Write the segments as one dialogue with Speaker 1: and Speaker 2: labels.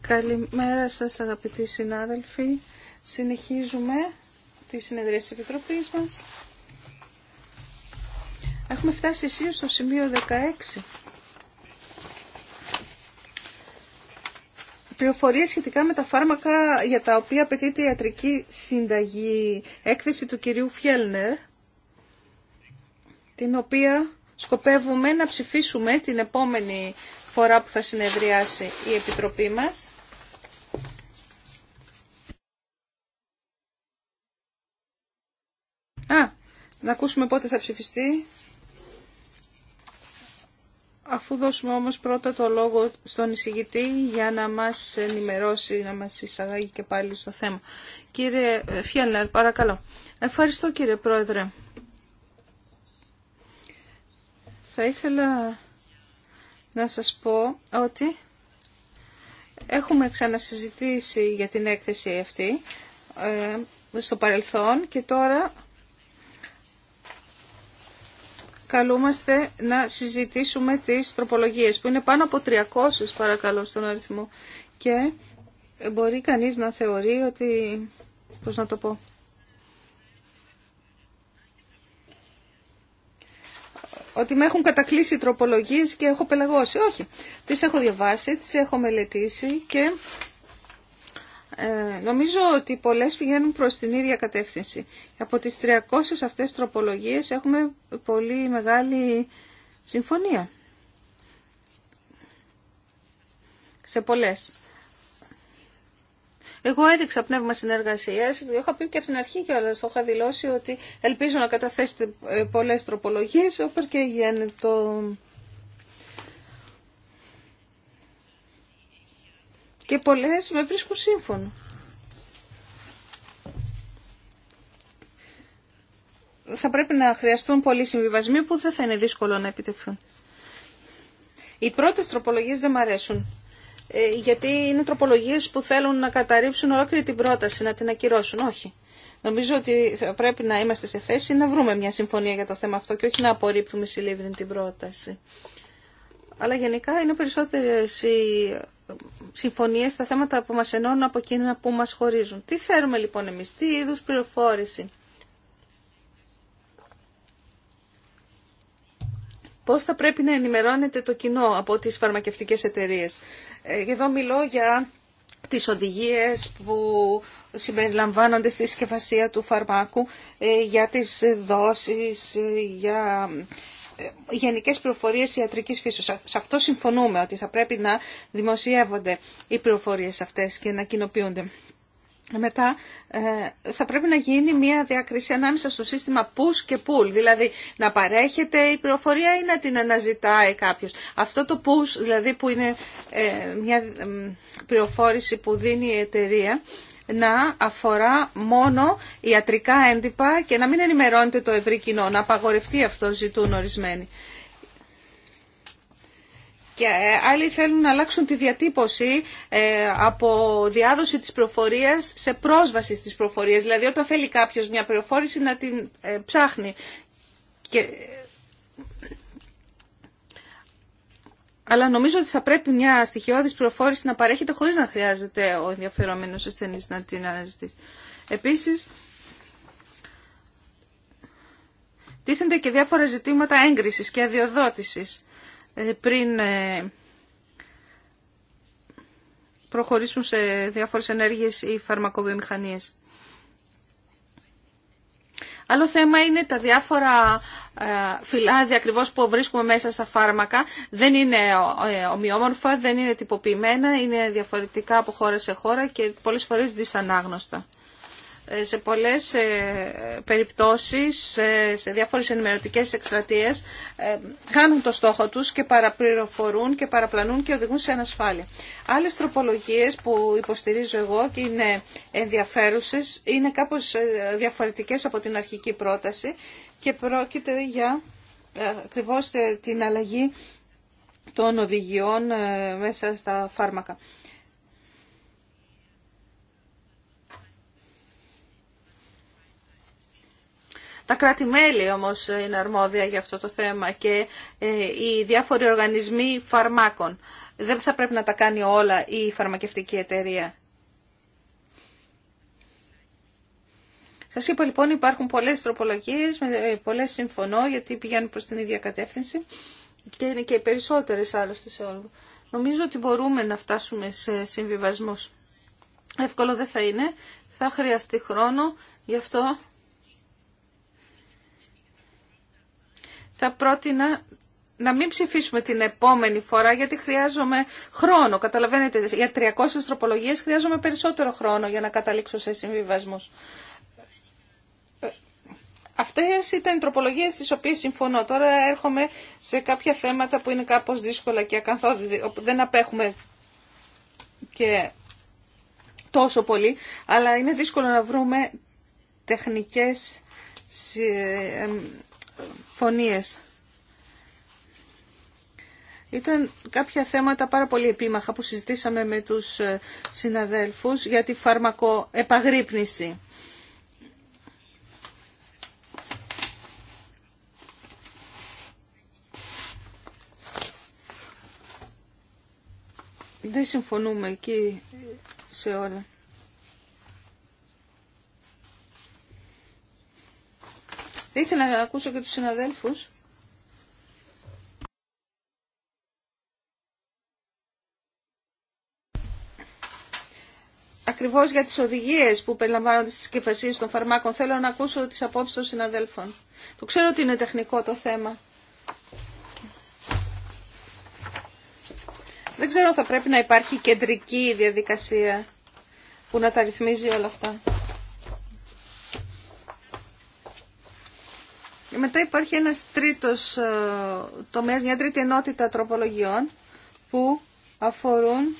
Speaker 1: Καλημέρα σας αγαπητοί συνάδελφοι. Συνεχίζουμε τη συνεδρία της Επιτροπής μας. Έχουμε φτάσει σίγουρα στο σημείο 16. Πληροφορίες σχετικά με τα φάρμακα για τα οποία απαιτείται ιατρική συνταγή. Έκθεση του κυρίου Φιέλνερ, την οποία σκοπεύουμε να ψηφίσουμε την επόμενη φορά που θα συνεδριάσει η Επιτροπή μας. Α, να ακούσουμε πότε θα ψηφιστεί. Αφού δώσουμε όμως πρώτα το λόγο στον εισηγητή για να μας ενημερώσει, να μας εισαγάγει και πάλι στο θέμα. Κύριε Φιέλνερ, παρακαλώ. Ευχαριστώ κύριε Πρόεδρε. Θα ήθελα να σας πω ότι έχουμε ξανασυζητήσει για την έκθεση αυτή ε, στο παρελθόν και τώρα καλούμαστε να συζητήσουμε τις τροπολογίες που είναι πάνω από 300 παρακαλώ στον αριθμό και μπορεί κανείς να θεωρεί ότι πώς να το πω ότι με έχουν κατακλείσει τροπολογίες και έχω πελαγώσει. Όχι. Τις έχω διαβάσει, τις έχω μελετήσει και ε, νομίζω ότι πολλές πηγαίνουν προς την ίδια κατεύθυνση. Από τις 300 αυτές τροπολογίες έχουμε πολύ μεγάλη συμφωνία. Σε πολλές. Εγώ έδειξα πνεύμα συνεργασία. Το είχα πει και από την αρχή κιόλα. Το είχα δηλώσει ότι ελπίζω να καταθέσετε ε, πολλέ τροπολογίε, όπω και για το. Και πολλέ με βρίσκουν σύμφωνο. Θα πρέπει να χρειαστούν πολλοί συμβιβασμοί που δεν θα είναι δύσκολο να επιτευχθούν. Οι πρώτες τροπολογίες δεν μ' αρέσουν ε, γιατί είναι τροπολογίε που θέλουν να καταρρύψουν ολόκληρη την πρόταση, να την ακυρώσουν. Όχι. Νομίζω ότι θα πρέπει να είμαστε σε θέση να βρούμε μια συμφωνία για το θέμα αυτό και όχι να απορρίπτουμε συλλήβδιν την πρόταση. Αλλά γενικά είναι περισσότερες οι ε, συμφωνίες στα θέματα που μας ενώνουν από εκείνα που μας χωρίζουν. Τι θέλουμε λοιπόν εμεί, τι είδου πληροφόρηση πώς θα πρέπει να ενημερώνεται το κοινό από τις φαρμακευτικές εταιρείες. Ε, εδώ μιλώ για τις οδηγίες που συμπεριλαμβάνονται στη συσκευασία του φαρμάκου, ε, για τις δόσεις, ε, για γενικές πληροφορίες ιατρικής φύσης. Σε αυτό συμφωνούμε ότι θα πρέπει να δημοσιεύονται οι πληροφορίες αυτές και να κοινοποιούνται μετά ε, θα πρέπει να γίνει μια διάκριση ανάμεσα στο σύστημα push και pull, δηλαδή να παρέχεται η πληροφορία ή να την αναζητάει κάποιος. Αυτό το push, δηλαδή που είναι ε, μια πληροφόρηση που δίνει η εταιρεία, να αφορά μόνο ιατρικά έντυπα και να μην ενημερώνεται το ευρύ κοινό. Να απαγορευτεί αυτό ζητούν ορισμένοι και ε, άλλοι θέλουν να αλλάξουν τη διατύπωση ε, από διάδοση της προφορίας σε πρόσβαση στις προφορίες. Δηλαδή όταν θέλει κάποιος μια προφόρηση να την ε, ψάχνει. Και... Αλλά νομίζω ότι θα πρέπει μια στοιχειώδης προφόρηση να παρέχεται χωρίς να χρειάζεται ο ενδιαφερόμενος ασθενή να την αναζητήσει. Επίσης, τίθενται και διάφορα ζητήματα έγκρισης και αδειοδότησης ε, πριν ε, προχωρήσουν σε διάφορες ενέργειες οι φαρμακοβιομηχανίες. Άλλο θέμα είναι τα διάφορα ε, φυλάδια ακριβώ που βρίσκουμε μέσα στα φάρμακα. Δεν είναι ομοιόμορφα, δεν είναι τυποποιημένα, είναι διαφορετικά από χώρα σε χώρα και πολλές φορές δυσανάγνωστα. Ε, σε πολλές ε, περιπτώσεις, ε, σε διάφορες ενημερωτικές εκστρατείες, χάνουν το στόχο τους και παραπληροφορούν και παραπλανούν και οδηγούν σε ανασφάλεια. Άλλες τροπολογίες που υποστηρίζω εγώ και είναι ενδιαφέρουσες, είναι κάπως διαφορετικές από την αρχική πρόταση και πρόκειται για ακριβώς την αλλαγή των οδηγιών μέσα στα φάρμακα. Τα κράτη-μέλη όμως ε, είναι αρμόδια για αυτό το θέμα και ε, οι διάφοροι οργανισμοί φαρμάκων. Δεν θα πρέπει να τα κάνει όλα η φαρμακευτική εταιρεία. Σα είπα λοιπόν υπάρχουν πολλές τροπολογίε, ε, πολλές συμφωνώ γιατί πηγαίνουν προς την ίδια κατεύθυνση και είναι και οι περισσότερε άλλωστε σε όλο. Νομίζω ότι μπορούμε να φτάσουμε σε συμβιβασμού. Εύκολο δεν θα είναι, θα χρειαστεί χρόνο, γι' αυτό θα πρότεινα να μην ψηφίσουμε την επόμενη φορά γιατί χρειάζομαι χρόνο. Καταλαβαίνετε, για 300 τροπολογίες χρειάζομαι περισσότερο χρόνο για να καταλήξω σε συμβιβασμούς. Ε, αυτές ήταν οι τροπολογίες στις οποίες συμφωνώ. Τώρα έρχομαι σε κάποια θέματα που είναι κάπως δύσκολα και ακαθόδη, δεν απέχουμε και τόσο πολύ, αλλά είναι δύσκολο να βρούμε τεχνικές φωνίες. Ήταν κάποια θέματα πάρα πολύ επίμαχα που συζητήσαμε με τους ε, συναδέλφους για τη φαρμακοεπαγρύπνηση. Δεν συμφωνούμε εκεί σε όλα. Θα ήθελα να ακούσω και τους συναδέλφους. Ακριβώς για τις οδηγίες που περιλαμβάνονται στις κεφασίες των φαρμάκων θέλω να ακούσω τις απόψεις των συναδέλφων. Το ξέρω ότι είναι τεχνικό το θέμα. Δεν ξέρω θα πρέπει να υπάρχει κεντρική διαδικασία που να τα ρυθμίζει όλα αυτά. Και μετά υπάρχει ένας τρίτος ε, τομέας, μια τρίτη ενότητα τροπολογιών που αφορούν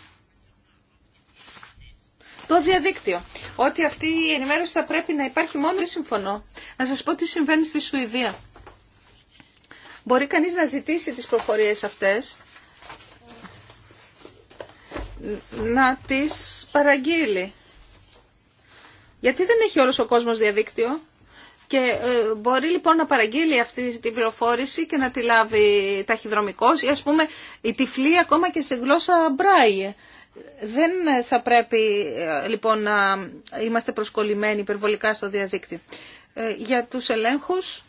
Speaker 1: το διαδίκτυο. Ότι αυτή η ενημέρωση θα πρέπει να υπάρχει μόνο, δεν συμφωνώ. Να σας πω τι συμβαίνει στη Σουηδία. Μπορεί κανείς να ζητήσει τις προφορίες αυτές, να τις παραγγείλει. Γιατί δεν έχει όλος ο κόσμος διαδίκτυο. Και ε, μπορεί λοιπόν να παραγγείλει αυτή την πληροφόρηση και να τη λάβει ταχυδρομικός ή ας πούμε η τυφλή ακόμα και σε γλώσσα μπράιε Δεν θα πρέπει ε, λοιπόν να είμαστε προσκολλημένοι υπερβολικά στο διαδίκτυο. Ε, για τους ελέγχους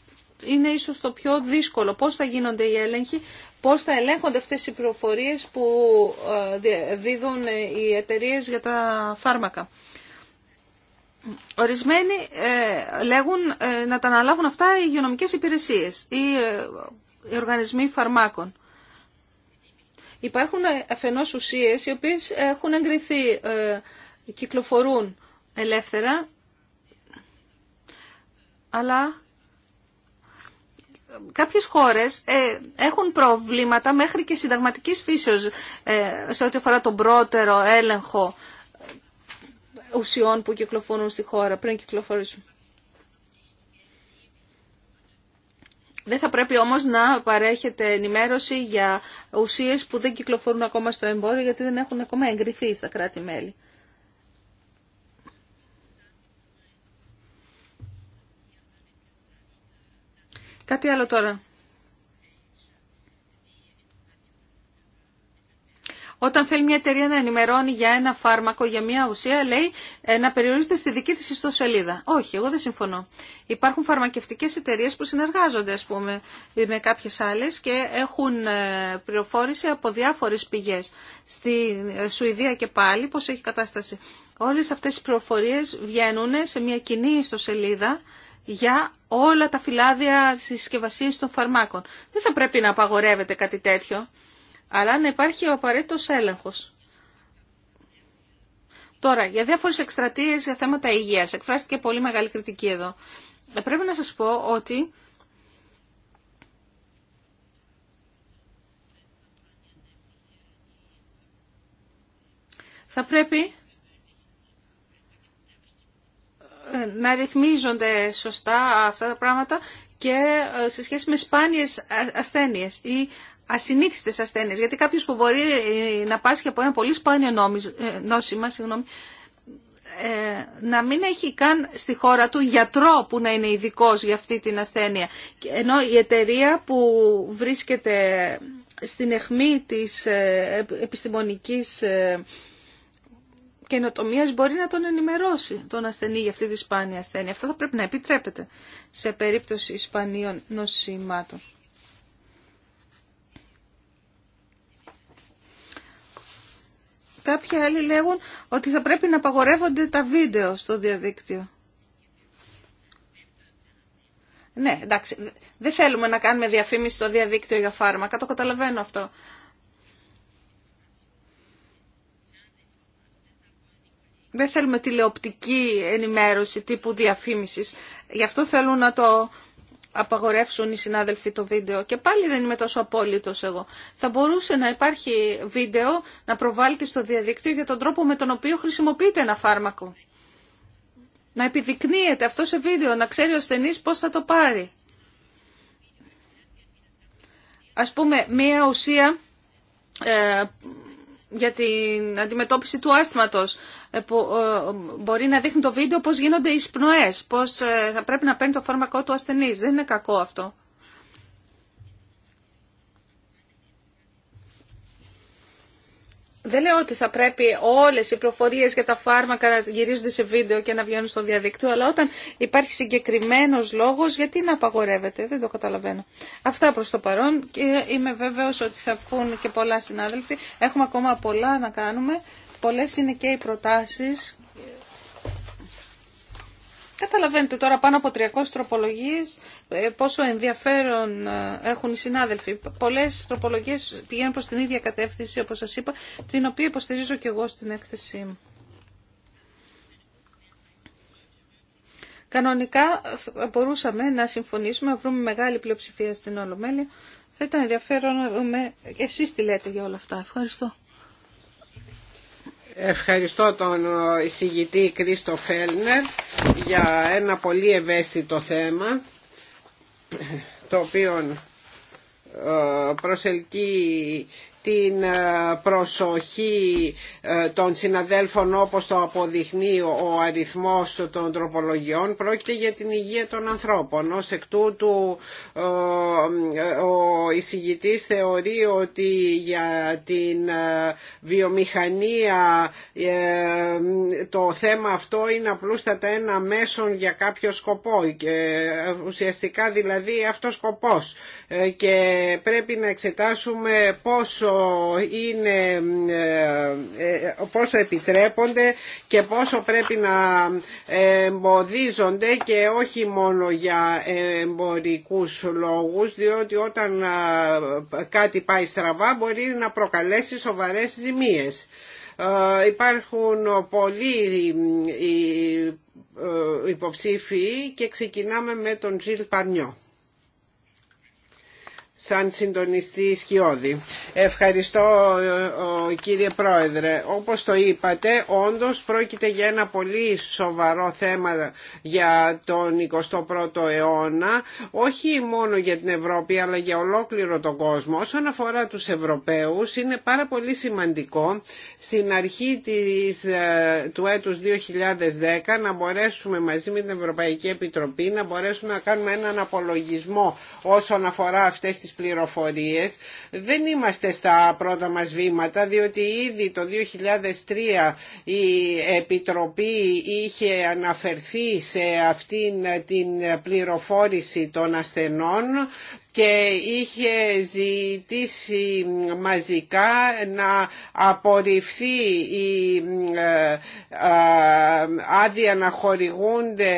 Speaker 1: είναι ίσως το πιο δύσκολο. Πώς θα γίνονται οι έλεγχοι, πώς θα ελέγχονται αυτές οι πληροφορίες που δίδουν οι εταιρείες για τα φάρμακα. Ορισμένοι ε, λέγουν ε, να τα αναλάβουν αυτά οι υγειονομικές υπηρεσίες ή ε, οι οργανισμοί φαρμάκων. Υπάρχουν αφενός ουσίες οι οποίες έχουν εγκριθεί, κυκλοφορούν ελεύθερα, αλλά κάποιες χώρες έχουν προβλήματα μέχρι και συνταγματικής φύσεως σε ό,τι αφορά τον πρώτερο έλεγχο ουσιών που κυκλοφορούν στη χώρα πριν κυκλοφορήσουν. Δεν θα πρέπει όμως να παρέχετε ενημέρωση για ουσίες που δεν κυκλοφορούν ακόμα στο εμπόριο γιατί δεν έχουν ακόμα εγκριθεί στα κράτη-μέλη. Κάτι άλλο τώρα Όταν θέλει μια εταιρεία να ενημερώνει για ένα φάρμακο, για μια ουσία, λέει ε, να περιορίζεται στη δική τη ιστοσελίδα. Όχι, εγώ δεν συμφωνώ. Υπάρχουν φαρμακευτικές εταιρείε που συνεργάζονται, α πούμε, με κάποιε άλλε και έχουν ε, πληροφόρηση από διάφορε πηγέ. Στη ε, Σουηδία και πάλι, πώ έχει κατάσταση. Όλε αυτέ οι πληροφορίε βγαίνουν σε μια κοινή ιστοσελίδα για όλα τα φυλάδια τη συσκευασία των φαρμάκων. Δεν θα πρέπει να απαγορεύεται κάτι τέτοιο αλλά να υπάρχει ο απαραίτητος έλεγχος. Τώρα, για διάφορες εκστρατείες για θέματα υγείας. Εκφράστηκε πολύ μεγάλη κριτική εδώ. Ε, πρέπει να σας πω ότι θα πρέπει ε, να ρυθμίζονται σωστά αυτά τα πράγματα και ε, σε σχέση με σπάνιες ασθένειες ή ασυνήθιστες ασθένειες, γιατί κάποιο που μπορεί ε, να πάσχει από ένα πολύ σπάνιο ε, νόσημα, συγγνώμη, ε, να μην έχει καν στη χώρα του γιατρό που να είναι ειδικό για αυτή την ασθένεια. Ενώ η εταιρεία που βρίσκεται στην αιχμή της επιστημονικής καινοτομία μπορεί να τον ενημερώσει τον ασθενή για αυτή τη σπάνια ασθένεια. Αυτό θα πρέπει να επιτρέπεται σε περίπτωση σπανίων νοσημάτων. Κάποιοι άλλοι λέγουν ότι θα πρέπει να απαγορεύονται τα βίντεο στο διαδίκτυο. Ναι, εντάξει, δεν θέλουμε να κάνουμε διαφήμιση στο διαδίκτυο για φάρμακα, το καταλαβαίνω αυτό. Δεν θέλουμε τηλεοπτική ενημέρωση τύπου διαφήμισης, γι' αυτό θέλουν να το απαγορεύσουν οι συνάδελφοι το βίντεο. Και πάλι δεν είμαι τόσο απόλυτο εγώ. Θα μπορούσε να υπάρχει βίντεο να προβάλλεται στο διαδίκτυο για τον τρόπο με τον οποίο χρησιμοποιείται ένα φάρμακο. Να επιδεικνύεται αυτό σε βίντεο, να ξέρει ο στενής πώς θα το πάρει. Ας πούμε, μία ουσία ε, για την αντιμετώπιση του άσθματος ε, που ε, μπορεί να δείχνει το βίντεο πώς γίνονται οι σπνοές, πώς ε, θα πρέπει να παίρνει το φάρμακό του ασθενής. Δεν είναι κακό αυτό. Δεν λέω ότι θα πρέπει όλες οι προφορίες για τα φάρμακα να γυρίζονται σε βίντεο και να βγαίνουν στο διαδίκτυο, αλλά όταν υπάρχει συγκεκριμένος λόγος, γιατί να απαγορεύεται, δεν το καταλαβαίνω. Αυτά προς το παρόν και είμαι βέβαιος ότι θα πούν και πολλά συνάδελφοι. Έχουμε ακόμα πολλά να κάνουμε. Πολλέ είναι και οι προτάσει. Καταλαβαίνετε τώρα πάνω από 300 τροπολογίες ε, πόσο ενδιαφέρον ε, έχουν οι συνάδελφοι. Πολλές τροπολογίες πηγαίνουν προς την ίδια κατεύθυνση όπως σας είπα, την οποία υποστηρίζω και εγώ στην έκθεσή μου. Κανονικά μπορούσαμε να συμφωνήσουμε, να βρούμε μεγάλη πλειοψηφία στην Ολομέλεια. Θα ήταν ενδιαφέρον να δούμε εσείς τι λέτε για όλα αυτά. Ευχαριστώ.
Speaker 2: Ευχαριστώ τον ε, εισηγητή Κρίστο Φέλνερ για ένα πολύ ευαίσθητο θέμα το οποίο ε, προσελκύει την ε, προσοχή ε, των συναδέλφων όπως το αποδειχνεί ο αριθμός των τροπολογιών πρόκειται για την υγεία των ανθρώπων. Ως εκ τούτου ε, ο εισηγητής θεωρεί ότι για την βιομηχανία το θέμα αυτό είναι απλούστατα ένα μέσο για κάποιο σκοπό ουσιαστικά δηλαδή αυτός σκοπός και πρέπει να εξετάσουμε πώς πόσο, είναι, ε, ε, πόσο επιτρέπονται και πόσο πρέπει να εμποδίζονται και όχι μόνο για εμπορικούς λόγους διότι όταν ε, κάτι πάει στραβά μπορεί να προκαλέσει σοβαρές ζημίες. Υπάρχουν πολλοί υποψήφοι και ξεκινάμε με τον Τζιλ Παρνιό σαν συντονιστή Σκιώδη. Ευχαριστώ ε, κύριε Πρόεδρε. Όπως το είπατε, όντως πρόκειται για ένα πολύ σοβαρό θέμα για τον 21ο αιώνα, όχι μόνο για την Ευρώπη αλλά για ολόκληρο τον κόσμο. Όσον αφορά τους Ευρωπαίους, είναι πάρα πολύ σημαντικό στην αρχή της, ε, του έτους 2010 να μπορέσουμε μαζί με την Ευρωπαϊκή Επιτροπή να μπορέσουμε να κάνουμε έναν απολογισμό όσον αφορά αυτές τις τις πληροφορίες. Δεν είμαστε στα πρώτα μας βήματα διότι ήδη το 2003 η Επιτροπή είχε αναφερθεί σε αυτήν την πληροφόρηση των ασθενών και είχε ζητήσει μαζικά να απορριφθεί η ε, ε, άδεια να χορηγούνται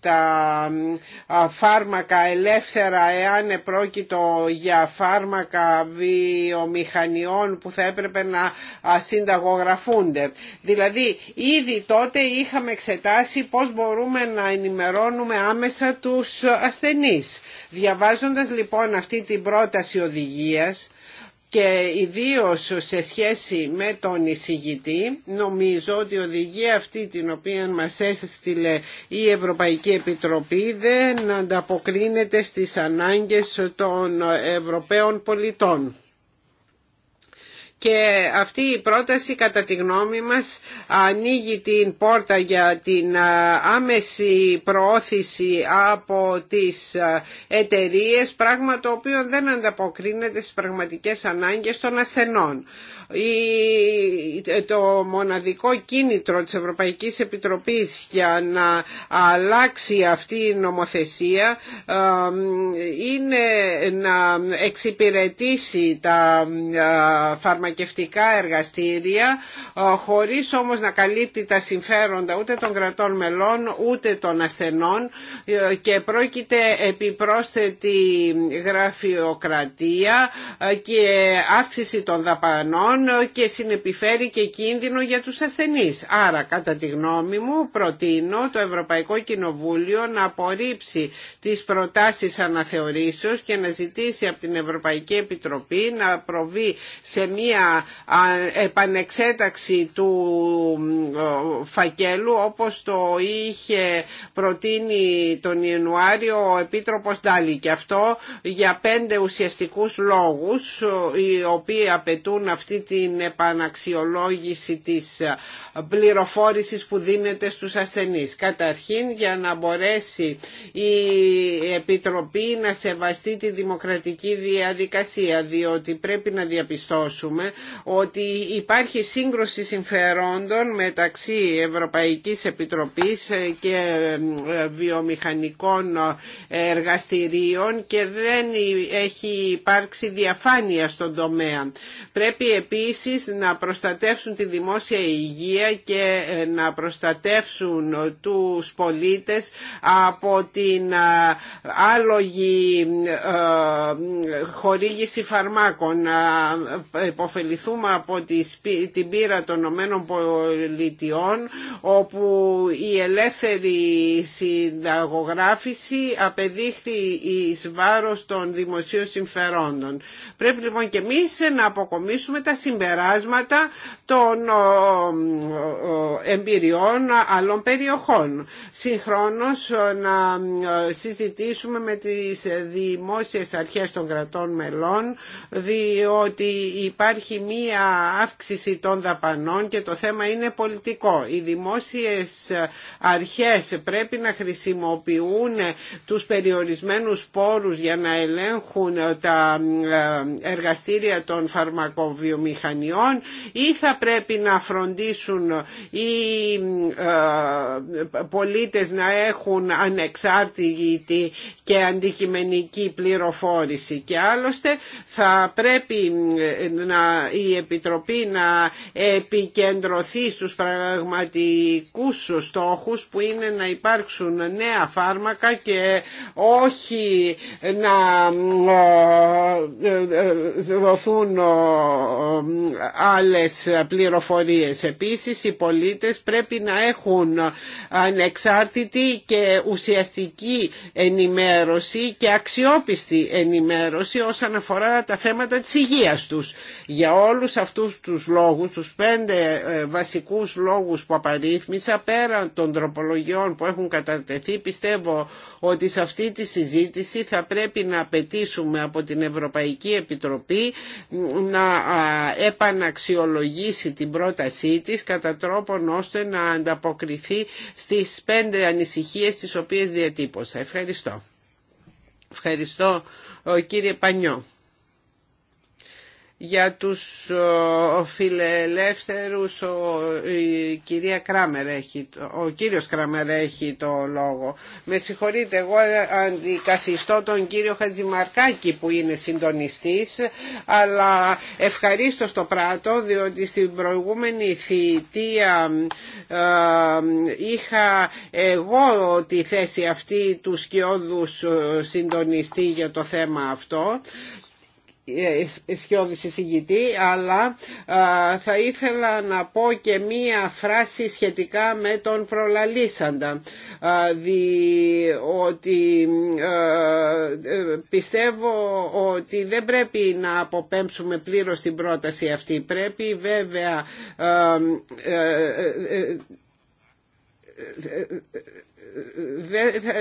Speaker 2: τα ε, φάρμακα ελεύθερα εάν πρόκειτο για φάρμακα βιομηχανιών που θα έπρεπε να συνταγογραφούνται. Δηλαδή ήδη τότε είχαμε εξετάσει πώς μπορούμε να ενημερώνουμε άμεσα τους ασθενείς. Διαβάζοντας λοιπόν αυτή την πρόταση οδηγίας και ιδίως σε σχέση με τον εισηγητή νομίζω ότι η οδηγία αυτή την οποία μας έστειλε η Ευρωπαϊκή Επιτροπή δεν ανταποκρίνεται στις ανάγκες των Ευρωπαίων πολιτών και αυτή η πρόταση κατά τη γνώμη μας ανοίγει την πόρτα για την άμεση προώθηση από τις εταιρείε, πράγμα το οποίο δεν ανταποκρίνεται στις πραγματικές ανάγκες των ασθενών. Το μοναδικό κίνητρο της Ευρωπαϊκής Επιτροπής για να αλλάξει αυτή η νομοθεσία είναι να εξυπηρετήσει τα φαρμακευτικά εργαστήρια ε, χωρίς όμως να καλύπτει τα συμφέροντα ούτε των κρατών μελών ούτε των ασθενών ε, και πρόκειται επιπρόσθετη γραφειοκρατία ε, και αύξηση των δαπανών και συνεπιφέρει και κίνδυνο για τους ασθενείς. Άρα κατά τη γνώμη μου προτείνω το Ευρωπαϊκό Κοινοβούλιο να απορρίψει τις προτάσεις αναθεωρήσεως και να ζητήσει από την Ευρωπαϊκή Επιτροπή να προβεί σε μία επανεξέταξη του φακέλου όπως το είχε προτείνει τον Ιανουάριο ο Επίτροπος Ντάλη και αυτό για πέντε ουσιαστικούς λόγους οι οποίοι απαιτούν αυτή την επαναξιολόγηση της πληροφόρησης που δίνεται στους ασθενείς. Καταρχήν για να μπορέσει η Επιτροπή να σεβαστεί τη δημοκρατική διαδικασία διότι πρέπει να διαπιστώσουμε ότι υπάρχει σύγκρουση συμφερόντων μεταξύ Ευρωπαϊκής Επιτροπής και ε, βιομηχανικών εργαστηρίων και δεν έχει υπάρξει διαφάνεια στον τομέα. Πρέπει επίσης να προστατεύσουν τη δημόσια υγεία και ε, να προστατεύσουν τους πολίτες από την ε, άλογη χορήγηση φαρμάκων από την πύρα των Ηνωμένων Πολιτειών όπου η ελεύθερη συνταγογράφηση απεδείχθη εις βάρος των δημοσίων συμφερόντων. Πρέπει λοιπόν και εμείς να αποκομίσουμε τα συμπεράσματα των εμπειριών άλλων περιοχών. Συγχρόνως να συζητήσουμε με τις δημόσιες αρχές των κρατών μελών διότι υπάρχει υπάρχει μία αύξηση των δαπανών και το θέμα είναι πολιτικό. Οι δημόσιες αρχές πρέπει να χρησιμοποιούν τους περιορισμένους πόρους για να ελέγχουν τα εργαστήρια των φαρμακοβιομηχανιών ή θα πρέπει να φροντίσουν οι ε, πολίτες να έχουν ανεξάρτητη και αντικειμενική πληροφόρηση και άλλωστε θα πρέπει να η Επιτροπή να επικεντρωθεί στους πραγματικούς στόχους που είναι να υπάρξουν νέα φάρμακα και όχι να ε, ε, δοθούν ε, άλλες πληροφορίες. Επίσης οι πολίτες πρέπει να έχουν ανεξάρτητη και ουσιαστική ενημέρωση και αξιόπιστη ενημέρωση όσον αφορά τα θέματα της υγείας τους για όλους αυτούς τους λόγους, τους πέντε ε, βασικούς λόγους που απαρίθμησα, πέραν των τροπολογιών που έχουν κατατεθεί, πιστεύω ότι σε αυτή τη συζήτηση θα πρέπει να απαιτήσουμε από την Ευρωπαϊκή Επιτροπή να επαναξιολογήσει την πρότασή της κατά τρόπον ώστε να ανταποκριθεί στις πέντε ανησυχίες τις οποίες διατύπωσα. Ευχαριστώ. Ευχαριστώ κύριε Πανιό για τους φιλελεύθερους ο, η κυρία Κράμερ έχει, ο κύριος Κράμερ έχει το λόγο. Με συγχωρείτε, εγώ αντικαθιστώ τον κύριο Χατζημαρκάκη που είναι συντονιστής, αλλά ευχαρίστω το πράτο διότι στην προηγούμενη θητεία ε, είχα εγώ τη θέση αυτή του σκιώδους ε, συντονιστή για το θέμα αυτό σκιώδη εισηγητή αλλά θα ήθελα να πω και μία φράση σχετικά με τον προλαλήσαντα α, διότι πιστεύω ότι δεν πρέπει να αποπέμψουμε πλήρως την πρόταση αυτή πρέπει βέβαια α,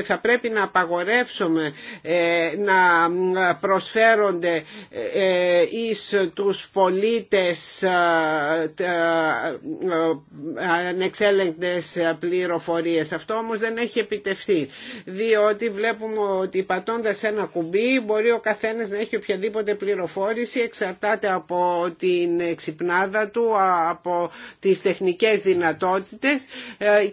Speaker 2: θα πρέπει να απαγορεύσουμε ε, να προσφέρονται ε, εις τους πολίτες ε, ανεξέλεγκτες πληροφορίες. Αυτό όμως δεν έχει επιτευχθεί διότι βλέπουμε ότι πατώντας ένα κουμπί μπορεί ο καθένας να έχει οποιαδήποτε πληροφόρηση εξαρτάται από την ξυπνάδα του, από τις τεχνικές δυνατότητες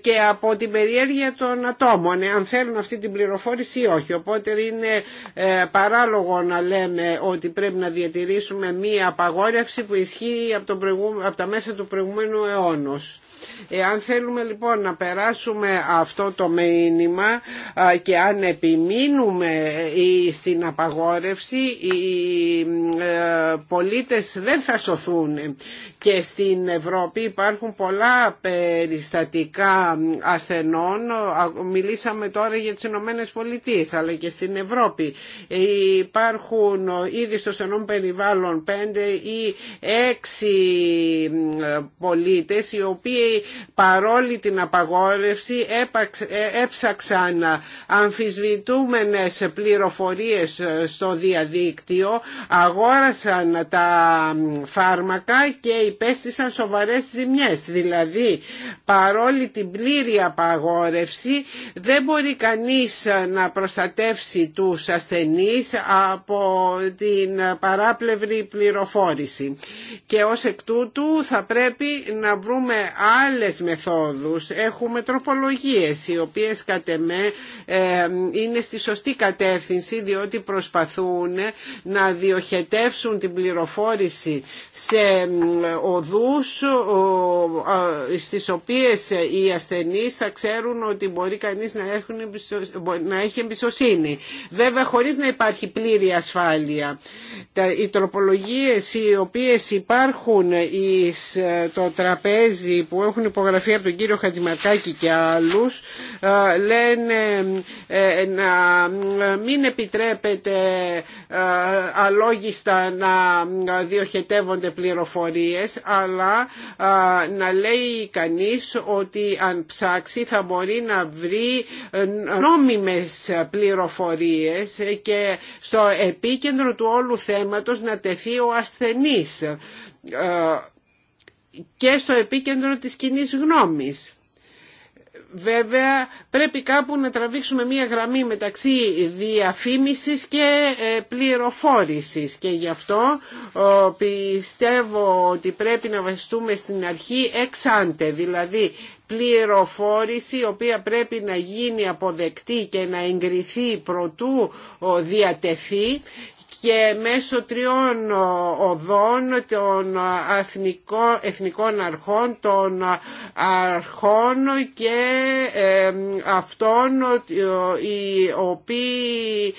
Speaker 2: και από την περιέργεια των ατόμων ε, αν θέλουν αυτή την πληροφόρηση ή όχι. Οπότε είναι ε, παράλογο να λέμε ότι πρέπει να διατηρήσουμε μία απαγόρευση που ισχύει από, από τα μέσα του προηγούμενου αιώνος. Εάν θέλουμε λοιπόν να περάσουμε αυτό το μήνυμα και αν επιμείνουμε ε, στην απαγόρευση οι ε, πολίτες δεν θα σωθούν και στην Ευρώπη υπάρχουν πολλά περιστατικά ασθενών μιλήσαμε τώρα για τις Ηνωμένε Πολιτείε, αλλά και στην Ευρώπη υπάρχουν ήδη στο στενό περιβάλλον πέντε ή έξι ε, πολίτες οι οποίοι παρόλη την απαγόρευση ε, έψαξαν αμφισβητούμενες πληροφορίες ε, στο διαδίκτυο, αγόρασαν τα φάρμακα και υπέστησαν σοβαρές ζημιές. Δηλαδή παρόλη την πλήρη απαγόρευση δεν μπορεί κανείς ε, να προστατεύσει τους ασθενείς από την παράπλευρη πληροφόρηση. Και ως εκ τούτου θα πρέπει να βρούμε άλλες μεθόδους έχουμε τροπολογίες οι οποίες κατ' εμέ ε, είναι στη σωστή κατεύθυνση διότι προσπαθούν να διοχετεύσουν την πληροφόρηση σε οδούς στις οποίες οι ασθενείς θα ξέρουν ότι μπορεί κανείς να, έχουν, να έχει εμπιστοσύνη. Βέβαια χωρίς να υπάρχει πλήρη ασφάλεια. Οι τροπολογίες οι οποίες υπάρχουν ε, το τραπέζι που έχουν υπογραφεί από τον κύριο Χατζημαρκάκη και άλλους ε, λένε ε, να μην επιτρέπεται ε, αλόγιστα να διοχετεύονται πληροφορίες αλλά να λέει κανείς ότι αν ψάξει θα μπορεί να βρει νόμιμες πληροφορίες και στο επίκεντρο του όλου θέματος να τεθεί ο ασθενής και στο επίκεντρο της κοινή γνώμης. Βέβαια πρέπει κάπου να τραβήξουμε μία γραμμή μεταξύ διαφήμισης και ε, πληροφόρησης και γι' αυτό πιστεύω ότι πρέπει να βαστούμε στην αρχή εξάντε, δηλαδή πληροφόρηση η οποία πρέπει να γίνει αποδεκτή και να εγκριθεί προτού διατεθεί και μέσω τριών οδών των εθνικών αρχών, των αρχών και αυτών οι οποίοι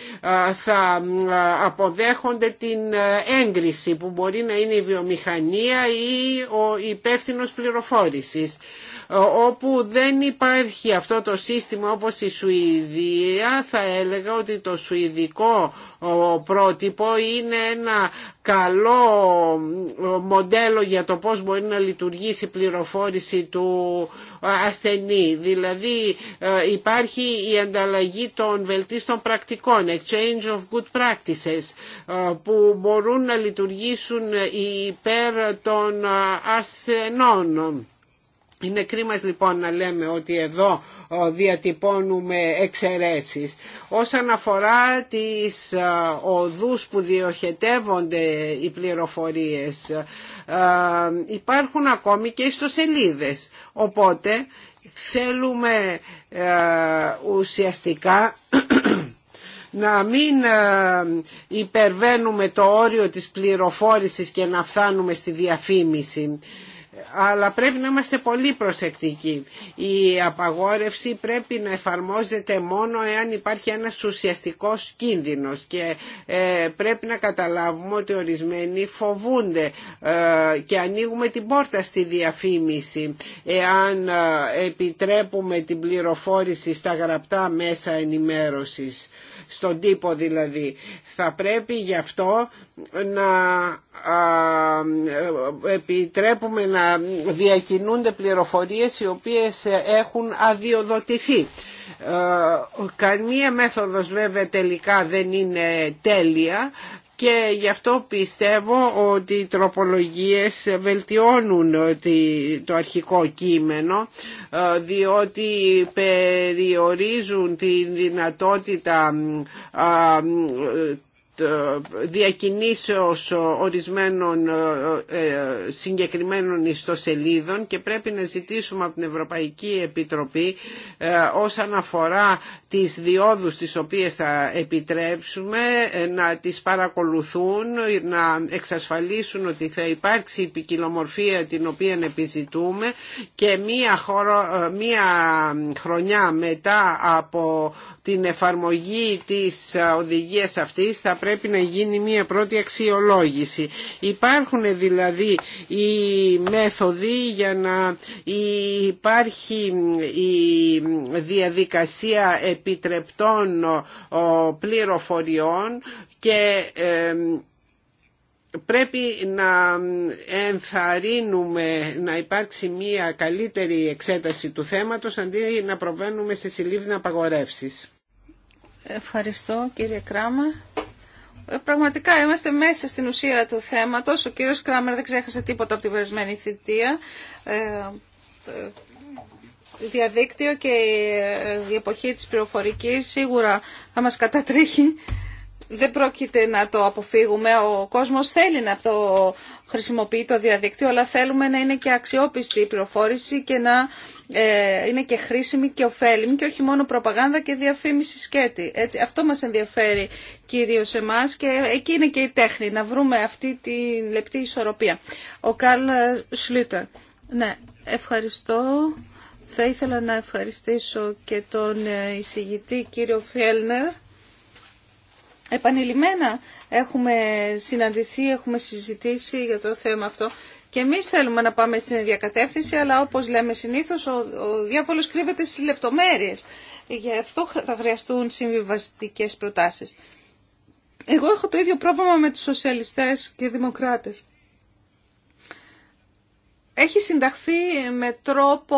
Speaker 2: θα αποδέχονται την έγκριση που μπορεί να είναι η βιομηχανία ή ο υπεύθυνο πληροφόρησης όπου δεν υπάρχει αυτό το σύστημα όπως η Σουηδία θα έλεγα ότι το σουηδικό πρότυπο είναι ένα καλό μοντέλο για το πώς μπορεί να λειτουργήσει η πληροφόρηση του ε, ασθενή. Δηλαδή ε, υπάρχει η ανταλλαγή των βελτίστων πρακτικών, exchange of good practices, ε, που μπορούν να λειτουργήσουν υπέρ των ασθενών είναι κρίμα λοιπόν να λέμε ότι εδώ διατυπώνουμε εξαιρέσεις. Όσον αφορά τις οδούς που διοχετεύονται οι πληροφορίες, υπάρχουν ακόμη και ιστοσελίδε. Οπότε θέλουμε ουσιαστικά να μην υπερβαίνουμε το όριο της πληροφόρησης και να φτάνουμε στη διαφήμιση αλλά πρέπει να είμαστε πολύ προσεκτικοί. Η απαγόρευση πρέπει να εφαρμόζεται μόνο εάν υπάρχει ένας ουσιαστικός κίνδυνος και ε, πρέπει να καταλάβουμε ότι ορισμένοι φοβούνται ε, και ανοίγουμε την πόρτα στη διαφήμιση εάν ε, επιτρέπουμε την πληροφόρηση στα γραπτά μέσα ενημέρωσης στον τύπο δηλαδή. Θα πρέπει γι' αυτό να επιτρέπουμε να διακινούνται πληροφορίες οι οποίες έχουν αδειοδοτηθεί. Ε, Καμία μέθοδος βέβαια τελικά δεν είναι τέλεια και γι' αυτό πιστεύω ότι οι τροπολογίες βελτιώνουν το αρχικό κείμενο ε, διότι περιορίζουν τη δυνατότητα ε, ε, διακινήσεως ορισμένων συγκεκριμένων ιστοσελίδων και πρέπει να ζητήσουμε από την Ευρωπαϊκή Επιτροπή όσον αφορά τις διόδους τις οποίες θα επιτρέψουμε, ε, να τις παρακολουθούν, ε, να εξασφαλίσουν ότι θα υπάρξει η ποικιλομορφία την οποία επιζητούμε και μία, ε, μία χρονιά μετά από την εφαρμογή της οδηγίας αυτής θα πρέπει να γίνει μία πρώτη αξιολόγηση. Υπάρχουν δηλαδή οι μέθοδοι για να υπάρχει η διαδικασία επιτρεπτών πληροφοριών και πρέπει να ενθαρρύνουμε να υπάρξει μια καλύτερη εξέταση του θέματος αντί να προβαίνουμε σε να
Speaker 3: απαγορεύσεις.
Speaker 1: Ευχαριστώ κύριε Κράμα. Ε, πραγματικά είμαστε μέσα στην ουσία του θέματος. Ο κύριος Κράμερ δεν ξέχασε τίποτα από την περασμένη θητεία. Ε, ε, διαδίκτυο και ε, η εποχή της πληροφορικής σίγουρα θα μας κατατρέχει. Δεν πρόκειται να το αποφύγουμε. Ο κόσμος θέλει να το χρησιμοποιεί το διαδίκτυο, αλλά θέλουμε να είναι και αξιόπιστη η πληροφόρηση και να ε, είναι και χρήσιμη και ωφέλιμη και όχι μόνο προπαγάνδα και διαφήμιση σκέτη. Έτσι, αυτό μας ενδιαφέρει κυρίως εμάς και εκεί είναι και η τέχνη, να βρούμε αυτή τη λεπτή ισορροπία. Ο Καρλ Σλούτερ. Ναι, ευχαριστώ. Θα ήθελα να ευχαριστήσω και τον ε, εισηγητή κύριο Φέλνερ. Επανειλημμένα έχουμε συναντηθεί, έχουμε συζητήσει για το θέμα αυτό και εμείς θέλουμε να πάμε στην διακατεύθυνση αλλά όπως λέμε συνήθως ο, ο διάβολος κρύβεται στις λεπτομέρειες. Γι' αυτό θα χρειαστούν συμβιβαστικές προτάσεις. Εγώ έχω το ίδιο πρόβλημα με τους σοσιαλιστές και δημοκράτες έχει συνταχθεί με τρόπο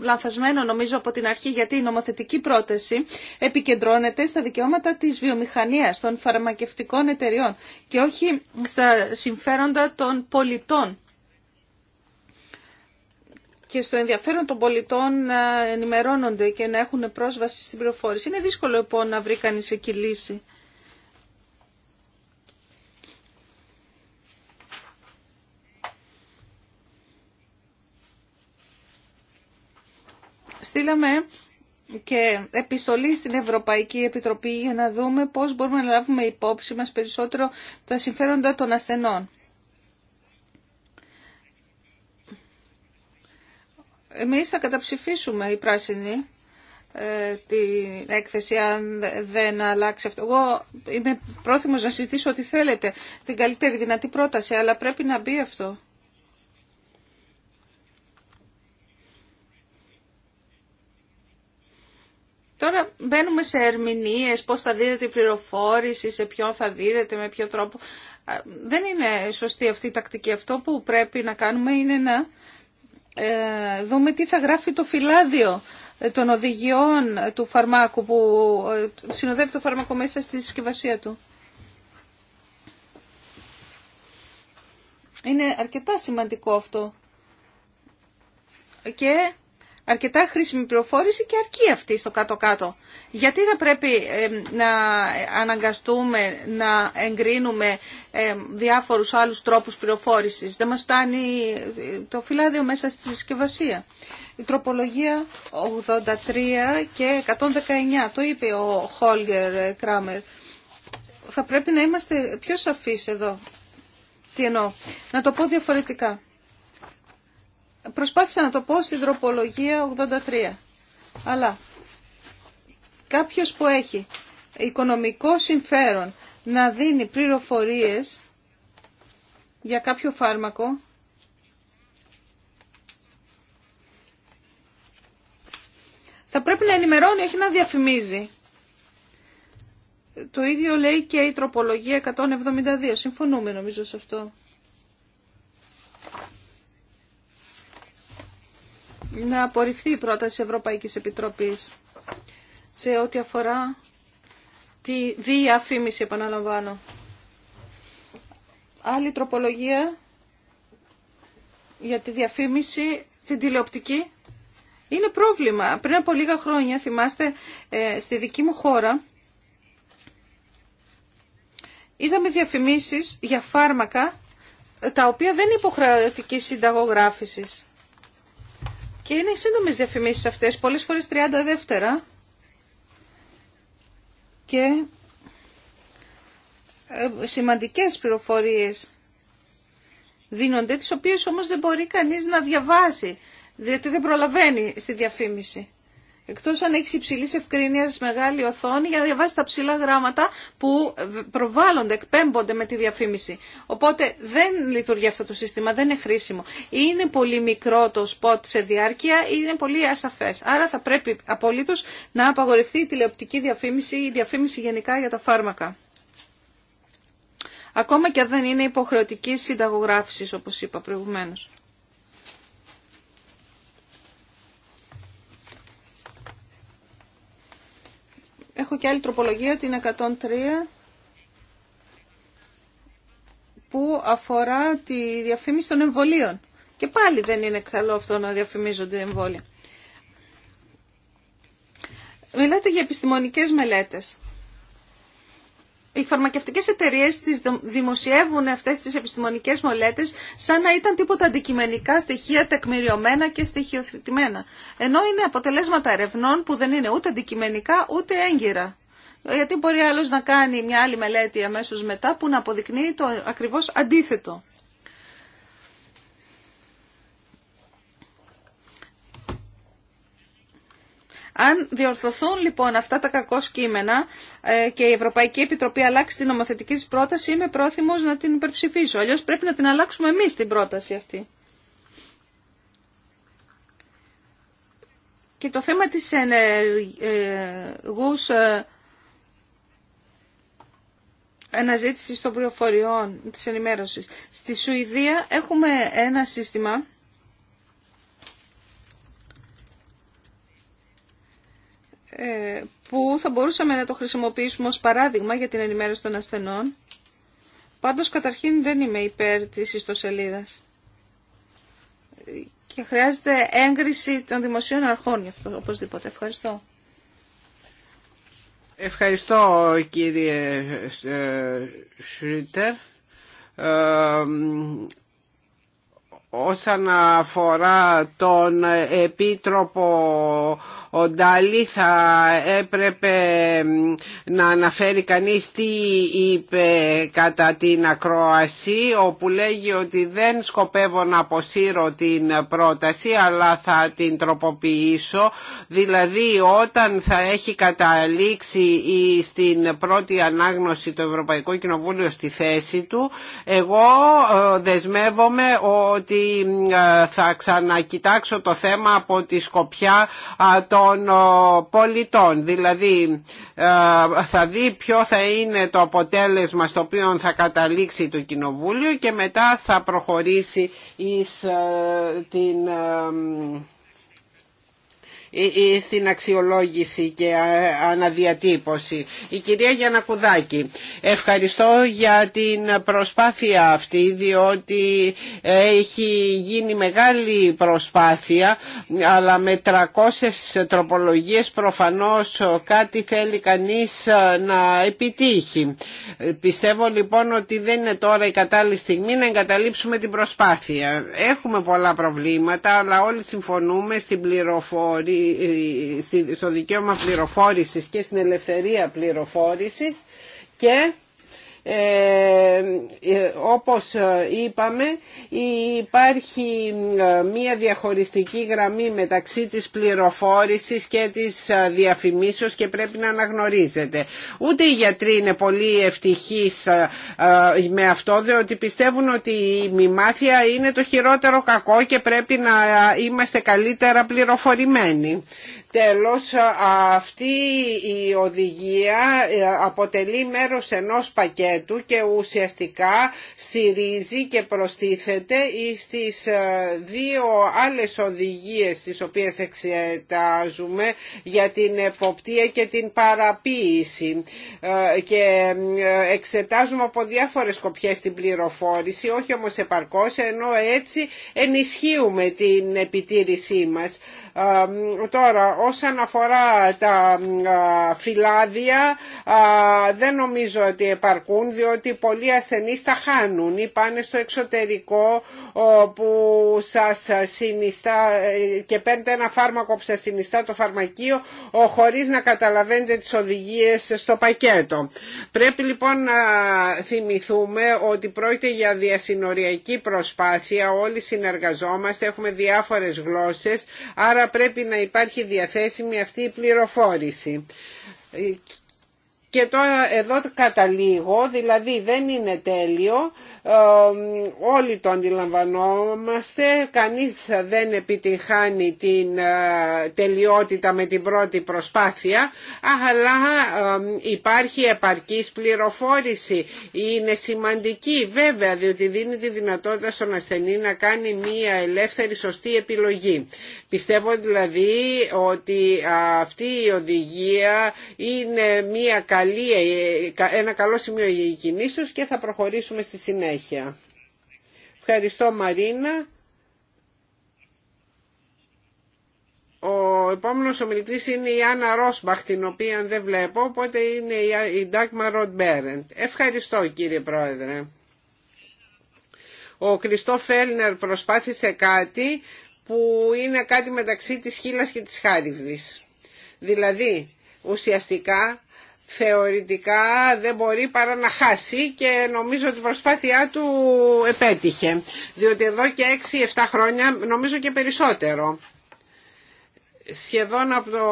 Speaker 1: λανθασμένο νομίζω από την αρχή γιατί η νομοθετική πρόταση επικεντρώνεται στα δικαιώματα της βιομηχανίας, των φαρμακευτικών εταιριών και όχι στα συμφέροντα των πολιτών και στο ενδιαφέρον των πολιτών να ενημερώνονται και να έχουν πρόσβαση στην πληροφόρηση. Είναι δύσκολο λοιπόν να βρει κανείς εκεί λύση. Στείλαμε και επιστολή στην Ευρωπαϊκή Επιτροπή για να δούμε πώς μπορούμε να λάβουμε υπόψη μας περισσότερο τα συμφέροντα των ασθενών. Εμείς θα καταψηφίσουμε η Πράσινη ε, την έκθεση αν δεν αλλάξει αυτό. Εγώ είμαι πρόθυμος να συζητήσω ό,τι θέλετε, την καλύτερη δυνατή πρόταση, αλλά πρέπει να μπει αυτό. Τώρα μπαίνουμε σε ερμηνείες, πώς θα δίδεται η πληροφόρηση, σε ποιον θα δίδεται, με ποιο τρόπο. Δεν είναι σωστή αυτή η τακτική. Αυτό που πρέπει να κάνουμε είναι να ε, δούμε τι θα γράφει το φυλάδιο των οδηγιών του φαρμάκου που ε, συνοδεύει το φαρμακό μέσα στη συσκευασία του. Είναι αρκετά σημαντικό αυτό. Και αρκετά χρήσιμη πληροφόρηση και αρκεί αυτή στο κάτω-κάτω. Γιατί θα πρέπει να αναγκαστούμε να εγκρίνουμε διάφορους άλλους τρόπους πληροφόρησης. Δεν μας φτάνει ε, το φυλάδιο μέσα στη συσκευασία. Η τροπολογία 83 και 119, το είπε ο Χόλγερ Κράμερ. Θα πρέπει να είμαστε πιο σαφείς εδώ. Τι εννοώ. Να το πω διαφορετικά προσπάθησα να το πω στην τροπολογία 83. Αλλά κάποιος που έχει οικονομικό συμφέρον να δίνει πληροφορίες για κάποιο φάρμακο, θα πρέπει να ενημερώνει, όχι να διαφημίζει. Το ίδιο λέει και η τροπολογία 172. Συμφωνούμε νομίζω σε αυτό. να απορριφθεί η πρόταση Ευρωπαϊκής Επιτροπής σε ό,τι αφορά τη διαφήμιση, επαναλαμβάνω. Άλλη τροπολογία για τη διαφήμιση, την τηλεοπτική. Είναι πρόβλημα. Πριν από λίγα χρόνια, θυμάστε, ε, στη δική μου χώρα είδαμε διαφημίσεις για φάρμακα ε, τα οποία δεν είναι υποχρεωτική συνταγογράφησης. Και είναι σύντομες διαφημίσεις αυτές, πολλές φορές 30 δεύτερα. Και ε, σημαντικές πληροφορίες δίνονται, τις οποίες όμως δεν μπορεί κανείς να διαβάσει, διότι δεν προλαβαίνει στη διαφήμιση. Εκτός αν έχει υψηλή ευκρίνεια μεγάλη οθόνη για να διαβάσει τα ψηλά γράμματα που προβάλλονται, εκπέμπονται με τη διαφήμιση. Οπότε δεν λειτουργεί αυτό το σύστημα, δεν είναι χρήσιμο. Είναι πολύ μικρό το σποτ σε διάρκεια ή είναι πολύ ασαφές. Άρα θα πρέπει απολύτως να απαγορευτεί η ειναι πολυ ασαφε διαφήμιση απολυτω να απαγορευτει η διαφήμιση γενικά για τα φάρμακα. Ακόμα και αν δεν είναι υποχρεωτική συνταγογράφηση, όπω είπα προηγουμένω. Έχω και άλλη τροπολογία, την 103, που αφορά τη διαφήμιση των εμβολίων. Και πάλι δεν είναι καλό αυτό να διαφημίζονται εμβόλια. Μιλάτε για επιστημονικές μελέτες οι φαρμακευτικές εταιρείες τις δημοσιεύουν αυτές τις επιστημονικές μολέτες σαν να ήταν τίποτα αντικειμενικά στοιχεία τεκμηριωμένα και στοιχειοθετημένα. Ενώ είναι αποτελέσματα ερευνών που δεν είναι ούτε αντικειμενικά ούτε έγκυρα. Γιατί μπορεί άλλος να κάνει μια άλλη μελέτη αμέσως μετά που να αποδεικνύει το ακριβώς αντίθετο. Αν διορθωθούν λοιπόν αυτά τα κακό κείμενα ε, και η Ευρωπαϊκή Επιτροπή αλλάξει την νομοθετική της πρόταση, είμαι πρόθυμος να την υπερψηφίσω. Αλλιώ πρέπει να την αλλάξουμε εμείς την πρόταση αυτή. Και το θέμα της ενεργούς ε, αναζήτησης των πληροφοριών, της ενημέρωσης. Στη Σουηδία έχουμε ένα σύστημα που θα μπορούσαμε να το χρησιμοποιήσουμε ως παράδειγμα για την ενημέρωση των ασθενών. Πάντως καταρχήν δεν είμαι υπέρ της ιστοσελίδας και χρειάζεται έγκριση των δημοσίων αρχών γι' αυτό οπωσδήποτε. Ευχαριστώ.
Speaker 2: Ευχαριστώ κύριε Ε, ε Όσον αφορά τον Επίτροπο ο Ντάλι θα έπρεπε να αναφέρει κανείς τι είπε κατά την ακρόαση όπου λέγει ότι δεν σκοπεύω να αποσύρω την πρόταση αλλά θα την τροποποιήσω δηλαδή όταν θα έχει καταλήξει στην πρώτη ανάγνωση το Ευρωπαϊκό Κοινοβούλιο στη θέση του εγώ ε, δεσμεύομαι ότι ε, θα ξανακοιτάξω το θέμα από τη σκοπιά το των πολιτών. Δηλαδή ε, θα δει ποιο θα είναι το αποτέλεσμα στο οποίο θα καταλήξει το Κοινοβούλιο και μετά θα προχωρήσει εις ε, την ε, στην αξιολόγηση και αναδιατύπωση. Η κυρία Γιανακουδάκη, ευχαριστώ για την προσπάθεια αυτή διότι έχει γίνει μεγάλη προσπάθεια αλλά με 300 τροπολογίες προφανώς κάτι θέλει κανείς να επιτύχει. Πιστεύω λοιπόν ότι δεν είναι τώρα η κατάλληλη στιγμή να εγκαταλείψουμε την προσπάθεια. Έχουμε πολλά προβλήματα αλλά όλοι συμφωνούμε στην πληροφορία στο δικαίωμα πληροφόρησης και στην ελευθερία πληροφόρησης και ε, ε, όπως ε, είπαμε υπάρχει μία διαχωριστική γραμμή μεταξύ της πληροφόρησης και της διαφημίσεως και πρέπει να αναγνωρίζεται. Ούτε οι γιατροί είναι πολύ ευτυχείς με αυτό διότι πιστεύουν ότι η μημάθεια είναι το χειρότερο κακό και πρέπει να είμαστε καλύτερα πληροφορημένοι. Τέλος, αυτή η οδηγία ε, αποτελεί μέρος ενός πακέτου και ουσιαστικά στηρίζει και προστίθεται στις ε, δύο άλλες οδηγίες τις οποίες εξετάζουμε για την εποπτεία και την παραποίηση ε, και εξετάζουμε από διάφορες κοπιές την πληροφόρηση, όχι όμως επαρκώς, ενώ έτσι ενισχύουμε την επιτήρησή μας. Τώρα, όσον αφορά τα φυλάδια δεν νομίζω ότι επαρκούν διότι πολλοί ασθενείς τα χάνουν ή πάνε στο εξωτερικό που σας συνιστά και παίρνετε ένα φάρμακο που σας συνιστά το φαρμακείο χωρίς να καταλαβαίνετε τις οδηγίες στο πακέτο. Πρέπει λοιπόν να θυμηθούμε ότι πρόκειται για διασυνοριακή προσπάθεια όλοι συνεργαζόμαστε, έχουμε διάφορες γλώσσες άρα πρέπει να υπάρχει διαθέσιμη αυτή η πληροφόρηση. Ε, και τώρα εδώ καταλήγω, δηλαδή δεν είναι τέλειο, όλοι το αντιλαμβανόμαστε, κανείς δεν επιτυχάνει την ε, τελειότητα με την πρώτη προσπάθεια, αλλά υπάρχει επαρκής πληροφόρηση, είναι σημαντική βέβαια, διότι δίνει τη δυνατότητα στον ασθενή να κάνει μία ελεύθερη σωστή επιλογή. Πιστεύω δηλαδή ότι αυτή η οδηγία είναι μια καλή, ε, ένα καλό σημείο για και θα προχωρήσουμε στη συνέχεια συνέχεια. Ευχαριστώ Μαρίνα. Ο επόμενος ομιλητής είναι η Άννα Ρόσμπαχ, την οποία δεν βλέπω, οπότε είναι η Ντάκμα Ροντμπέρεντ. Ευχαριστώ κύριε Πρόεδρε. Ο Κριστό Φέλνερ προσπάθησε κάτι που είναι κάτι μεταξύ της χίλας και της χάριβδης. Δηλαδή, ουσιαστικά θεωρητικά δεν μπορεί παρά να χάσει και νομίζω ότι η προσπάθειά του επέτυχε. Διότι εδώ και 6-7 χρόνια νομίζω και περισσότερο σχεδόν από το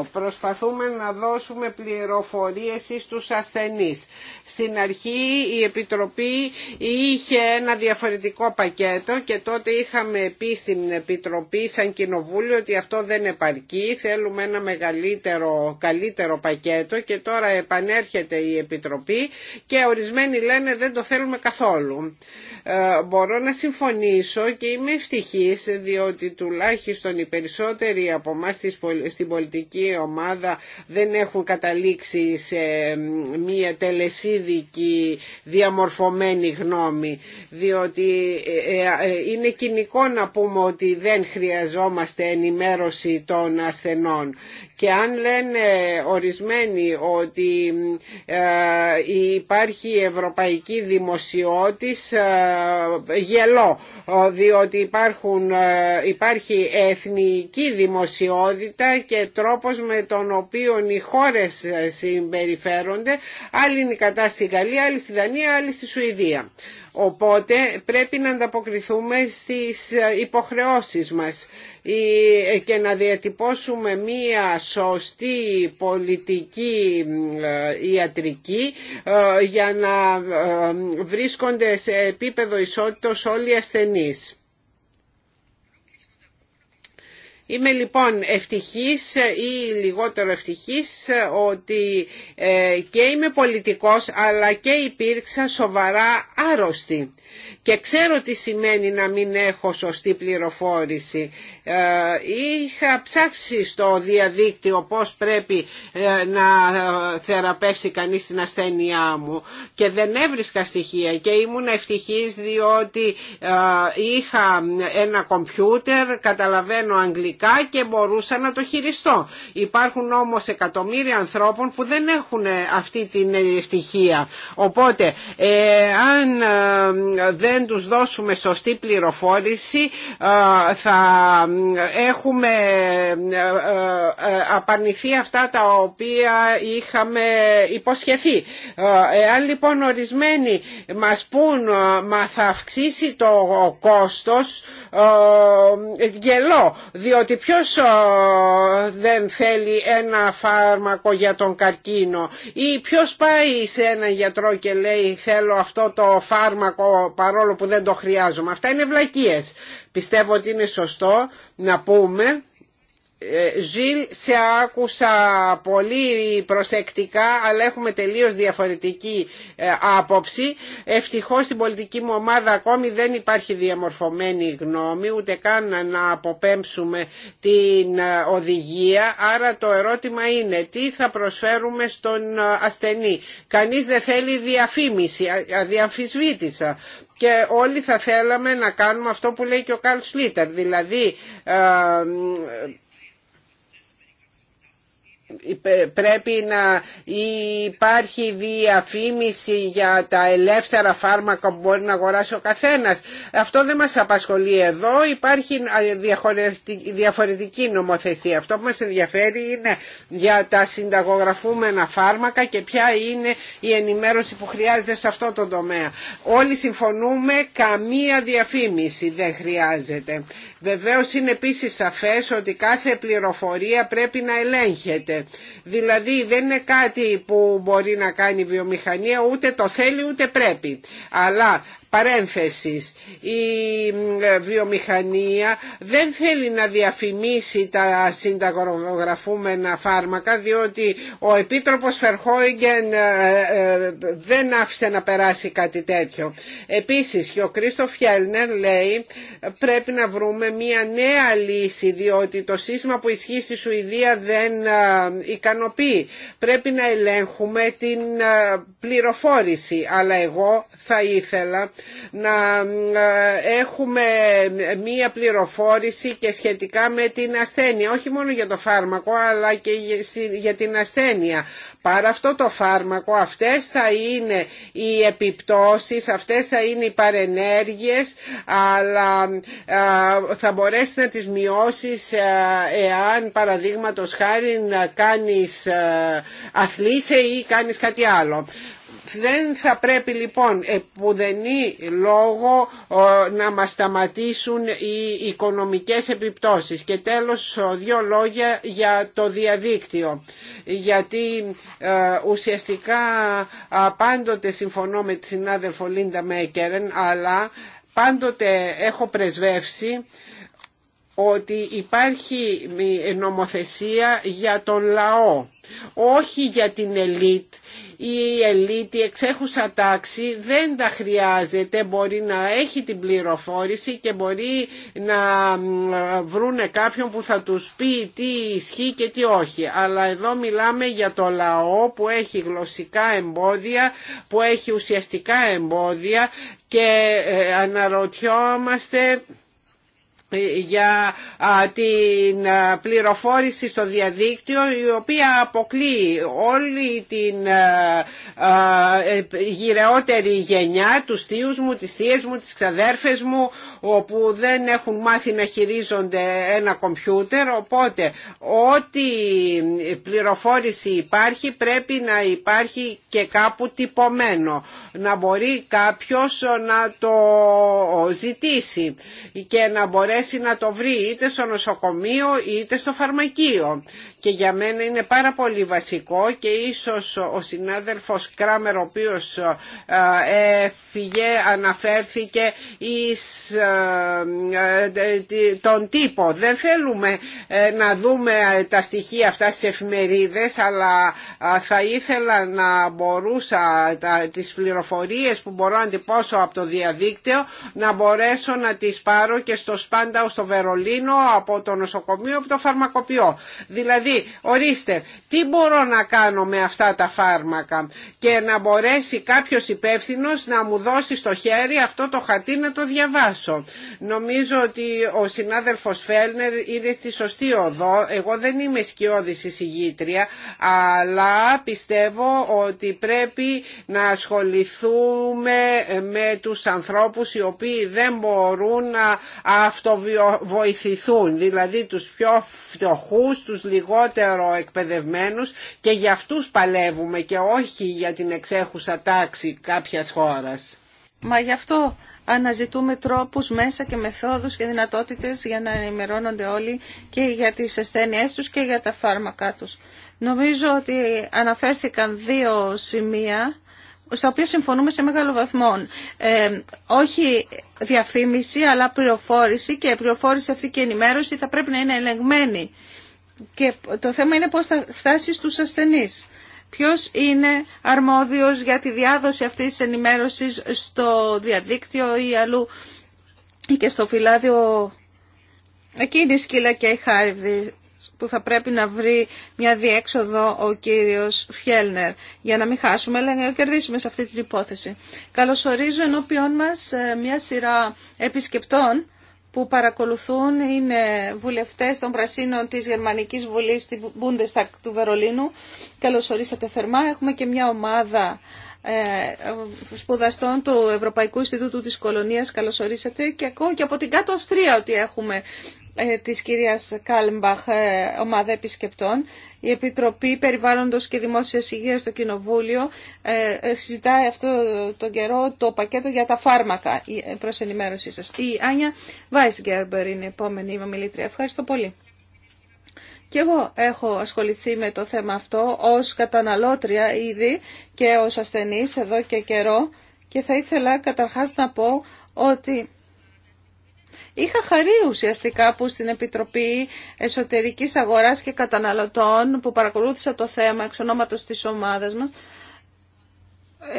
Speaker 2: 2001-2002 προσπαθούμε να δώσουμε πληροφορίες στους ασθενείς. Στην αρχή η Επιτροπή είχε ένα διαφορετικό πακέτο και τότε είχαμε πει στην Επιτροπή σαν Κοινοβούλιο ότι αυτό δεν επαρκεί, θέλουμε ένα μεγαλύτερο, καλύτερο πακέτο και τώρα επανέρχεται η Επιτροπή και ορισμένοι λένε δεν το θέλουμε καθόλου. Ε, μπορώ να συμφωνήσω και είμαι ευτυχής διότι τουλάχιστον οι περισσότεροι από εμά στην πολιτική ομάδα δεν έχουν καταλήξει σε μια τελεσίδικη διαμορφωμένη γνώμη διότι ε, ε, ε, είναι κοινικό να πούμε ότι δεν χρειαζόμαστε ενημέρωση των ασθενών και αν λένε ορισμένοι ότι ε, υπάρχει ευρωπαϊκή δημοσιότης, ε, γελώ, διότι υπάρχουν, ε, υπάρχει εθνική δημοσιότητα και τρόπος με τον οποίο οι χώρες συμπεριφέρονται. Άλλη είναι η κατάσταση στη Γαλλία, άλλη στη Δανία, άλλη στη Σουηδία. Οπότε πρέπει να ανταποκριθούμε στις υποχρεώσεις μας και να διατυπώσουμε μία σωστή πολιτική ε, ιατρική ε, για να ε, βρίσκονται σε επίπεδο ισότητος όλοι οι ασθενείς. Είμαι λοιπόν ευτυχής ή λιγότερο ευτυχής ότι ε, και είμαι πολιτικός αλλά και υπήρξα σοβαρά άρρωστη και ξέρω τι σημαίνει να μην έχω σωστή πληροφόρηση. Ε, είχα ψάξει στο διαδίκτυο πώς πρέπει ε, να θεραπεύσει κανείς την ασθένειά μου και δεν έβρισκα στοιχεία και ήμουν ευτυχής διότι είχα ένα κομπιούτερ, καταλαβαίνω αγγλικά και μπορούσα να το χειριστώ. Υπάρχουν όμως εκατομμύρια ανθρώπων που δεν έχουν ε, αυτή την ευτυχία. Οπότε, ε, αν ε, δεν τους δώσουμε σωστή πληροφόρηση, θα έχουμε απαρνηθεί αυτά τα οποία είχαμε υποσχεθεί. Εάν λοιπόν ορισμένοι μας πούν, μα θα αυξήσει το κόστος, ε, ε, γελό διότι ποιος ε, δεν θέλει ένα φάρμακο για τον καρκίνο ή ποιος πάει σε έναν γιατρό και λέει θέλω αυτό το φάρμακο παρόλο που δεν το χρειάζομαι. Αυτά είναι βλακίες. Πιστεύω ότι είναι σωστό να πούμε ε, Ζιλ, σε άκουσα πολύ προσεκτικά, αλλά έχουμε τελείως διαφορετική ε, άποψη. Ευτυχώς στην πολιτική μου ομάδα ακόμη δεν υπάρχει διαμορφωμένη γνώμη, ούτε καν να αποπέμψουμε την ε, οδηγία. Άρα το ερώτημα είναι τι θα προσφέρουμε στον ασθενή. Κανείς δεν θέλει διαφήμιση, αδιαμφισβήτησα και όλοι θα θέλαμε να κάνουμε αυτό που λέει και ο Καρλ Σλίτερ, δηλαδή πρέπει να υπάρχει διαφήμιση για τα ελεύθερα φάρμακα που μπορεί να αγοράσει ο καθένας. Αυτό δεν μας απασχολεί εδώ, υπάρχει διαφορετική νομοθεσία. Αυτό που μας ενδιαφέρει είναι για τα συνταγογραφούμενα φάρμακα και ποια είναι η ενημέρωση που χρειάζεται σε αυτό το τομέα. Όλοι συμφωνούμε, καμία διαφήμιση δεν χρειάζεται. Βεβαίω είναι επίση σαφέ ότι κάθε πληροφορία πρέπει να ελέγχεται. Δηλαδή δεν είναι κάτι που μπορεί να κάνει η βιομηχανία ούτε το θέλει ούτε πρέπει. Αλλά Παρένθεσης, η ε, βιομηχανία δεν θέλει να διαφημίσει τα συνταγογραφούμενα φάρμακα διότι ο Επίτροπος Φερχόιγγεν ε, ε, δεν άφησε να περάσει κάτι τέτοιο. Επίσης και ο Κρίστο Φιέλνερ λέει πρέπει να βρούμε μια νέα λύση διότι το σύστημα που ισχύει στη Σουηδία δεν ικανοποιεί. Πρέπει να ελέγχουμε την πληροφόρηση αλλά εγώ θα ήθελα να έχουμε μία πληροφόρηση και σχετικά με την ασθένεια, όχι μόνο για το φάρμακο αλλά και για την ασθένεια. Πάρα αυτό το φάρμακο, αυτές θα είναι οι επιπτώσεις, αυτές θα είναι οι παρενέργειες, αλλά θα μπορέσει να τις μειώσεις εάν παραδείγματος χάρη κάνεις αθλήσε ή κάνεις κάτι άλλο. Δεν θα πρέπει λοιπόν επουδενή λόγο να μας σταματήσουν οι οικονομικές επιπτώσεις. Και τέλος δύο λόγια για το διαδίκτυο. Γιατί ε, ουσιαστικά πάντοτε συμφωνώ με τη συνάδελφο Λίντα Μέκερεν αλλά πάντοτε έχω πρεσβεύσει ότι υπάρχει νομοθεσία για τον λαό, όχι για την ελίτ. Η ελίτ, η εξέχουσα τάξη δεν τα χρειάζεται, μπορεί να έχει την πληροφόρηση και μπορεί να βρούνε κάποιον που θα τους πει τι ισχύει και τι όχι. Αλλά εδώ μιλάμε για το λαό που έχει γλωσσικά εμπόδια, που έχει ουσιαστικά εμπόδια και ε, αναρωτιόμαστε για την πληροφόρηση στο διαδίκτυο η οποία αποκλεί όλη την ε, γυρεότερη γενιά, τους θείους μου, τις θείες μου, τις ξαδέρφες μου όπου δεν έχουν μάθει να χειρίζονται ένα κομπιούτερ οπότε ό,τι πληροφόρηση υπάρχει πρέπει να υπάρχει και κάπου τυπωμένο να μπορεί κάποιος να το ζητήσει και να μπορέσει να το βρει είτε στο νοσοκομείο είτε στο φαρμακείο και για μένα είναι πάρα πολύ βασικό και ίσως ο συνάδελφος Κράμερ ο οποίος ε, φυγε, αναφέρθηκε εις ε, τον τύπο. Δεν θέλουμε ε, να δούμε ε, τα στοιχεία αυτά στις εφημερίδες αλλά θα ήθελα να μπορούσα τι τις πληροφορίες που μπορώ να τυπώσω από το διαδίκτυο να μπορέσω να τις πάρω και στο Σπάνταο στο Βερολίνο από το νοσοκομείο από το φαρμακοποιό. Δηλαδή, ορίστε, τι μπορώ να κάνω με αυτά τα φάρμακα και να μπορέσει κάποιος υπεύθυνο να μου δώσει στο χέρι αυτό το χαρτί να το διαβάσω. Νομίζω ότι ο συνάδελφος Φέλνερ είναι στη σωστή οδό. Εγώ δεν είμαι σκιώδης εισηγήτρια, αλλά πιστεύω ότι πρέπει να ασχοληθούμε με τους ανθρώπους οι οποίοι δεν μπορούν να αυτοβοηθηθούν, δηλαδή τους πιο φτωχούς, τους λιγότερο εκπαιδευμένους και για αυτούς παλεύουμε και όχι για την εξέχουσα τάξη κάποιας χώρας.
Speaker 1: Μα γι' αναζητούμε τρόπους μέσα και μεθόδους και δυνατότητες για να ενημερώνονται όλοι και για τις ασθένειές τους και για τα φάρμακά τους. Νομίζω ότι αναφέρθηκαν δύο σημεία στα οποία συμφωνούμε σε μεγάλο βαθμό. Ε, όχι διαφήμιση, αλλά πληροφόρηση και η πληροφόρηση αυτή και η ενημέρωση θα πρέπει να είναι ελεγμένη. Και το θέμα είναι πώς θα φτάσει στους ασθενείς. Ποιος είναι αρμόδιος για τη διάδοση αυτής της ενημέρωσης στο διαδίκτυο ή αλλού ή και στο φυλάδιο εκείνη η σκύλα και η Χάριβδη που θα πρέπει να βρει μια διέξοδο ο κύριος Φιέλνερ για να μην χάσουμε αλλά να κερδίσουμε σε αυτή την υπόθεση. Καλωσορίζω ενώπιον μας ε, μια σειρά επισκεπτών που παρακολουθούν είναι βουλευτές των Πρασίνων της Γερμανικής Βουλής στη Bundestag του Βερολίνου. Καλώς ορίσατε θερμά. Έχουμε και μια ομάδα ε, σπουδαστών του Ευρωπαϊκού Ινστιτούτου της Κολονίας. Καλώς Και ακόμα και από την κάτω Αυστρία ότι έχουμε ε, της κυρίας Κάλμπαχ, ε, ομάδα επισκεπτών. Η Επιτροπή Περιβάλλοντος και Δημόσιας Υγείας στο Κοινοβούλιο ε, συζητάει αυτό τον καιρό το πακέτο για τα φάρμακα προς ενημέρωσή σας. Η Άνια Βάισγκέρμπερ είναι η επόμενη ομιλήτρια. Ευχαριστώ πολύ. Και εγώ έχω ασχοληθεί με το θέμα αυτό ως καταναλώτρια ήδη και ως ασθενής εδώ και καιρό και θα ήθελα καταρχάς να πω ότι Είχα χαρεί ουσιαστικά που στην Επιτροπή Εσωτερικής Αγοράς και Καταναλωτών που παρακολούθησα το θέμα εξ ονόματος της ομάδας μας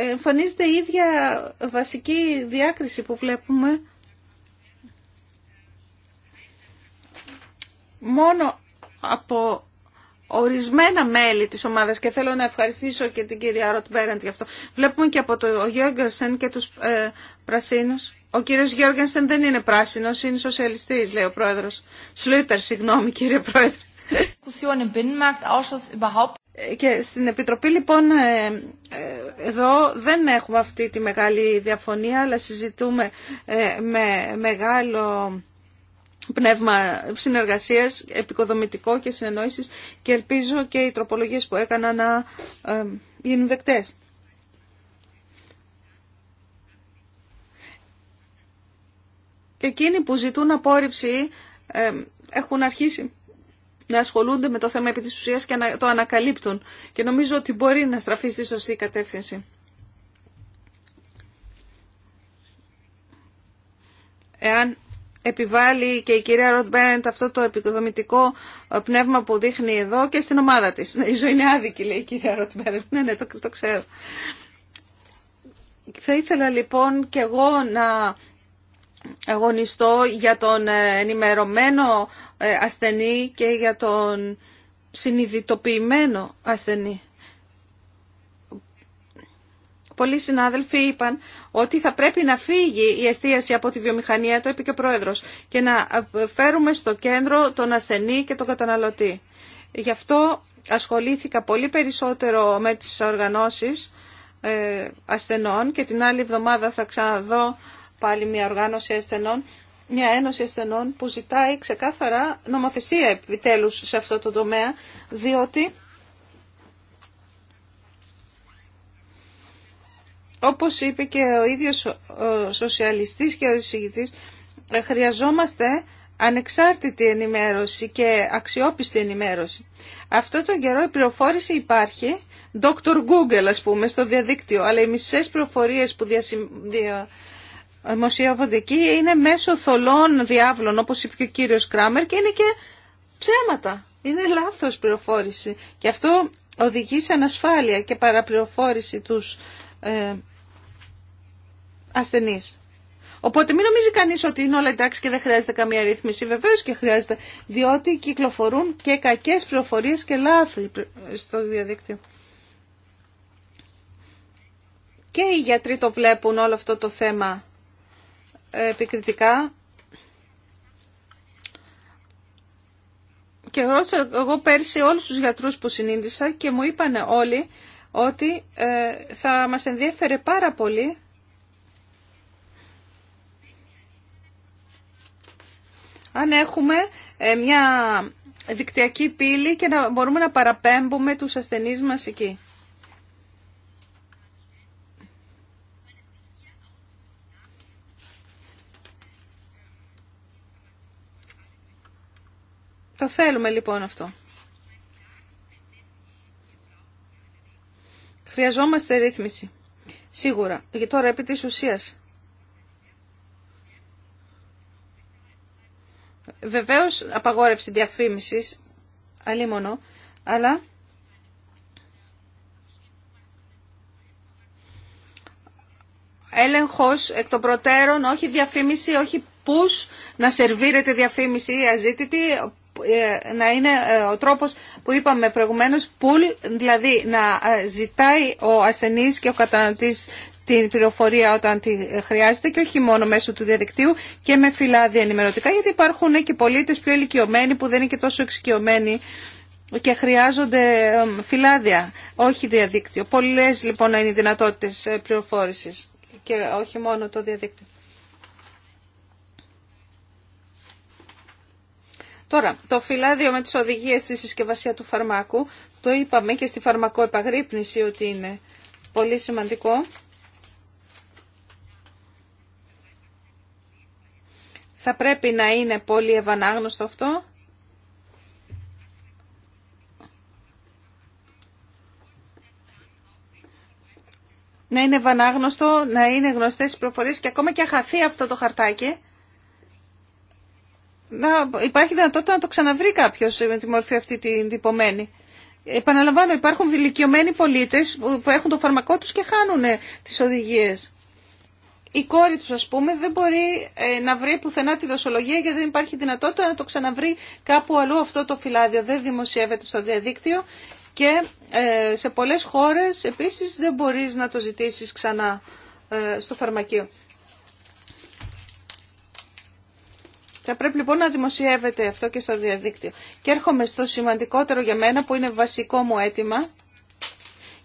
Speaker 1: εμφανίζεται η ίδια βασική διάκριση που βλέπουμε μόνο από ορισμένα μέλη της ομάδας και θέλω να ευχαριστήσω και την κυρία Ροτ Μπέρεντ αυτό. Βλέπουμε και από το Γιόγκερσεν και τους ε, Πρασίνους ο κύριο Γιώργενσεν δεν είναι πράσινο, είναι σοσιαλιστή, λέει ο πρόεδρο. Σλούτερ, συγγνώμη κύριε πρόεδρε. Ε, και στην Επιτροπή λοιπόν ε, ε, εδώ δεν έχουμε αυτή τη μεγάλη διαφωνία αλλά συζητούμε με μεγάλο πνεύμα συνεργασίας, επικοδομητικό και συνεννόησης και ελπίζω και οι τροπολογίες που έκανα να γίνουν δεκτές. Και εκείνοι που ζητούν απόρριψη ε, έχουν αρχίσει να ασχολούνται με το θέμα επί και να το ανακαλύπτουν. Και νομίζω ότι μπορεί να στραφεί στη σωστή κατεύθυνση. Εάν επιβάλλει και η κυρία Μπέρεντ αυτό το επικοδομητικό ε, πνεύμα που δείχνει εδώ και στην ομάδα της. Η ζωή είναι άδικη, λέει η κυρία Μπέρεντ. Ναι, ναι, το, το ξέρω. Θα ήθελα λοιπόν και εγώ να αγωνιστώ για τον ε, ενημερωμένο ε, ασθενή και για τον συνειδητοποιημένο ασθενή. Πολλοί συνάδελφοι είπαν ότι θα πρέπει να φύγει η εστίαση από τη βιομηχανία, το είπε και ο Πρόεδρος, και να ε, φέρουμε στο κέντρο τον ασθενή και τον καταναλωτή. Γι' αυτό ασχολήθηκα πολύ περισσότερο με τις οργανώσεις ασθενών και την άλλη εβδομάδα θα ξαναδώ πάλι μια οργάνωση ασθενών, μια ένωση ασθενών που ζητάει ξεκάθαρα νομοθεσία επιτέλους σε αυτό το τομέα, διότι όπως είπε και ο ίδιος ο σοσιαλιστής και ο εισηγητής, ε, χρειαζόμαστε ανεξάρτητη ενημέρωση και αξιόπιστη ενημέρωση. Αυτό το καιρό η πληροφόρηση υπάρχει, Dr. Google ας πούμε, στο διαδίκτυο, αλλά οι μισές πληροφορίες που δημοσιεύονται εκεί είναι μέσω θολών διάβλων όπως είπε και ο κύριος Κράμερ και είναι και ψέματα. Είναι λάθος πληροφόρηση και αυτό οδηγεί σε ανασφάλεια και παραπληροφόρηση τους ε, ασθενείς. Οπότε μην νομίζει κανείς ότι είναι όλα εντάξει και δεν χρειάζεται καμία ρύθμιση. βεβαίω και χρειάζεται, διότι κυκλοφορούν και κακές πληροφορίε και λάθη στο διαδίκτυο. Και οι γιατροί το βλέπουν όλο αυτό το θέμα επικριτικά και ρώτησα εγώ πέρσι όλους τους γιατρούς που συνήντησα και μου είπαν όλοι ότι ε, θα μας ενδιέφερε πάρα πολύ αν έχουμε ε, μια δικτυακή πύλη και να μπορούμε να παραπέμπουμε τους ασθενείς μας εκεί. Το θέλουμε λοιπόν αυτό. Χρειαζόμαστε ρύθμιση. Σίγουρα. Και τώρα επί της ουσίας. Βεβαίως απαγόρευση διαφήμισης, αλίμονο, αλλά έλεγχος εκ των προτέρων, όχι διαφήμιση, όχι πους να σερβίρεται διαφήμιση αζήτητη, ε, να είναι ε, ο τρόπος που είπαμε προηγουμένως, pull, δηλαδή να ε, ζητάει ο ασθενής και ο καταναλωτής την πληροφορία όταν τη χρειάζεται και όχι μόνο μέσω του διαδικτύου και με φυλάδια ενημερωτικά γιατί υπάρχουν και πολίτες πιο ηλικιωμένοι που δεν είναι και τόσο εξοικειωμένοι και χρειάζονται φυλάδια, όχι διαδίκτυο. Πολλές λοιπόν είναι οι δυνατότητες πληροφόρησης και όχι μόνο το διαδίκτυο. Τώρα, το φυλάδιο με τις οδηγίες στη συσκευασία του φαρμάκου, το είπαμε και στη φαρμακοεπαγρύπνηση ότι είναι πολύ σημαντικό. Θα πρέπει να είναι πολύ ευανάγνωστο αυτό. Να είναι ευανάγνωστο, να είναι γνωστές οι προφορίες και ακόμα και αχαθεί αυτό το χαρτάκι να υπάρχει δυνατότητα να το ξαναβρει κάποιο με τη μορφή αυτή την τυπωμένη. Επαναλαμβάνω, υπάρχουν ηλικιωμένοι πολίτε που έχουν το φαρμακό του και χάνουν τι οδηγίε. Η κόρη του, α πούμε, δεν μπορεί ε, να βρει πουθενά τη δοσολογία γιατί δεν υπάρχει δυνατότητα να το ξαναβρει κάπου αλλού αυτό το φυλάδιο. Δεν δημοσιεύεται στο διαδίκτυο και ε, σε πολλέ χώρε επίση δεν μπορεί να το ζητήσει ξανά ε, στο φαρμακείο. Θα πρέπει λοιπόν να δημοσιεύεται αυτό και στο διαδίκτυο. Και έρχομαι στο σημαντικότερο για μένα που είναι βασικό μου αίτημα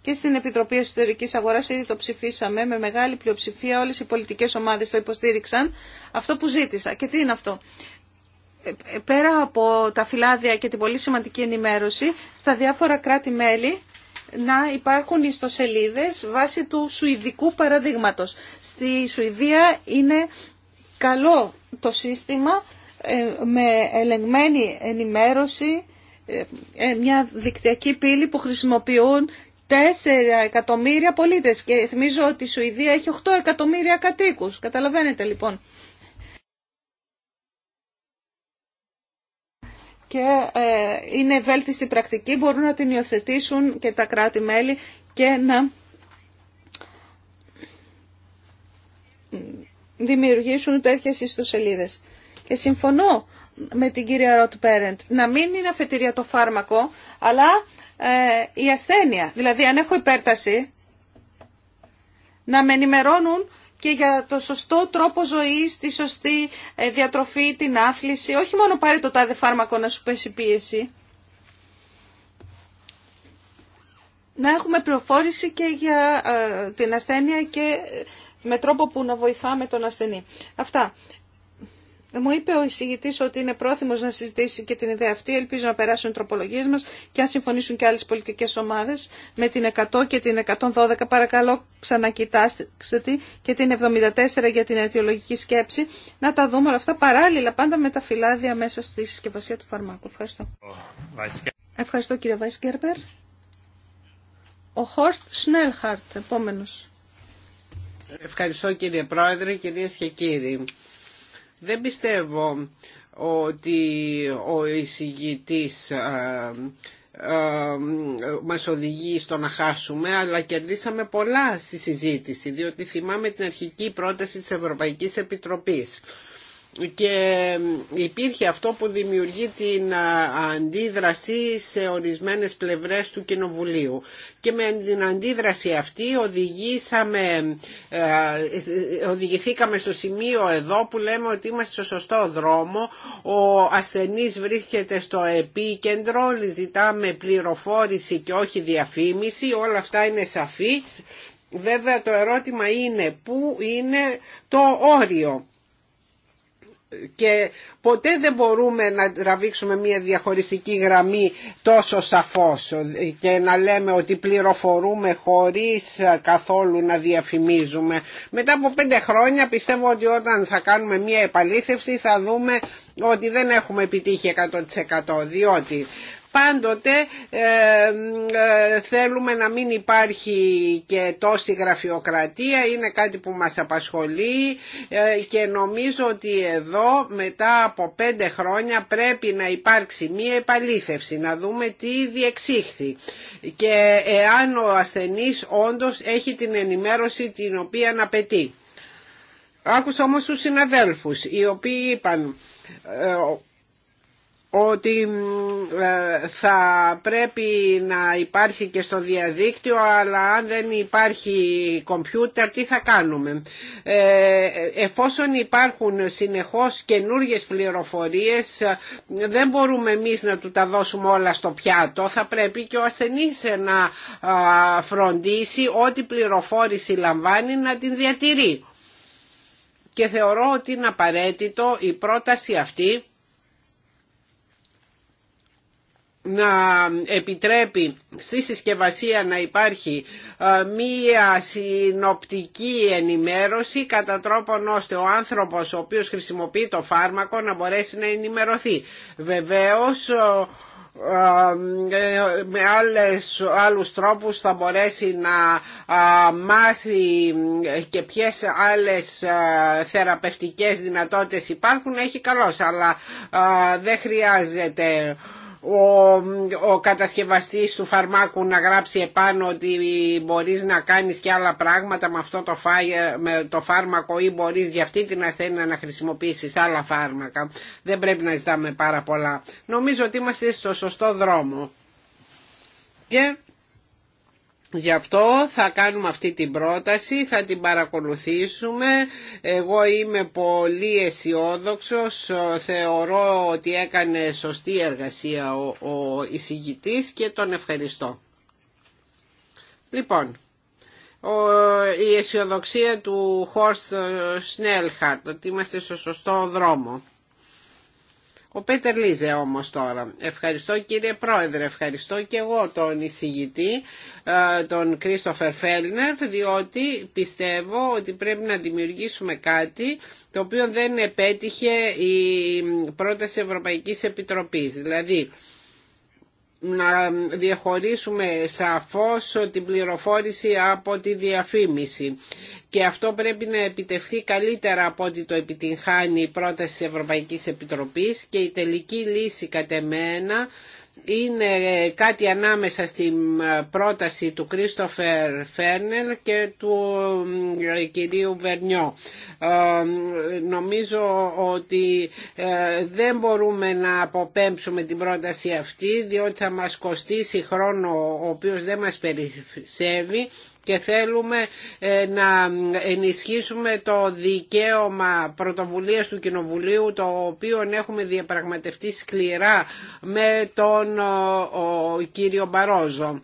Speaker 1: και στην Επιτροπή Εσωτερικής Αγοράς ήδη το ψηφίσαμε με μεγάλη πλειοψηφία όλες οι πολιτικές ομάδες το υποστήριξαν αυτό που ζήτησα. Και τι είναι αυτό. Ε, ε, πέρα από τα φυλάδια και την πολύ σημαντική ενημέρωση στα διάφορα κράτη-μέλη να υπάρχουν ιστοσελίδες βάσει του σουηδικού παραδείγματος. Στη Σουηδία είναι καλό το σύστημα ε, με ελεγμένη ενημέρωση, ε, ε, μια δικτυακή πύλη που χρησιμοποιούν 4 εκατομμύρια πολίτες και θυμίζω ότι η Σουηδία έχει 8 εκατομμύρια κατοίκους. Καταλαβαίνετε λοιπόν. Και είναι ευέλτιστη πρακτική, μπορούν να την υιοθετήσουν και τα κράτη-μέλη και να δημιουργήσουν τέτοιες ιστοσελίδε. Και συμφωνώ με την κυρία Ροτ Πέρεντ, να μην είναι αφετηρία το φάρμακο, αλλά ε, η ασθένεια. Δηλαδή, αν έχω υπέρταση, να με ενημερώνουν και για το σωστό τρόπο ζωής, τη σωστή ε, διατροφή, την άθληση. Όχι μόνο πάρει το τάδε φάρμακο να σου πέσει πίεση. Να έχουμε πληροφόρηση και για ε, την ασθένεια και με τρόπο που να βοηθάμε τον ασθενή. Αυτά. Μου είπε ο εισηγητή ότι είναι πρόθυμο να συζητήσει και την ιδέα αυτή. Ελπίζω να περάσουν οι τροπολογίε μα και αν συμφωνήσουν και άλλε πολιτικέ ομάδε με την 100 και την 112. Παρακαλώ, ξανακοιτάξτε τη και την 74 για την αιτιολογική σκέψη. Να τα δούμε όλα αυτά παράλληλα πάντα με τα φυλάδια μέσα στη συσκευασία του φαρμάκου. Ευχαριστώ. Ευχαριστώ κύριε Βάισκερπερ. Ο Χόρστ Σνέλχαρτ, επόμενος.
Speaker 2: Ευχαριστώ κύριε Πρόεδρε, κυρίες και κύριοι. Δεν πιστεύω ότι ο εισηγητής ε, ε, μας οδηγεί στο να χάσουμε αλλά κερδίσαμε πολλά στη συζήτηση διότι θυμάμαι την αρχική πρόταση της Ευρωπαϊκής Επιτροπής και υπήρχε αυτό που δημιουργεί την αντίδραση σε ορισμένες πλευρές του Κοινοβουλίου και με την αντίδραση αυτή οδηγήσαμε, ε, οδηγηθήκαμε στο σημείο εδώ που λέμε ότι είμαστε στο σωστό δρόμο ο ασθενής βρίσκεται στο επίκεντρο ζητάμε πληροφόρηση και όχι διαφήμιση όλα αυτά είναι σαφή Βέβαια το ερώτημα είναι πού είναι το όριο και ποτέ δεν μπορούμε να τραβήξουμε μια διαχωριστική γραμμή τόσο σαφώς και να λέμε ότι πληροφορούμε χωρίς καθόλου να διαφημίζουμε. Μετά από πέντε χρόνια πιστεύω ότι όταν θα κάνουμε μια επαλήθευση θα δούμε ότι δεν έχουμε επιτύχει 100% διότι πάντοτε ε, ε, θέλουμε να μην υπάρχει και τόση γραφειοκρατία, είναι κάτι που μας απασχολεί ε, και νομίζω ότι εδώ μετά από πέντε χρόνια πρέπει να υπάρξει μία επαλήθευση, να δούμε τι διεξήχθη και εάν ο ασθενής όντως έχει την ενημέρωση την οποία απαιτεί. Άκουσα όμως τους συναδέλφους οι οποίοι είπαν ότι ε, θα πρέπει να υπάρχει και στο διαδίκτυο αλλά αν δεν υπάρχει κομπιούτερ τι θα κάνουμε. Ε, εφόσον υπάρχουν συνεχώς καινούργιες πληροφορίες ε, δεν μπορούμε εμείς να του τα δώσουμε όλα στο πιάτο. Θα πρέπει και ο ασθενής να φροντίσει ό,τι πληροφόρηση λαμβάνει να την διατηρεί. Και θεωρώ ότι είναι απαραίτητο η πρόταση αυτή να επιτρέπει στη συσκευασία να υπάρχει ε, μία συνοπτική ενημέρωση κατά τρόπον ώστε ο άνθρωπος ο οποίος χρησιμοποιεί το φάρμακο να μπορέσει να ενημερωθεί. Βεβαίως ε, ε, με άλλες, άλλους τρόπους θα μπορέσει να μάθει και ποιες άλλες θεραπευτικές δυνατότητες υπάρχουν έχει καλώς αλλά δεν χρειάζεται ο, ο κατασκευαστής του φαρμάκου να γράψει επάνω ότι μπορείς να κάνεις και άλλα πράγματα με αυτό το, φά, το φάρμακο ή μπορείς για αυτή την ασθένεια να χρησιμοποιήσεις άλλα φάρμακα. Δεν πρέπει να ζητάμε πάρα πολλά. Νομίζω ότι είμαστε στο σωστό δρόμο. Και Γι' αυτό θα κάνουμε αυτή την πρόταση, θα την παρακολουθήσουμε. Εγώ είμαι πολύ αισιόδοξο. θεωρώ ότι έκανε σωστή εργασία ο, ο και τον ευχαριστώ. Λοιπόν, η αισιοδοξία του Χόρστ Σνέλχαρτ, ότι είμαστε στο σωστό δρόμο. Ο Πέτερ Λίζε όμως τώρα. Ευχαριστώ κύριε Πρόεδρε, ευχαριστώ και εγώ τον εισηγητή, ε, τον Κρίστοφερ Φέλνερ, διότι πιστεύω ότι πρέπει να δημιουργήσουμε κάτι το οποίο δεν επέτυχε η πρόταση Ευρωπαϊκής Επιτροπής. Δηλαδή, να διαχωρίσουμε σαφώς την πληροφόρηση από τη διαφήμιση και αυτό πρέπει να επιτευχθεί καλύτερα από ό,τι το επιτυγχάνει η πρόταση της Ευρωπαϊκής Επιτροπής και η τελική λύση κατεμένα είναι κάτι ανάμεσα στην πρόταση του Κρίστοφερ Φέρνελ και του ε, κυρίου Βερνιό. Ε, νομίζω ότι ε, δεν μπορούμε να αποπέμψουμε την πρόταση αυτή διότι θα μας κοστίσει χρόνο ο οποίος δεν μας περισσεύει και θέλουμε ε, να ενισχύσουμε το δικαίωμα πρωτοβουλίας του Κοινοβουλίου το οποίο έχουμε διαπραγματευτεί σκληρά με τον κύριο Μπαρόζο.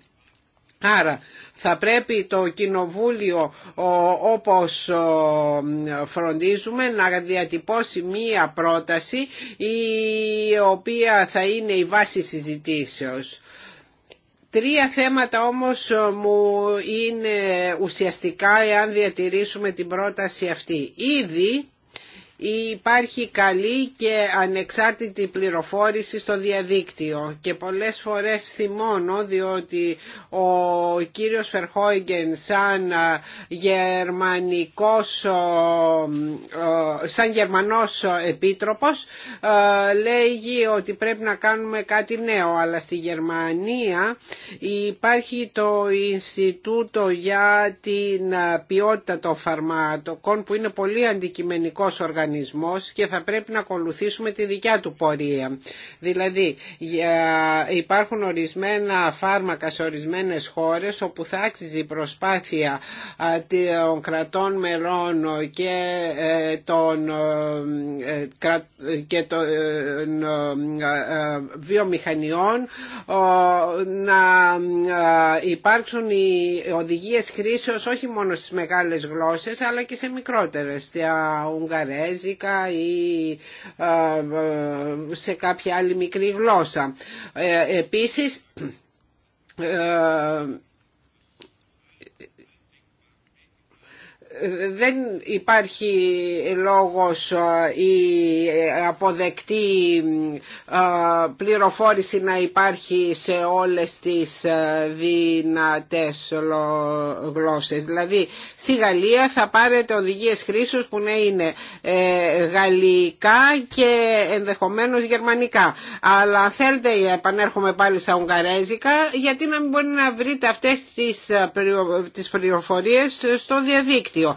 Speaker 2: Άρα θα πρέπει το κοινοβούλιο όπως φροντίζουμε να διατυπώσει μία πρόταση η οποία θα είναι η βάση συζητήσεως. Τρία θέματα όμως ε, μου είναι ουσιαστικά εάν διατηρήσουμε την πρόταση αυτή. Ήδη υπάρχει καλή και ανεξάρτητη πληροφόρηση στο διαδίκτυο και πολλές φορές θυμώνω διότι ο κύριος Φερχόγγεν σαν γερμανικός σαν γερμανός επίτροπος λέγει ότι πρέπει να κάνουμε κάτι νέο αλλά στη Γερμανία υπάρχει το Ινστιτούτο για την ποιότητα των φαρμάτων που είναι πολύ αντικειμενικός οργανισμός και θα πρέπει να ακολουθήσουμε τη δικιά του πορεία. Δηλαδή υπάρχουν ορισμένα φάρμακα σε ορισμένες χώρες όπου θα άξιζε η προσπάθεια των κρατών μερών ε, ε, ε, και των, βιομηχανιών να υπάρξουν οι οδηγίες χρήσεως όχι μόνο στις μεγάλες γλώσσες αλλά και σε μικρότερες, στις ουγγαρές, ή ε, ε, σε κάποια άλλη μικρή γλώσσα. Ε, επίσης δεν υπάρχει λόγος ε, η αποδεκτή ε, πληροφόρηση να υπάρχει σε όλες τις ε, δυνατές γλώσσες. Δηλαδή στη Γαλλία θα πάρετε οδηγίες χρήσεως που να είναι γαλλικά και ενδεχομένως γερμανικά. Αλλά θέλετε, επανέρχομαι πάλι στα ουγγαρέζικα, γιατί να μην μπορεί να βρείτε αυτές τις πληροφορίες στο διαδίκτυο για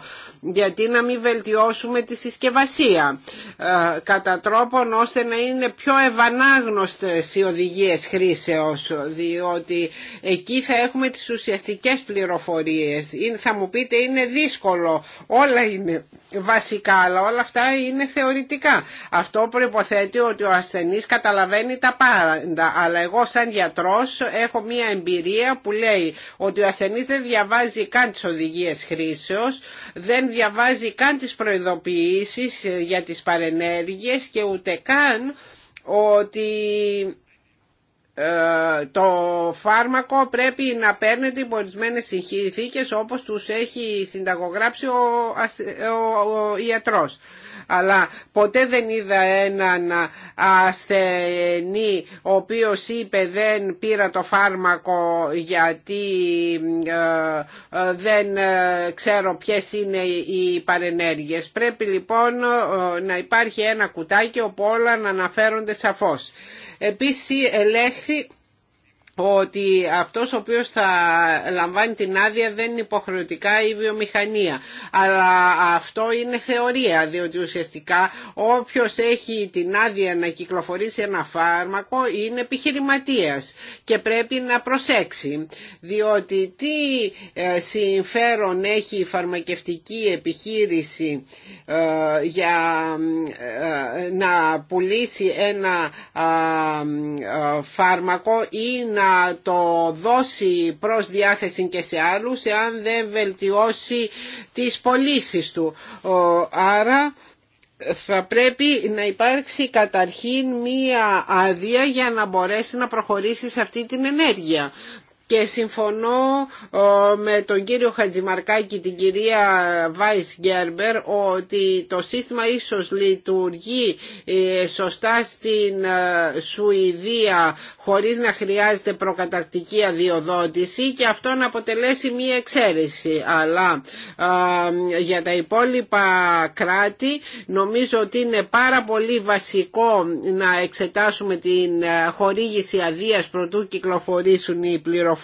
Speaker 2: γιατί να μην βελτιώσουμε τη συσκευασία ε, κατά τρόπον ώστε να είναι πιο ευανάγνωστες οι οδηγίες χρήσεως διότι εκεί θα έχουμε τις ουσιαστικές πληροφορίες θα μου πείτε είναι δύσκολο όλα είναι βασικά αλλά όλα αυτά είναι θεωρητικά αυτό προποθέτει ότι ο ασθενής καταλαβαίνει τα πάντα αλλά εγώ σαν γιατρός έχω μια εμπειρία που λέει ότι ο ασθενής δεν διαβάζει καν τις οδηγίες χρήσεως δεν διαβάζει καν τις προειδοποιήσεις ε, για τις παρενέργειες και ούτε καν ότι ε, το φάρμακο πρέπει να παίρνεται υπό ορισμένε συνθήκε όπως τους έχει συνταγογράψει ο, ο ιατρός αλλά ποτέ δεν είδα έναν ασθενή ο οποίος είπε δεν πήρα το φάρμακο γιατί ε, ε, δεν ε, ξέρω ποιες είναι οι παρενέργειες. Πρέπει λοιπόν να υπάρχει ένα κουτάκι όπου όλα να αναφέρονται σαφώς. Επίσης ελέγχθη ότι αυτός ο οποίος θα λαμβάνει την άδεια δεν είναι υποχρεωτικά η βιομηχανία. Αλλά αυτό είναι θεωρία, διότι ουσιαστικά όποιος έχει την άδεια να κυκλοφορήσει ένα φάρμακο είναι επιχειρηματίας και πρέπει να προσέξει, διότι τι ε, συμφέρον έχει η φαρμακευτική επιχείρηση ε, για ε, να πουλήσει ένα φάρμακο ή να το δώσει προς διάθεση και σε άλλους εάν δεν βελτιώσει τις πωλήσει του. Άρα θα πρέπει να υπάρξει καταρχήν μία άδεια για να μπορέσει να προχωρήσει σε αυτή την ενέργεια και συμφωνώ με τον κύριο Χατζημαρκάκη, την κυρία Βάις Γκέρμπερ, ότι το σύστημα ίσως λειτουργεί ε, σωστά στην ε, Σουηδία χωρίς να χρειάζεται προκαταρκτική αδειοδότηση και αυτό να αποτελέσει μία εξαίρεση. Αλλά για τα υπόλοιπα κράτη νομίζω ότι είναι πάρα πολύ βασικό να εξετάσουμε την ε, χορήγηση αδείας προτού κυκλοφορήσουν οι πληροφορίες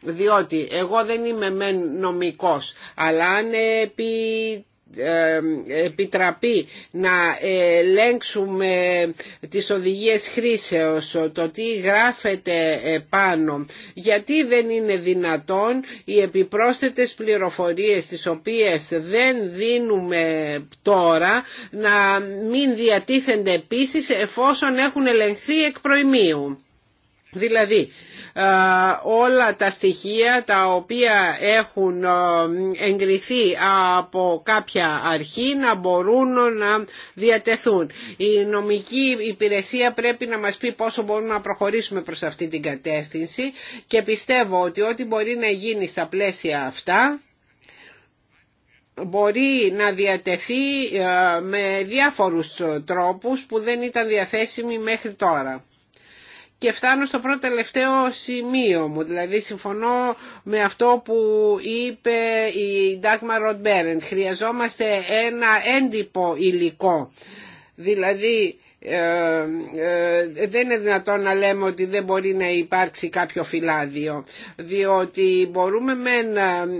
Speaker 2: διότι εγώ δεν είμαι μεν νομικός αλλά αν επί ε, επιτραπεί να ελέγξουμε τις οδηγίες χρήσεως το τι γράφεται πάνω γιατί δεν είναι δυνατόν οι επιπρόσθετες πληροφορίες τις οποίες δεν δίνουμε τώρα να μην διατίθενται επίσης εφόσον έχουν ελεγχθεί εκ προημίου δηλαδή ε, όλα τα στοιχεία τα οποία έχουν ε, εγκριθεί από κάποια αρχή να μπορούν να διατεθούν. Η νομική υπηρεσία πρέπει να μας πει πόσο μπορούμε να προχωρήσουμε προς αυτή την κατεύθυνση και πιστεύω ότι ό,τι μπορεί να γίνει στα πλαίσια αυτά μπορεί να διατεθεί ε, με διάφορους τρόπους που δεν ήταν διαθέσιμοι μέχρι τώρα και φτάνω στο πρώτο τελευταίο σημείο μου. Δηλαδή συμφωνώ με αυτό που είπε η Ντάκμα Ροντμπέρεντ. Χρειαζόμαστε ένα έντυπο υλικό. Δηλαδή ε, ε, δεν είναι δυνατόν να λέμε ότι δεν μπορεί να υπάρξει κάποιο φυλάδιο διότι μπορούμε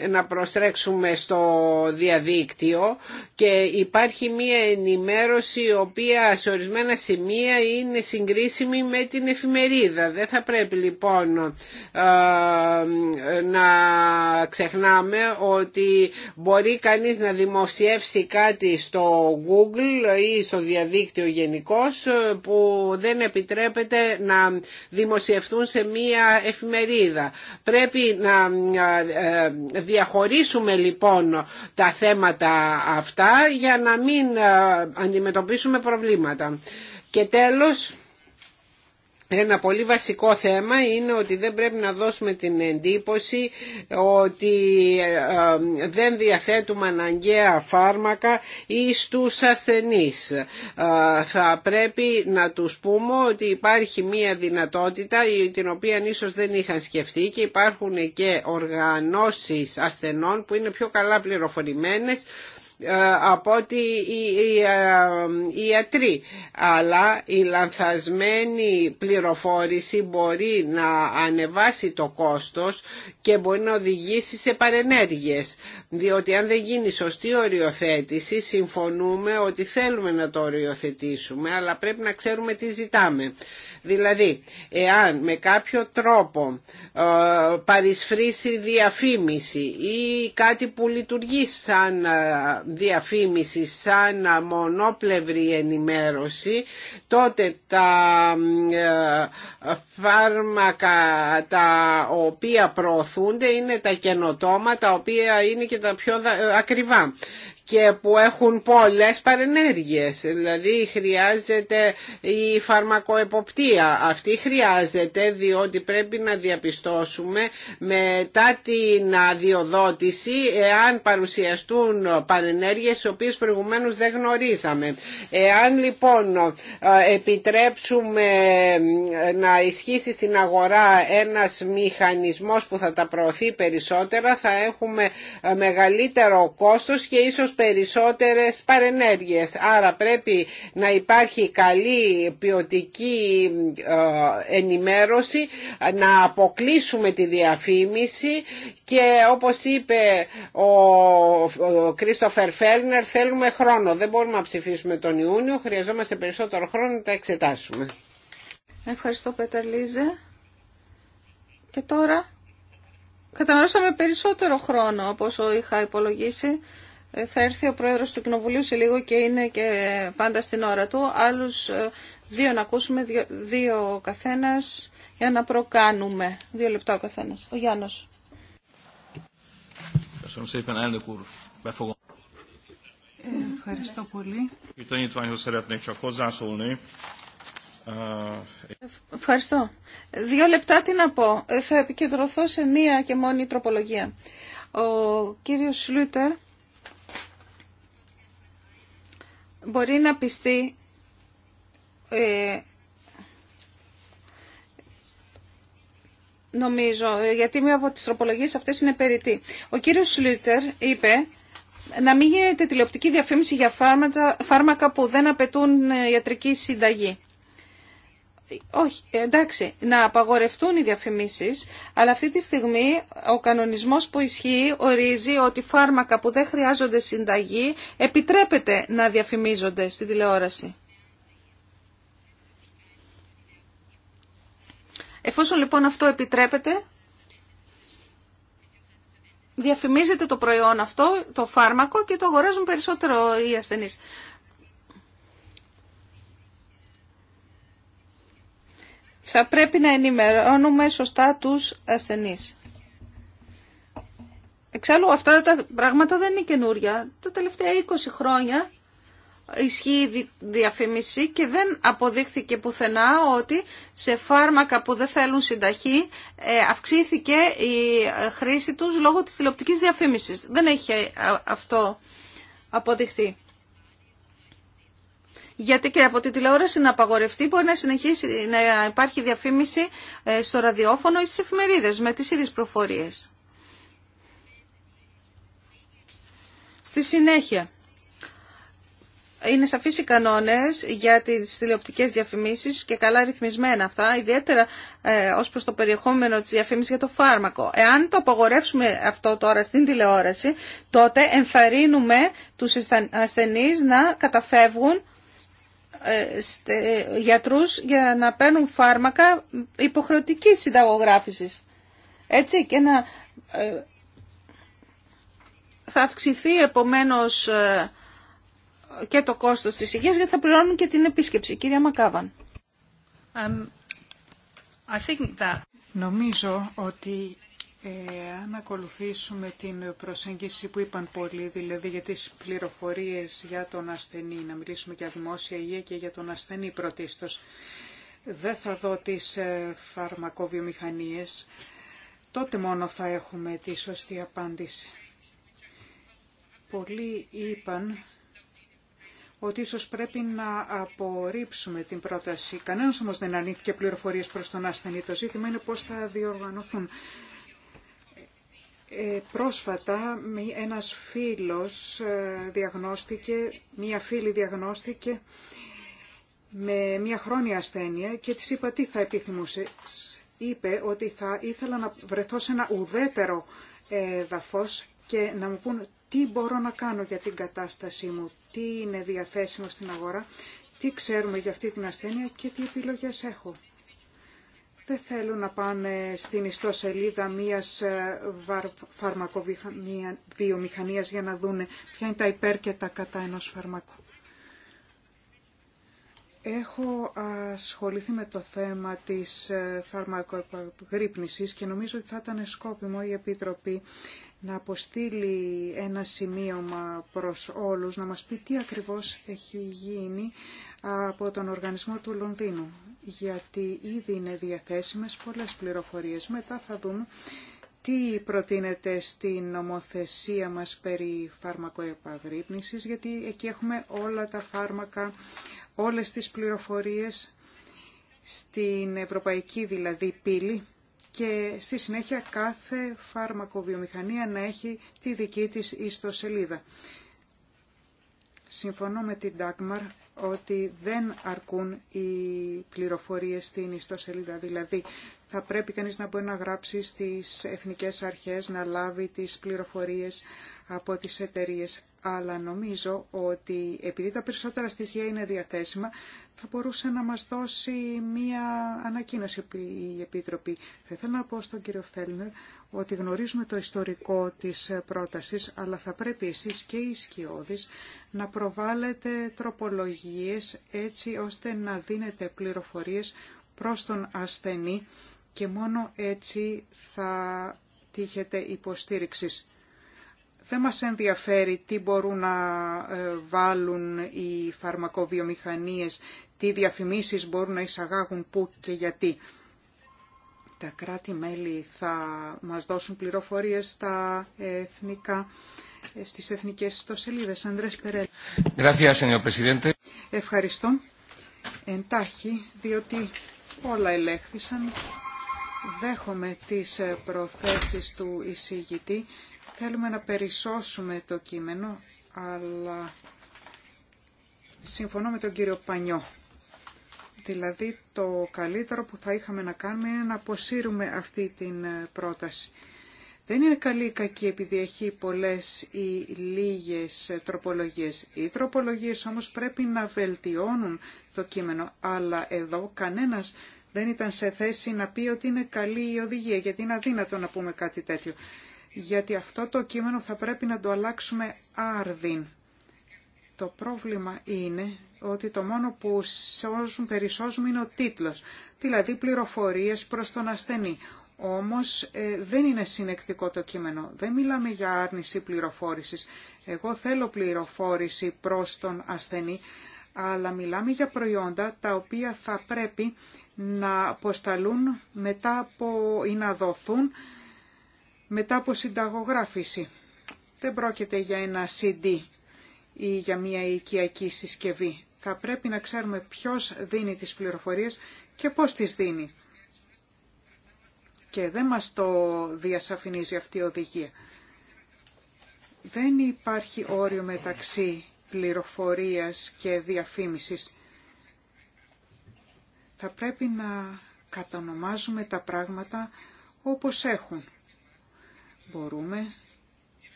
Speaker 2: ε, να προστρέξουμε στο διαδίκτυο και υπάρχει μία ενημέρωση η οποία σε ορισμένα σημεία είναι συγκρίσιμη με την εφημερίδα. Δεν θα πρέπει λοιπόν να ξεχνάμε ότι μπορεί κανείς να δημοσιεύσει κάτι στο Google ή στο διαδίκτυο γενικό ε, που δεν επιτρέπεται να δημοσιευτούν σε μία εφημερίδα. Πρέπει να ε, ε, διαχωρίσουμε λοιπόν τα θέματα αυτά για να μην αντιμετωπίσουμε προβλήματα. Και τέλος ένα πολύ βασικό θέμα είναι ότι δεν πρέπει να δώσουμε την εντύπωση ότι ε, ε, δεν διαθέτουμε αναγκαία φάρμακα ή στους ασθενείς. Ε, θα πρέπει να τους πούμε ότι υπάρχει μία δυνατότητα την οποία ίσως δεν είχαν σκεφτεί και υπάρχουν και οργανώσεις ασθενών που είναι πιο καλά πληροφορημένες ε, από ότι ε, οι ιατροί. Αλλά η λανθασμένη πληροφόρηση μπορεί να ανεβάσει το κόστος και μπορεί να οδηγήσει σε παρενέργειες. Διότι αν δεν γίνει σωστή οριοθέτηση, συμφωνούμε ότι θέλουμε να το οριοθετήσουμε, αλλά πρέπει να ξέρουμε τι ζητάμε. Δηλαδή, εάν με κάποιο τρόπο ε, παρισφρήσει διαφήμιση ή κάτι που λειτουργεί σαν διαφήμιση σαν μονοπλευρή ενημέρωση τότε τα ε, φάρμακα τα οποία προωθούνται είναι τα καινοτόματα τα οποία είναι και τα πιο ε, ακριβά και που έχουν πολλές παρενέργειες. Δηλαδή χρειάζεται η φαρμακοεποπτεία. Αυτή χρειάζεται διότι πρέπει να διαπιστώσουμε μετά την αδειοδότηση εάν παρουσιαστούν παρενέργειες οι οποίες προηγουμένως δεν γνωρίζαμε. Εάν λοιπόν ε, επιτρέψουμε ε, να ισχύσει στην αγορά ένας μηχανισμός που θα τα προωθεί περισσότερα θα έχουμε ε, μεγαλύτερο κόστος και ίσως περισσότερες παρενέργειες. Άρα πρέπει να υπάρχει καλή ποιοτική ε, ενημέρωση, να αποκλείσουμε τη διαφήμιση και όπως είπε ο Κρίστοφερ Φέρνερ θέλουμε χρόνο. Δεν μπορούμε να ψηφίσουμε τον Ιούνιο, χρειαζόμαστε
Speaker 1: περισσότερο χρόνο να τα εξετάσουμε. Ευχαριστώ Πέτερ Λίζε. Και τώρα καταναλώσαμε περισσότερο χρόνο από είχα υπολογίσει θα έρθει ο πρόεδρος του Κοινοβουλίου σε λίγο και είναι και πάντα στην ώρα του. Άλλους ε, δύο να ακούσουμε, δύο, δύο καθένας για να προκάνουμε. Δύο λεπτά ο καθένας. Ο Γιάννος. Ευχαριστώ πολύ.
Speaker 2: Ε,
Speaker 1: ευχαριστώ. Δύο λεπτά τι να πω. Ε, θα επικεντρωθώ σε μία και μόνη τροπολογία. Ο κύριος Σλούτερ μπορεί να πιστεί ε, νομίζω, γιατί μία από τις τροπολογίες αυτές είναι περιττή. Ο κύριος Σλούτερ είπε να μην γίνεται τηλεοπτική διαφήμιση για φάρμακα, φάρμακα που δεν απαιτούν ε, ιατρική συνταγή όχι, εντάξει, να απαγορευτούν οι διαφημίσεις, αλλά αυτή τη στιγμή ο κανονισμός που ισχύει ορίζει ότι φάρμακα που δεν χρειάζονται συνταγή επιτρέπεται να διαφημίζονται στη τηλεόραση. Εφόσον λοιπόν αυτό επιτρέπεται, διαφημίζεται το προϊόν αυτό, το φάρμακο και το αγοράζουν περισσότερο οι ασθενείς. θα πρέπει να ενημερώνουμε σωστά τους ασθενείς. Εξάλλου αυτά τα πράγματα δεν είναι καινούρια. Τα τελευταία 20 χρόνια ισχύει η διαφήμιση και δεν αποδείχθηκε πουθενά ότι σε φάρμακα που δεν θέλουν συνταχή ε, αυξήθηκε η χρήση τους λόγω της τηλεοπτικής διαφήμισης. Δεν έχει ε, αυτό αποδειχθεί γιατί και από τη τηλεόραση να απαγορευτεί μπορεί να συνεχίσει να υπάρχει διαφήμιση ε, στο ραδιόφωνο ή στις εφημερίδες με τις ίδιες προφορίες. Στη συνέχεια, είναι σαφείς οι κανόνες για τις τηλεοπτικές διαφημίσεις και καλά ρυθμισμένα αυτά, ιδιαίτερα ε, ως προς το περιεχόμενο της διαφήμισης για το φάρμακο. Εάν το απαγορεύσουμε αυτό τώρα στην τηλεόραση, τότε ενθαρρύνουμε τους ασθενείς να καταφεύγουν ε, γιατρούς για να παίρνουν φάρμακα υποχρεωτικής συνταγογράφησης. Έτσι και να ε, θα αυξηθεί επομένως ε, και το κόστος της υγείας γιατί θα πληρώνουν και την επίσκεψη. Κυρία Μακάβαν. Um,
Speaker 4: Νομίζω ότι ε, αν ακολουθήσουμε την προσέγγιση που είπαν πολλοί, δηλαδή για τις πληροφορίες για τον ασθενή, να μιλήσουμε για δημόσια υγεία και για τον ασθενή πρωτίστως, δεν θα δω τις ε, φαρμακοβιομηχανίες, τότε μόνο θα έχουμε τη σωστή απάντηση. Πολλοί είπαν ότι ίσως πρέπει να απορρίψουμε την πρόταση. Κανένας όμως δεν αρνήθηκε πληροφορίες προς τον ασθενή. Το ζήτημα είναι πώς θα διοργανωθούν ε, πρόσφατα ένας φίλος ε, διαγνώστηκε, μία φίλη διαγνώστηκε με μία χρόνια ασθένεια και της είπα τι θα επιθυμούσε. Είπε ότι θα ήθελα να βρεθώ σε ένα ουδέτερο δαφός και να μου πούν τι μπορώ να κάνω για την κατάστασή μου, τι είναι διαθέσιμο στην αγορά, τι ξέρουμε για αυτή την ασθένεια και τι επιλογές έχω δεν θέλουν να πάνε στην ιστοσελίδα μιας ε, φαρμακοβιομηχανίας για να δούνε ποια είναι τα υπέρ και τα κατά ενός φαρμακού. Έχω ασχοληθεί με το θέμα της ε, φαρμακογρύπνησης και νομίζω ότι θα ήταν σκόπιμο η Επιτροπή να αποστείλει ένα σημείωμα προς όλους, να μας πει τι ακριβώς έχει γίνει από τον οργανισμό του Λονδίνου γιατί ήδη είναι διαθέσιμες πολλές πληροφορίες. Μετά θα δούμε τι προτείνεται στην νομοθεσία μας περί φαρμακοεπαγρύπνησης, γιατί εκεί έχουμε όλα τα φάρμακα, όλες τις πληροφορίες στην ευρωπαϊκή δηλαδή πύλη και στη συνέχεια κάθε φαρμακοβιομηχανία να έχει τη δική της ιστοσελίδα. Συμφωνώ με την Dagmar ότι δεν αρκούν οι πληροφορίες στην ιστοσελίδα. Δηλαδή, θα πρέπει κανείς να μπορεί να γράψει στις εθνικές αρχές, να λάβει τις πληροφορίες από τις εταιρείες. Αλλά νομίζω ότι επειδή τα περισσότερα στοιχεία είναι διαθέσιμα, θα μπορούσε να μας δώσει μία ανακοίνωση η Επίτροπη. Θα ήθελα να πω στον κύριο Φέλνερ ότι γνωρίζουμε το ιστορικό της πρότασης, αλλά θα πρέπει εσείς και οι σκιώδεις να προβάλλετε τροπολογίες έτσι ώστε να δίνετε πληροφορίες προς τον ασθενή και μόνο έτσι θα τύχετε υποστήριξης. Δεν μας ενδιαφέρει τι μπορούν να ε, βάλουν οι φαρμακοβιομηχανίες, τι διαφημίσεις μπορούν να εισαγάγουν, πού και γιατί. Τα κράτη-μέλη θα μας δώσουν πληροφορίες στα εθνικά, στις εθνικές ιστοσελίδες. Ανδρές Περέλ. Ευχαριστώ. Εντάχει, διότι όλα ελέγχθησαν. Δέχομαι τις προθέσεις του εισηγητή. Θέλουμε να περισσώσουμε το κείμενο, αλλά συμφωνώ με τον κύριο Πανιό Δηλαδή το καλύτερο που θα είχαμε να κάνουμε είναι να αποσύρουμε αυτή την ε, πρόταση. Δεν είναι καλή ή κακή επειδή έχει πολλές ή λίγες ε, τροπολογίες. Οι τροπολογίες όμως πρέπει να βελτιώνουν το κείμενο, αλλά εδώ κανένας δεν ήταν σε θέση να πει ότι είναι καλή η οδηγία, γιατί είναι αδύνατο να πούμε κάτι τέτοιο. Γιατί αυτό το κείμενο θα πρέπει να το αλλάξουμε άρδιν. Το πρόβλημα είναι ότι το μόνο που σώζουν, περισσώζουμε είναι ο τίτλος, δηλαδή πληροφορίες προς τον ασθενή. Όμως ε, δεν είναι συνεκτικό το κείμενο. Δεν μιλάμε για άρνηση πληροφόρησης. Εγώ θέλω πληροφόρηση προς τον ασθενή, αλλά μιλάμε για προϊόντα τα οποία θα πρέπει να αποσταλούν μετά από, ή να δοθούν μετά από συνταγογράφηση. Δεν πρόκειται για ένα CD ή για μια οικιακή συσκευή. Θα πρέπει να ξέρουμε ποιος δίνει τις πληροφορίες και πώς τις δίνει. Και δεν μας το διασαφηνίζει αυτή η οδηγία. Δεν υπάρχει όριο μεταξύ πληροφορίας και διαφήμισης. Θα πρέπει να κατανομάζουμε τα πράγματα όπως έχουν. Μπορούμε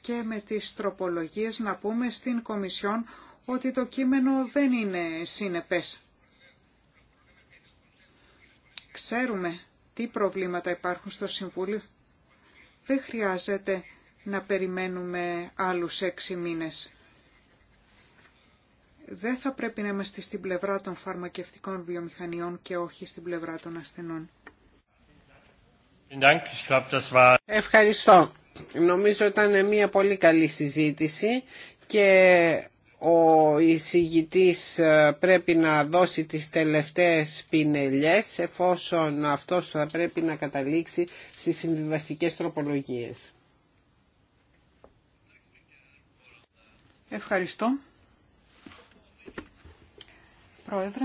Speaker 4: και με τις τροπολογίες να πούμε στην Κομισιόν ότι το κείμενο δεν είναι σύνεπες. Ξέρουμε τι προβλήματα υπάρχουν στο Συμβούλιο. Δεν χρειάζεται να περιμένουμε άλλους έξι μήνες. Δεν θα πρέπει να είμαστε στην πλευρά των φαρμακευτικών βιομηχανιών και όχι στην πλευρά των ασθενών.
Speaker 2: Ευχαριστώ. Νομίζω ήταν μια πολύ καλή συζήτηση και ο εισηγητής ε, πρέπει να δώσει τις τελευταίες πινελιές εφόσον αυτός θα πρέπει να καταλήξει στις συμβιβαστικές τροπολογίες. Ευχαριστώ. Πρόεδρε.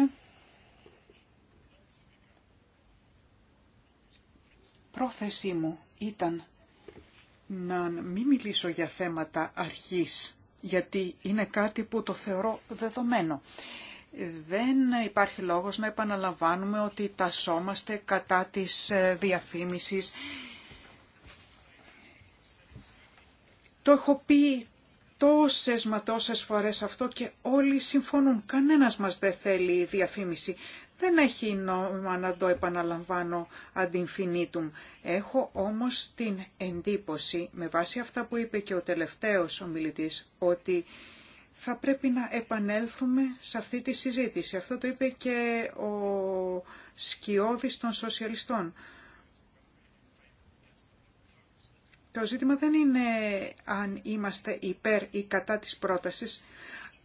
Speaker 4: Πρόθεσή μου ήταν να μην μιλήσω για θέματα αρχής γιατί είναι κάτι που το θεωρώ δεδομένο. Δεν υπάρχει λόγος να επαναλαμβάνουμε ότι τασόμαστε κατά της ε, διαφήμισης. Το έχω πει τόσες μα τόσες φορές αυτό και όλοι συμφωνούν. Κανένας μας δεν θέλει διαφήμιση. Δεν έχει νόημα να το επαναλαμβάνω ad Έχω όμως την εντύπωση, με βάση αυτά που είπε και ο τελευταίος ομιλητής, ότι θα πρέπει να επανέλθουμε σε αυτή τη συζήτηση. Αυτό το είπε και ο σκιώδης των σοσιαλιστών. Το ζήτημα δεν είναι αν είμαστε υπέρ ή κατά της πρότασης,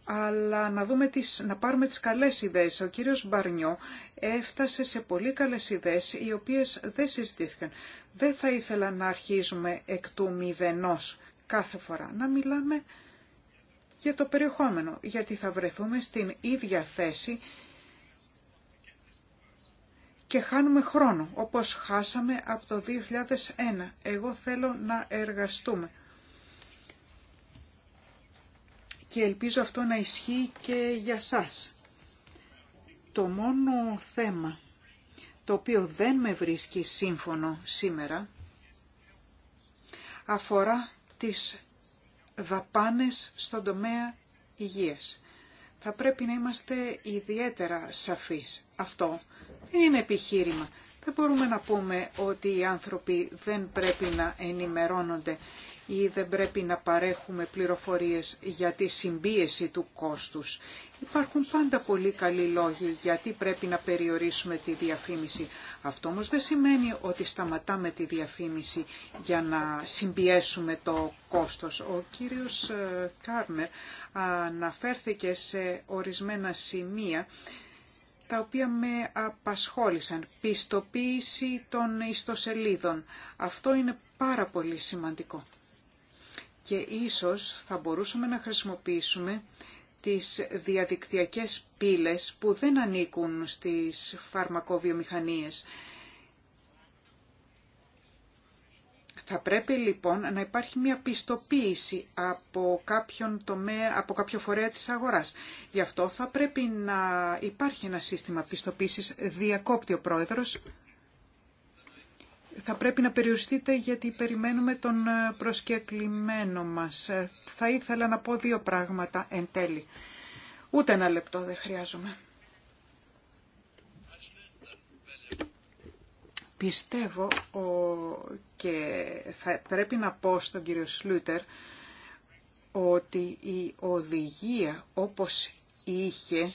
Speaker 4: αλλά να, δούμε τις, να πάρουμε τις καλές ιδέες. Ο κύριος Μπαρνιό έφτασε σε πολύ καλές ιδέες, οι οποίες δεν συζητήθηκαν. Δεν θα ήθελα να αρχίζουμε εκ του μηδενός κάθε φορά, να μιλάμε για το περιεχόμενο, γιατί θα βρεθούμε στην ίδια θέση και χάνουμε χρόνο, όπως χάσαμε από το 2001. Εγώ θέλω να εργαστούμε. και ελπίζω αυτό να ισχύει και για σας. Το μόνο θέμα το οποίο δεν με βρίσκει σύμφωνο σήμερα αφορά τις δαπάνες στον τομέα υγείας. Θα πρέπει να είμαστε ιδιαίτερα σαφείς. Αυτό δεν είναι επιχείρημα. Δεν μπορούμε να πούμε ότι οι άνθρωποι δεν πρέπει να ενημερώνονται ή δεν πρέπει να παρέχουμε πληροφορίες για τη συμπίεση του κόστους. Υπάρχουν πάντα πολύ καλοί λόγοι γιατί πρέπει να περιορίσουμε τη διαφήμιση. Αυτό όμως δεν σημαίνει ότι σταματάμε τη διαφήμιση για να συμπιέσουμε το κόστος. Ο κύριος ε, Κάρμερ αναφέρθηκε σε ορισμένα σημεία τα οποία με απασχόλησαν. Πιστοποίηση των ιστοσελίδων. Αυτό είναι πάρα πολύ σημαντικό και ίσως θα μπορούσαμε να χρησιμοποιήσουμε τις διαδικτυακές πύλες που δεν ανήκουν στις φαρμακοβιομηχανίες. Θα πρέπει λοιπόν να υπάρχει μια πιστοποίηση από, κάποιον τομέα, από κάποιο φορέα της αγοράς. Γι' αυτό θα πρέπει να υπάρχει ένα σύστημα πιστοποίησης. Διακόπτει ο Πρόεδρος θα πρέπει να περιοριστείτε γιατί περιμένουμε τον ε, προσκεκλημένο μας. Ε, θα ήθελα να πω δύο πράγματα εν τέλει. Ούτε ένα λεπτό δεν χρειάζομαι. Πιστεύω ο... και θα πρέπει να πω στον κύριο Σλούτερ ότι η οδηγία όπως είχε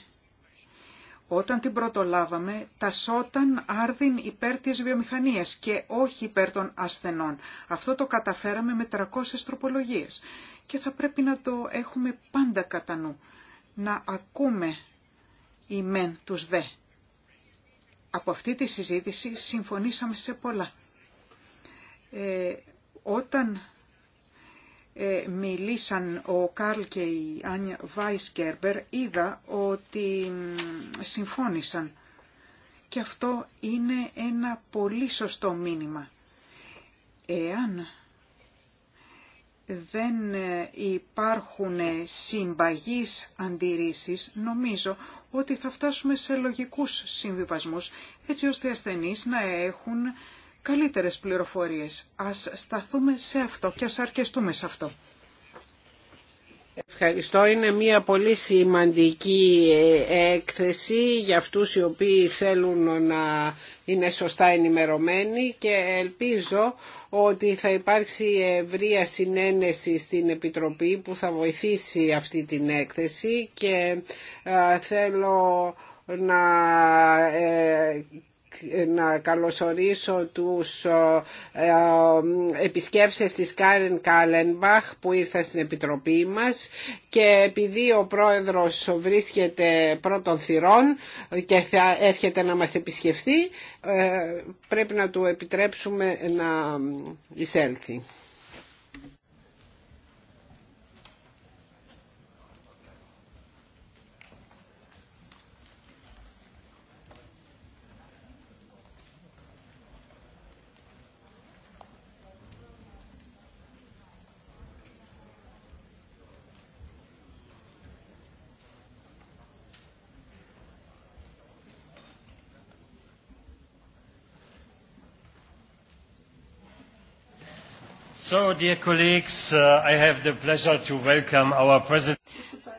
Speaker 4: όταν την πρωτολάβαμε, τασόταν άρδιν υπέρ της βιομηχανίας και όχι υπέρ των ασθενών. Αυτό το καταφέραμε με 300 τροπολογίες και θα πρέπει να το έχουμε πάντα κατά νου. Να ακούμε οι μεν τους δε. Από αυτή τη συζήτηση συμφωνήσαμε σε πολλά. Ε, όταν ε, μιλήσαν ο Καρλ και η Άνια Βάισκερμπερ, είδα ότι συμφώνησαν. Και αυτό είναι ένα πολύ σωστό μήνυμα. Εάν δεν ε, υπάρχουν ε, συμπαγείς αντιρρήσεις, νομίζω ότι θα φτάσουμε σε λογικούς συμβιβασμούς, έτσι ώστε οι ασθενείς να έχουν καλύτερες πληροφορίες. Ας σταθούμε σε αυτό και ας αρκεστούμε σε αυτό.
Speaker 2: Ευχαριστώ. Είναι μια πολύ σημαντική ε, έκθεση για αυτούς οι οποίοι θέλουν να είναι σωστά ενημερωμένοι και ελπίζω ότι θα υπάρξει ευρεία συνένεση στην Επιτροπή που θα βοηθήσει αυτή την έκθεση και ε, θέλω να ε, να καλωσορίσω τους ε, ε, επισκέψεις της Κάριν Κάλενμπαχ που ήρθε στην Επιτροπή μας και επειδή ο πρόεδρος βρίσκεται πρώτων θυρών και θα έρχεται να μας επισκεφθεί ε, πρέπει να του επιτρέψουμε να εισέλθει.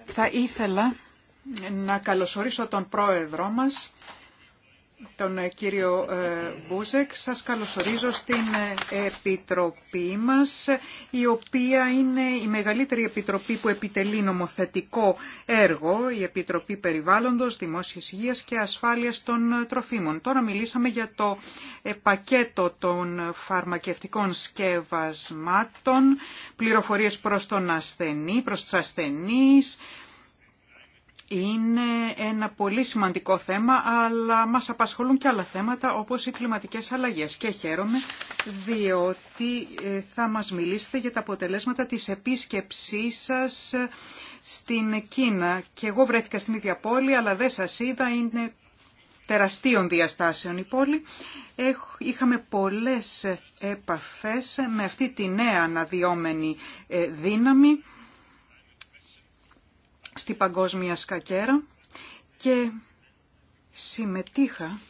Speaker 4: Θα ήθελα να καλωσορίσω τον πρόεδρό μας, τον ε, κύριο ε, Μπούζεκ. Σας καλωσορίζω στην ε, Επιτροπή μας, η οποία είναι η μεγαλύτερη Επιτροπή που επιτελεί νομοθετικό έργο, η Επιτροπή Περιβάλλοντος, Δημόσιας Υγείας και Ασφάλειας των Τροφίμων. Τώρα μιλήσαμε για το πακέτο των φαρμακευτικών σκευασμάτων, πληροφορίες προς τον ασθενή, προς τους ασθενείς, είναι ένα πολύ σημαντικό θέμα, αλλά μας απασχολούν και άλλα θέματα όπως οι κλιματικές αλλαγές. Και χαίρομαι διότι ε, θα μας μιλήσετε για τα αποτελέσματα της επίσκεψής σας ε, στην Κίνα. Και εγώ βρέθηκα στην ίδια πόλη, αλλά δεν σας είδα, είναι τεραστίων διαστάσεων η πόλη. Είχαμε πολλές επαφές με αυτή τη νέα αναδυόμενη ε, δύναμη στη Παγκόσμια Σκακέρα και συμμετείχα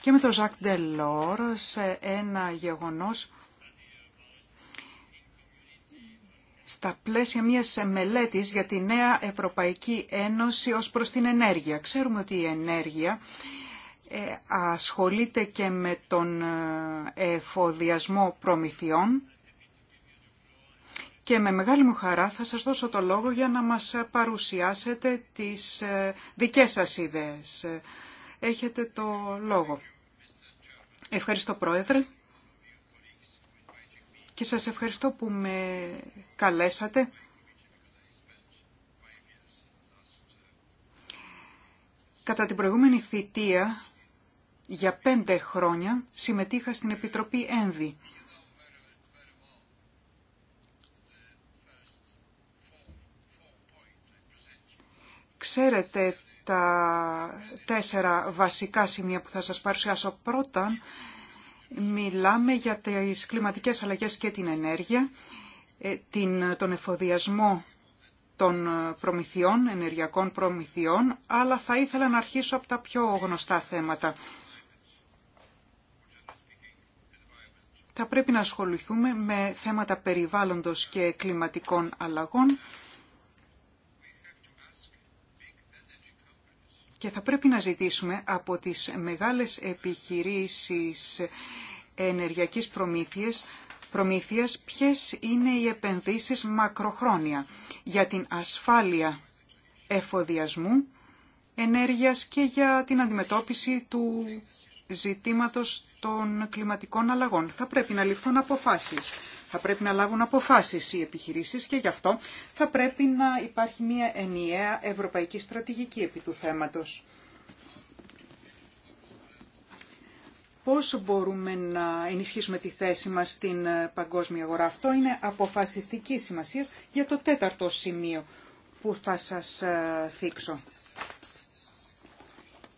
Speaker 4: και με τον Ζακ Ντελόρ σε ένα γεγονός στα πλαίσια μιας μελέτης για τη νέα Ευρωπαϊκή Ένωση ως προς την ενέργεια. Ξέρουμε ότι η ενέργεια ε, ασχολείται και με τον ε, εφοδιασμό προμηθειών και με μεγάλη μου χαρά θα σας δώσω το λόγο για να μας παρουσιάσετε τις ε, δικές σας ιδέες. Έχετε το λόγο. Ευχαριστώ Πρόεδρε και σας ευχαριστώ που με καλέσατε. Κατά την προηγούμενη θητεία, για πέντε χρόνια, συμμετείχα στην Επιτροπή Ένδη Ξέρετε τα τέσσερα βασικά σημεία που θα σας παρουσιάσω. Πρώτα μιλάμε για τις κλιματικές αλλαγές και την ενέργεια, ε, την, τον εφοδιασμό των ε, προμηθειών, ενεργειακών προμηθειών, αλλά θα ήθελα να αρχίσω από τα πιο γνωστά θέματα. Θα πρέπει να ασχοληθούμε με θέματα περιβάλλοντος και κλιματικών αλλαγών Και θα πρέπει να ζητήσουμε από τις μεγάλες επιχειρήσεις ενεργειακής προμήθειας, προμήθειας ποιες είναι οι επενδύσεις μακροχρόνια για την ασφάλεια εφοδιασμού ενέργειας και για την αντιμετώπιση του ζητήματος των κλιματικών αλλαγών. Θα πρέπει να ληφθούν αποφάσεις. Θα πρέπει να λάβουν αποφάσεις οι επιχειρήσεις και γι' αυτό θα πρέπει να υπάρχει μια ενιαία ευρωπαϊκή στρατηγική επί του θέματος. Πώς μπορούμε να ενισχύσουμε τη θέση μας στην παγκόσμια αγορά. Αυτό είναι αποφασιστική σημασία για το τέταρτο σημείο που θα σας ε, θίξω.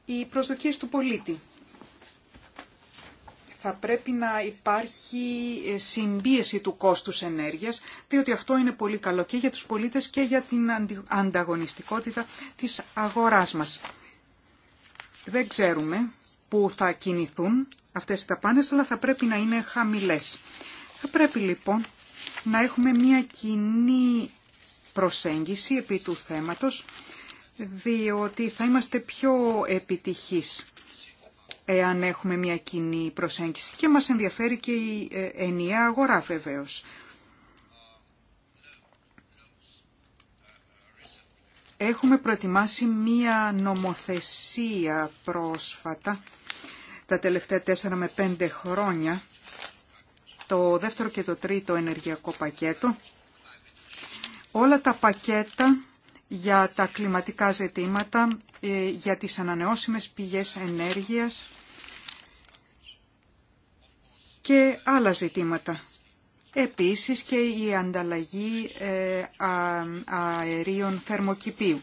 Speaker 4: Οι προσδοκίες του πολίτη θα πρέπει να υπάρχει ε, συμπίεση του κόστους ενέργειας, διότι αυτό είναι πολύ καλό και για τους πολίτες και για την ανταγωνιστικότητα της αγοράς μας. Δεν ξέρουμε πού θα κινηθούν αυτές οι ταπάνες, αλλά θα πρέπει να είναι χαμηλές. Θα πρέπει λοιπόν να έχουμε μια κοινή προσέγγιση επί του θέματος, διότι θα είμαστε πιο επιτυχείς εάν έχουμε μια κοινή προσέγγιση. Και μας ενδιαφέρει και η ε, ενιαία αγορά βεβαίως. Έχουμε προετοιμάσει μία νομοθεσία πρόσφατα, τα τελευταία τέσσερα με πέντε χρόνια, το δεύτερο και το τρίτο ενεργειακό πακέτο. Όλα τα πακέτα για τα κλιματικά ζητήματα, ε, για τις ανανεώσιμες πηγές ενέργειας και άλλα ζητήματα. Επίσης και η ανταλλαγή ε, αερίων θερμοκηπίου.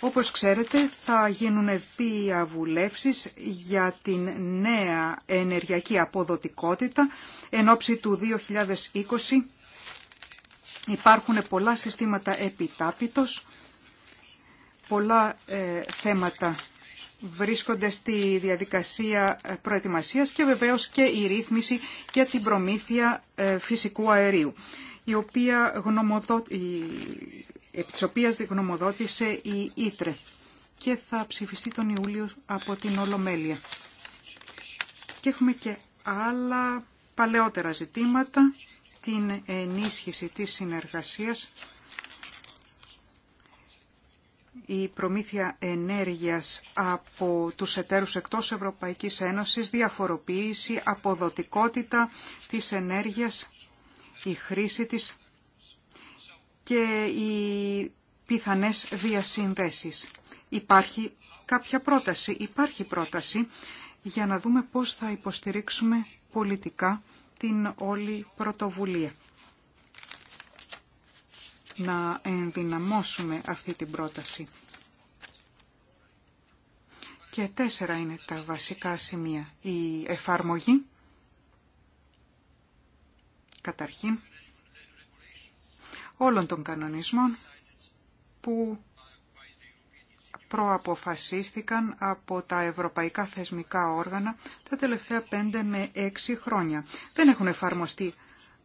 Speaker 4: Όπως ξέρετε θα γίνουν διαβουλεύσεις για την νέα ενεργειακή αποδοτικότητα εν ώψη του 2020 Υπάρχουν πολλά συστήματα επιτάπητος, πολλά ε, θέματα βρίσκονται στη διαδικασία ε, προετοιμασίας και βεβαίως και η ρύθμιση για την προμήθεια ε, φυσικού αερίου, η οποία γνωμοδο... επί της οποίας γνωμοδότησε η Ήτρε και θα ψηφιστεί τον Ιούλιο από την Ολομέλεια. Και έχουμε και άλλα παλαιότερα ζητήματα, την ενίσχυση της συνεργασίας η προμήθεια ενέργειας από τους εταίρους εκτός Ευρωπαϊκής Ένωσης, διαφοροποίηση, αποδοτικότητα της ενέργειας, η χρήση της και οι πιθανές διασυνδέσεις. Υπάρχει κάποια πρόταση, υπάρχει πρόταση για να δούμε πώς θα υποστηρίξουμε πολιτικά την όλη πρωτοβουλία να ενδυναμώσουμε αυτή την πρόταση. Και τέσσερα είναι τα βασικά σημεία. Η εφαρμογή, καταρχήν, όλων των κανονισμών που προαποφασίστηκαν από τα ευρωπαϊκά θεσμικά όργανα τα τελευταία πέντε με έξι χρόνια. Δεν έχουν εφαρμοστεί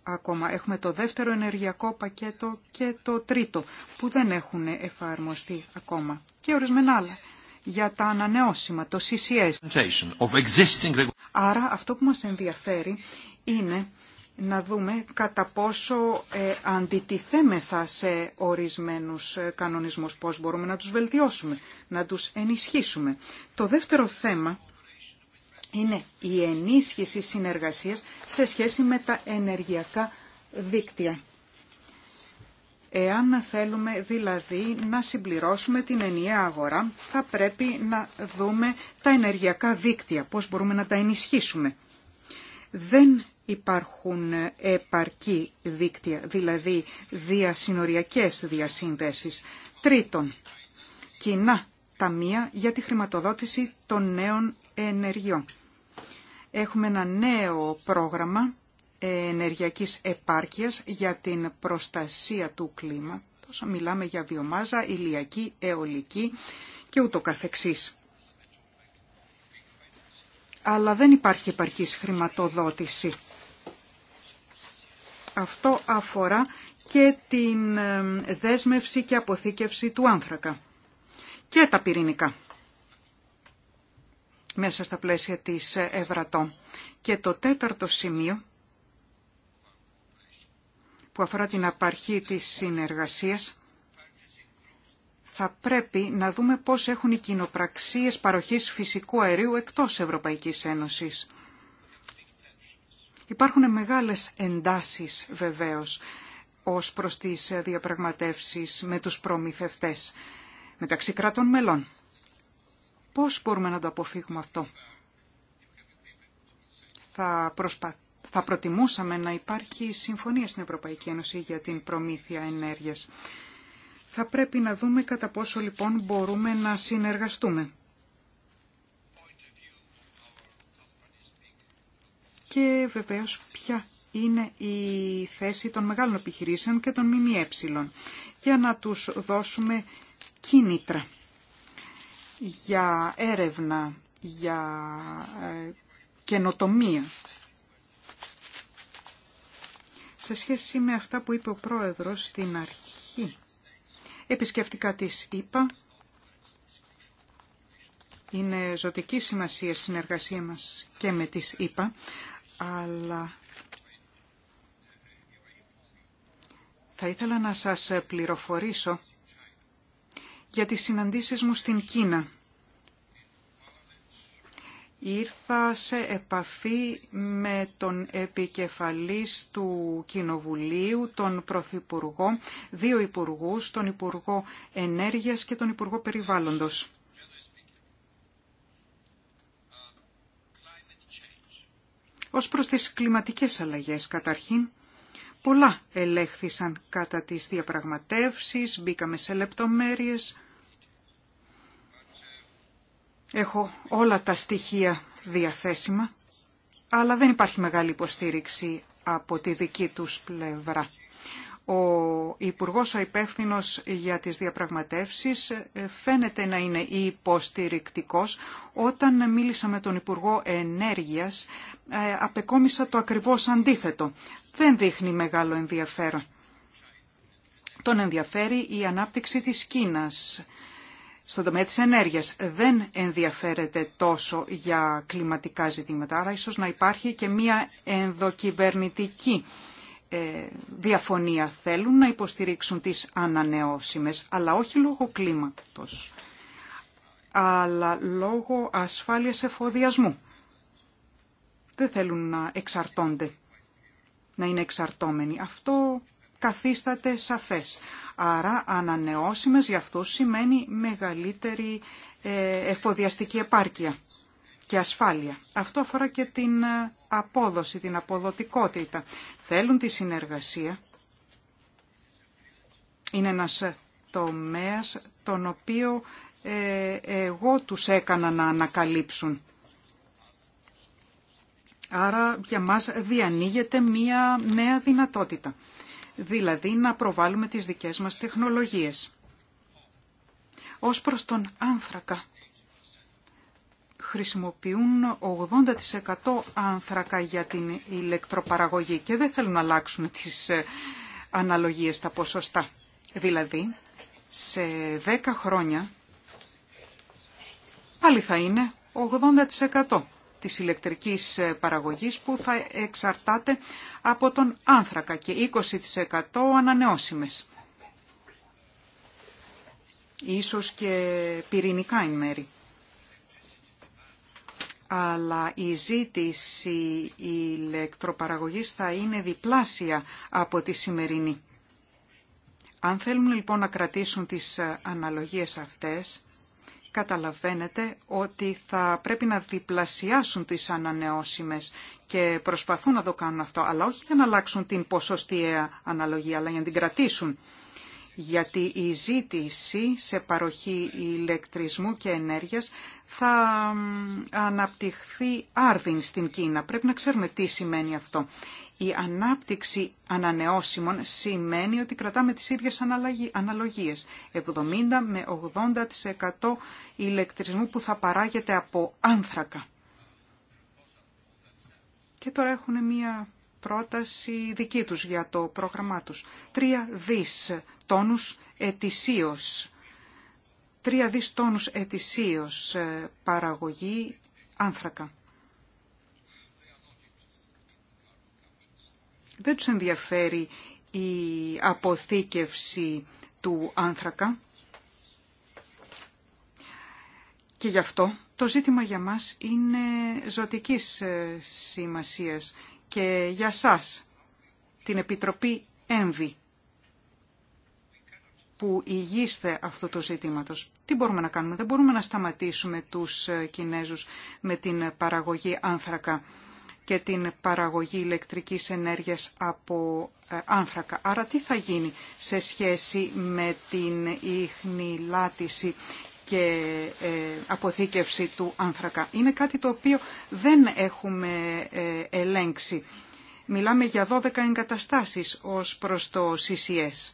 Speaker 4: ακόμα. Έχουμε το δεύτερο ενεργειακό πακέτο και το τρίτο που δεν έχουν εφαρμοστεί ακόμα. Και ορισμένα άλλα για τα ανανεώσιμα, το CCS. Άρα αυτό που μας ενδιαφέρει είναι να δούμε κατά πόσο ε, αντιτιθέμεθα σε ορισμένους ε, κανονισμούς, πώς μπορούμε να τους βελτιώσουμε, να τους ενισχύσουμε. Το δεύτερο θέμα είναι η ενίσχυση συνεργασίας σε σχέση με τα ενεργειακά δίκτυα. Εάν θέλουμε δηλαδή να συμπληρώσουμε την ενιαία αγορά, θα πρέπει να δούμε τα ενεργειακά δίκτυα, πώς μπορούμε να τα ενισχύσουμε. Δεν υπάρχουν επαρκή δίκτυα, δηλαδή διασυνοριακές διασύνδεσεις. Τρίτον, κοινά ταμεία για τη χρηματοδότηση των νέων ενεργειών. Έχουμε ένα νέο πρόγραμμα ενεργειακής επάρκειας για την προστασία του κλίματος. Μιλάμε για βιομάζα, ηλιακή, αιωλική και ούτω καθεξής. Αλλά δεν υπάρχει επαρκής χρηματοδότηση. Αυτό αφορά και την ε, δέσμευση και αποθήκευση του άνθρακα και τα πυρηνικά μέσα στα πλαίσια της Ευρατό. Και το τέταρτο σημείο που αφορά την απαρχή της συνεργασίας θα πρέπει να δούμε πώς έχουν οι κοινοπραξίες παροχής φυσικού αερίου εκτός Ευρωπαϊκής Ένωσης. Υπάρχουν μεγάλες εντάσεις βεβαίως ως προς τις διαπραγματεύσεις με τους προμηθευτές μεταξύ κρατών μελών. Πώς μπορούμε να το αποφύγουμε αυτό. Θα, θα προτιμούσαμε να υπάρχει συμφωνία στην Ευρωπαϊκή Ένωση για την προμήθεια ενέργειας. Θα πρέπει να δούμε κατά πόσο λοιπόν μπορούμε να συνεργαστούμε. Και βεβαίως ποια είναι η θέση των μεγάλων επιχειρήσεων και των ΜΜΕ για να τους δώσουμε κίνητρα για έρευνα, για ε, καινοτομία. Σε σχέση με αυτά που είπε ο πρόεδρος στην αρχή, επισκεφτικά της είπα, είναι ζωτική σημασία συνεργασία μας και με τις είπα, αλλά θα ήθελα να σας πληροφορήσω για τις συναντήσεις μου στην Κίνα ήρθα σε επαφή με τον επικεφαλής του Κοινοβουλίου, τον Πρωθυπουργό, δύο υπουργούς, τον Υπουργό Ενέργειας και τον Υπουργό Περιβάλλοντος. Ως προς τις κλιματικές αλλαγές καταρχήν, πολλά ελέγχθησαν κατά τις διαπραγματεύσεις, μπήκαμε σε λεπτομέρειες, Έχω όλα τα στοιχεία διαθέσιμα, αλλά δεν υπάρχει μεγάλη υποστήριξη από τη δική τους πλευρά. Ο Υπουργός ο υπεύθυνο για τις διαπραγματεύσεις φαίνεται να είναι υποστηρικτικός. Όταν μίλησα με τον Υπουργό Ενέργειας ε, απεκόμισα το ακριβώς αντίθετο. Δεν δείχνει μεγάλο ενδιαφέρον. Τον ενδιαφέρει η ανάπτυξη της Κίνας στον τομέα της ενέργειας δεν ενδιαφέρεται τόσο για κλιματικά ζητήματα, άρα ίσως να υπάρχει και μία ενδοκυβερνητική ε, διαφωνία. Θέλουν να υποστηρίξουν τις ανανεώσιμες, αλλά όχι λόγω κλίματος, αλλά λόγω ασφάλειας εφοδιασμού. Δεν θέλουν να εξαρτώνται, να είναι εξαρτώμενοι. Αυτό καθίσταται σαφές. Άρα ανανεώσιμες για αυτούς σημαίνει μεγαλύτερη ε, εφοδιαστική επάρκεια και ασφάλεια. Αυτό αφορά και την ε, απόδοση, την αποδοτικότητα. Θέλουν τη συνεργασία. Είναι ένας ε, τομέας τον οποίο εγώ τους έκανα να ανακαλύψουν. Άρα για μας διανοίγεται μία νέα δυνατότητα δηλαδή να προβάλλουμε τις δικές μας τεχνολογίες. Ως προς τον άνθρακα, χρησιμοποιούν 80% άνθρακα για την ηλεκτροπαραγωγή και δεν θέλουν να αλλάξουν τις ε, αναλογίες τα ποσοστά. Δηλαδή, σε 10 χρόνια πάλι θα είναι 80% της ηλεκτρικής ε, παραγωγής που θα εξαρτάται από τον άνθρακα και 20% ανανεώσιμες. Ίσως και πυρηνικά ημέρη. μέρη. Αλλά η ζήτηση ηλεκτροπαραγωγής θα είναι διπλάσια από τη σημερινή. Αν θέλουν λοιπόν να κρατήσουν τις ε, αναλογίες αυτές, καταλαβαίνετε ότι θα πρέπει να διπλασιάσουν τις ανανεώσιμες και προσπαθούν να το κάνουν αυτό, αλλά όχι για να αλλάξουν την ποσοστιαία αναλογία, αλλά για να την κρατήσουν. Γιατί η ζήτηση σε παροχή ηλεκτρισμού και ενέργειας θα αναπτυχθεί άρδιν στην Κίνα. Πρέπει να ξέρουμε τι σημαίνει αυτό. Η ανάπτυξη ανανεώσιμων σημαίνει ότι κρατάμε τις ίδιες αναλογίες. 70 με 80% ηλεκτρισμού που θα παράγεται από άνθρακα. Και τώρα έχουν μία πρόταση δική τους για το πρόγραμμά τους. Τρία δις τόνους ετησίως. Τρία τόνους ετησίως ε, παραγωγή άνθρακα. Δεν τους ενδιαφέρει η αποθήκευση του άνθρακα. Και γι' αυτό το ζήτημα για μας είναι ζωτικής ε, σημασίας και για σας, την Επιτροπή Έμβη, που ηγείστε αυτού του ζήτηματος. Τι μπορούμε να κάνουμε, δεν μπορούμε να σταματήσουμε τους ε, Κινέζους με την παραγωγή άνθρακα και την παραγωγή ηλεκτρικής ενέργειας από ε, άνθρακα. Άρα τι θα γίνει σε σχέση με την ίχνη λάτηση και ε, αποθήκευση του άνθρακα. Είναι κάτι το οποίο δεν έχουμε ε, ελέγξει. Μιλάμε για 12 εγκαταστάσεις ως προς το CCS.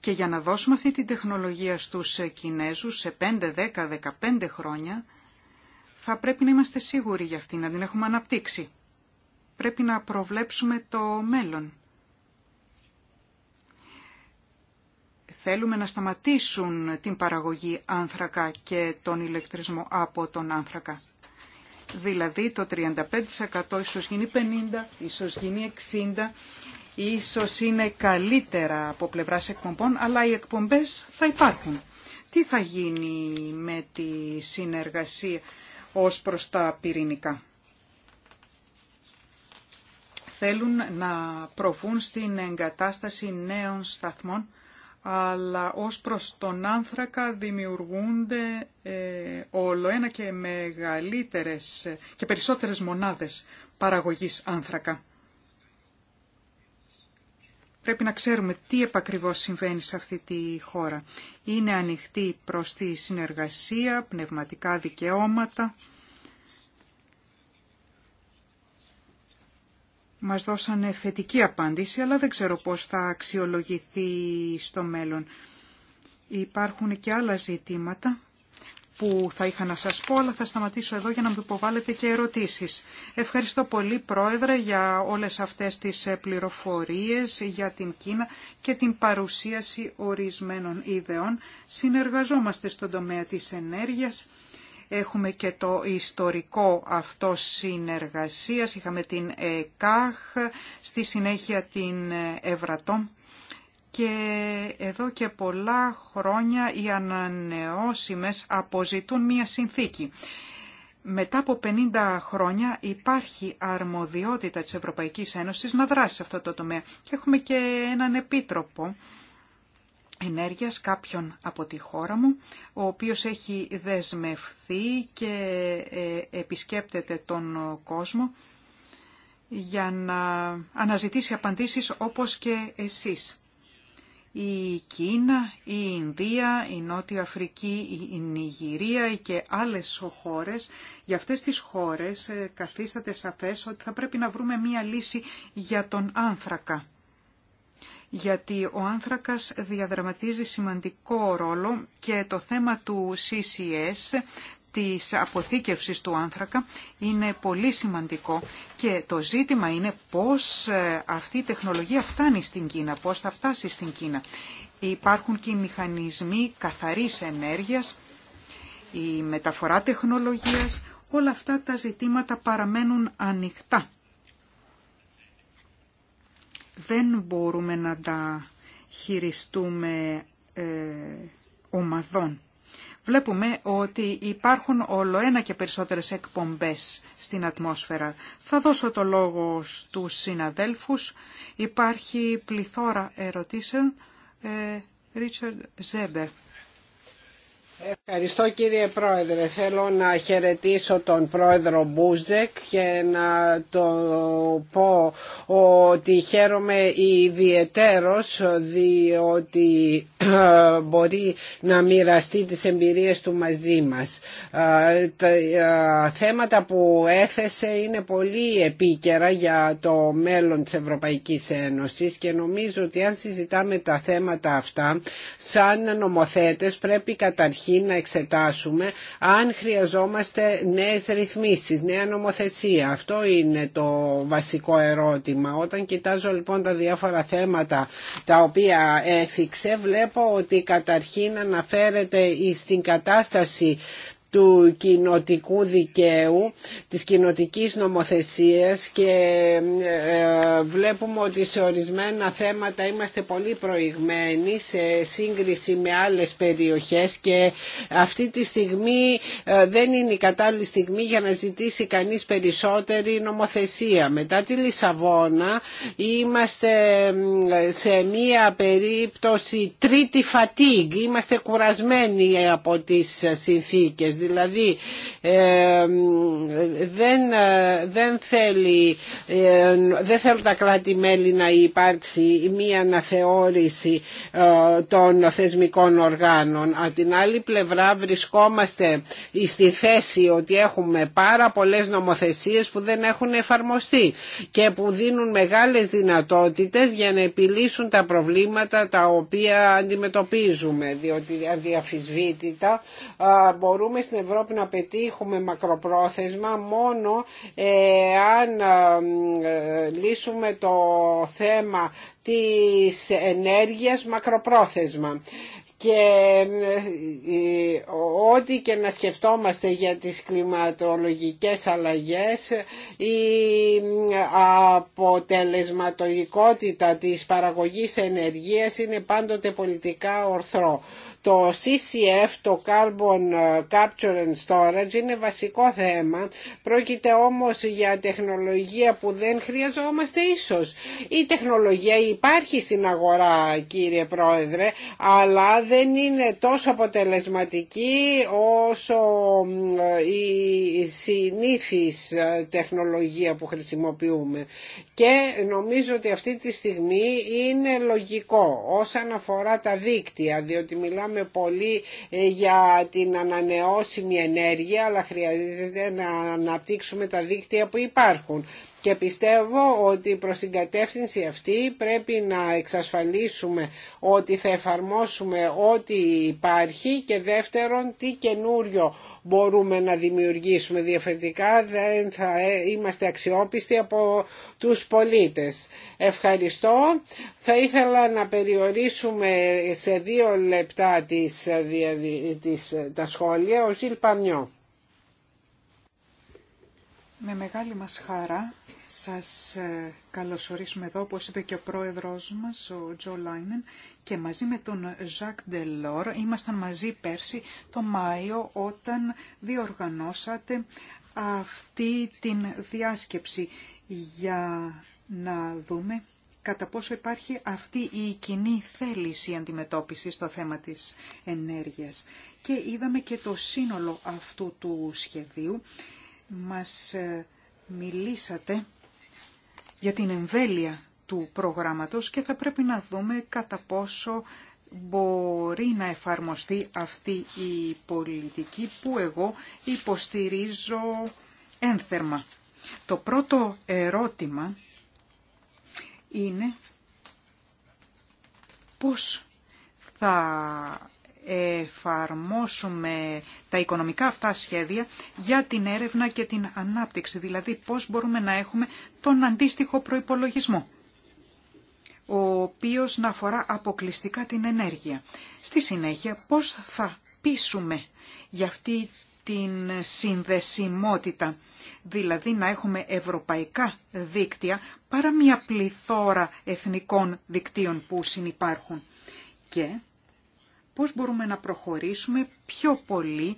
Speaker 4: Και για να δώσουμε αυτή την τεχνολογία στους Κινέζους σε 5, 10, 15 χρόνια, θα πρέπει να είμαστε σίγουροι για αυτή, να την έχουμε αναπτύξει. Πρέπει να προβλέψουμε το μέλλον. Θέλουμε να σταματήσουν την παραγωγή άνθρακα και τον ηλεκτρισμό από τον άνθρακα. Δηλαδή το 35% ίσως γίνει 50%, ίσως γίνει 60%, ίσως είναι καλύτερα από πλευράς εκπομπών, αλλά οι εκπομπές θα υπάρχουν. Τι θα γίνει με τη συνεργασία ως προς τα πυρηνικά. Θέλουν να προβούν στην εγκατάσταση νέων σταθμών, αλλά ως προς τον άνθρακα δημιουργούνται ε, όλο ένα και μεγαλύτερες και περισσότερες μονάδες παραγωγής άνθρακα πρέπει να ξέρουμε τι επακριβώς συμβαίνει σε αυτή τη χώρα. Είναι ανοιχτή προς τη συνεργασία, πνευματικά δικαιώματα. Μας δώσανε θετική απάντηση, αλλά δεν ξέρω πώς θα αξιολογηθεί στο μέλλον. Υπάρχουν και άλλα ζητήματα που θα είχα να σας πω, αλλά θα σταματήσω εδώ για να μου υποβάλλετε και ερωτήσεις. Ευχαριστώ πολύ, Πρόεδρε, για όλες αυτές τις ε, πληροφορίες για την Κίνα και την παρουσίαση ορισμένων ιδεών. Συνεργαζόμαστε στον τομέα της ενέργειας. Έχουμε και το ιστορικό αυτό συνεργασίας. Είχαμε την ΕΚΑΧ, στη συνέχεια την ΕΒΡΑΤΟΜ και εδώ και πολλά χρόνια οι ανανεώσιμες αποζητούν μία συνθήκη. Μετά από 50 χρόνια υπάρχει αρμοδιότητα της Ευρωπαϊκής Ένωσης να δράσει σε αυτό το τομέα και έχουμε και έναν επίτροπο ενέργειας κάποιον από τη χώρα μου, ο οποίος έχει δεσμευθεί και ε, επισκέπτεται τον κόσμο για να αναζητήσει απαντήσεις όπως και εσείς η Κίνα, η Ινδία, η Νότια Αφρική, η Νιγηρία και άλλες χώρες, για αυτές τις χώρες ε, καθίσταται σαφές ότι θα πρέπει να βρούμε μία λύση για τον άνθρακα. Γιατί ο άνθρακας διαδραματίζει σημαντικό ρόλο και το θέμα του CCS της αποθήκευσης του άνθρακα είναι πολύ σημαντικό και το ζήτημα είναι πώς ε, αυτή η τεχνολογία φτάνει στην Κίνα, πώς θα φτάσει στην Κίνα. Υπάρχουν και οι μηχανισμοί καθαρής ενέργειας, η μεταφορά τεχνολογίας, όλα αυτά τα ζητήματα παραμένουν ανοιχτά. Δεν μπορούμε να τα χειριστούμε ε, ομαδών βλέπουμε ότι υπάρχουν όλο ένα και περισσότερες εκπομπές στην ατμόσφαιρα. Θα δώσω το λόγο στους συναδέλφους. Υπάρχει πληθώρα ερωτήσεων. Ε, Ρίτσαρντ Ζέμπερ.
Speaker 2: Ευχαριστώ κύριε Πρόεδρε. Θέλω να χαιρετήσω τον Πρόεδρο Μπούζεκ και να το πω ότι χαίρομαι ιδιαιτέρως διότι ε, μπορεί να μοιραστεί τις εμπειρίες του μαζί μας. Ε, τα ε, θέματα που έθεσε είναι πολύ επίκαιρα για το μέλλον της Ευρωπαϊκής Ένωσης και νομίζω ότι αν συζητάμε τα θέματα αυτά σαν νομοθέτες πρέπει καταρχήν να εξετάσουμε αν χρειαζόμαστε νέες ρυθμίσεις, νέα νομοθεσία. Αυτό είναι το βασικό ερώτημα. Όταν κοιτάζω λοιπόν τα διάφορα θέματα τα οποία έθιξε, βλέπω ότι καταρχήν αναφέρεται στην κατάσταση του κοινοτικού δικαίου, της κοινοτικής νομοθεσίας και ε, βλέπουμε ότι σε ορισμένα θέματα είμαστε πολύ προηγμένοι σε σύγκριση με άλλες περιοχές και αυτή τη στιγμή ε, δεν είναι η κατάλληλη στιγμή για να ζητήσει κανείς περισσότερη νομοθεσία. Μετά τη Λισαβόνα είμαστε ε, σε μία περίπτωση τρίτη φατίγκ είμαστε κουρασμένοι από τις συνθήκες Δηλαδή ε, δεν, ε, δεν, θέλει, ε, δεν θέλουν τα κράτη-μέλη να υπάρξει μία αναθεώρηση των θεσμικών οργάνων. Από την άλλη πλευρά βρισκόμαστε στη θέση ότι έχουμε πάρα πολλές νομοθεσίες που δεν έχουν εφαρμοστεί και που δίνουν μεγάλες δυνατότητες για να επιλύσουν τα προβλήματα τα οποία αντιμετωπίζουμε διότι αδιαφυσβήτητα μπορούμε στην Ευρώπη να πετύχουμε μακροπρόθεσμα μόνο ε, αν ε, ε, λύσουμε το θέμα της ενέργειας μακροπρόθεσμα και ό,τι και να σκεφτόμαστε για τις κλιματολογικές αλλαγές η αποτελεσματογικότητα της παραγωγής ενεργείας είναι πάντοτε πολιτικά ορθρό. Το CCF, το Carbon Capture and Storage είναι βασικό θέμα. Πρόκειται όμως για τεχνολογία που δεν χρειαζόμαστε ίσως. Η τεχνολογία υπάρχει στην αγορά κύριε Πρόεδρε, αλλά δεν είναι τόσο αποτελεσματική όσο η συνήθις τεχνολογία που χρησιμοποιούμε. Και νομίζω ότι αυτή τη στιγμή είναι λογικό όσον αφορά τα δίκτυα, διότι μιλάμε μιλάμε πολύ ε, για την ανανεώσιμη ενέργεια αλλά χρειάζεται να αναπτύξουμε τα δίκτυα που υπάρχουν και πιστεύω ότι προς την κατεύθυνση αυτή πρέπει να εξασφαλίσουμε ότι θα εφαρμόσουμε ό,τι υπάρχει και δεύτερον τι καινούριο μπορούμε να δημιουργήσουμε. Διαφορετικά δεν θα ε, είμαστε αξιόπιστοι από τους πολίτες. Ευχαριστώ. Θα ήθελα να περιορίσουμε σε δύο λεπτά τις, ε, τις, ε, τα σχόλια. Ο Ζιλ
Speaker 4: με μεγάλη μας χαρά σας ε, καλωσορίσουμε εδώ, όπως είπε και ο πρόεδρος μας, ο Τζο Λάινεν, και μαζί με τον Ζακ Ντελόρ ήμασταν μαζί πέρσι το Μάιο όταν διοργανώσατε αυτή την διάσκεψη για να δούμε κατά πόσο υπάρχει αυτή η κοινή θέληση αντιμετώπισης στο θέμα της ενέργειας. Και είδαμε και το σύνολο αυτού του σχεδίου μας ε, μιλήσατε για την εμβέλεια του προγράμματος και θα πρέπει να δούμε κατά πόσο μπορεί να εφαρμοστεί αυτή η πολιτική που εγώ υποστηρίζω ένθερμα. Το πρώτο ερώτημα είναι πώς θα εφαρμόσουμε τα οικονομικά αυτά σχέδια για την έρευνα και την ανάπτυξη, δηλαδή πώς μπορούμε να έχουμε τον αντίστοιχο προϋπολογισμό ο οποίος να αφορά αποκλειστικά την ενέργεια. Στη συνέχεια, πώς θα πείσουμε για αυτή την συνδεσιμότητα, δηλαδή να έχουμε ευρωπαϊκά δίκτυα παρά μια πληθώρα εθνικών δικτύων που συνυπάρχουν. Και πώς μπορούμε να προχωρήσουμε πιο πολύ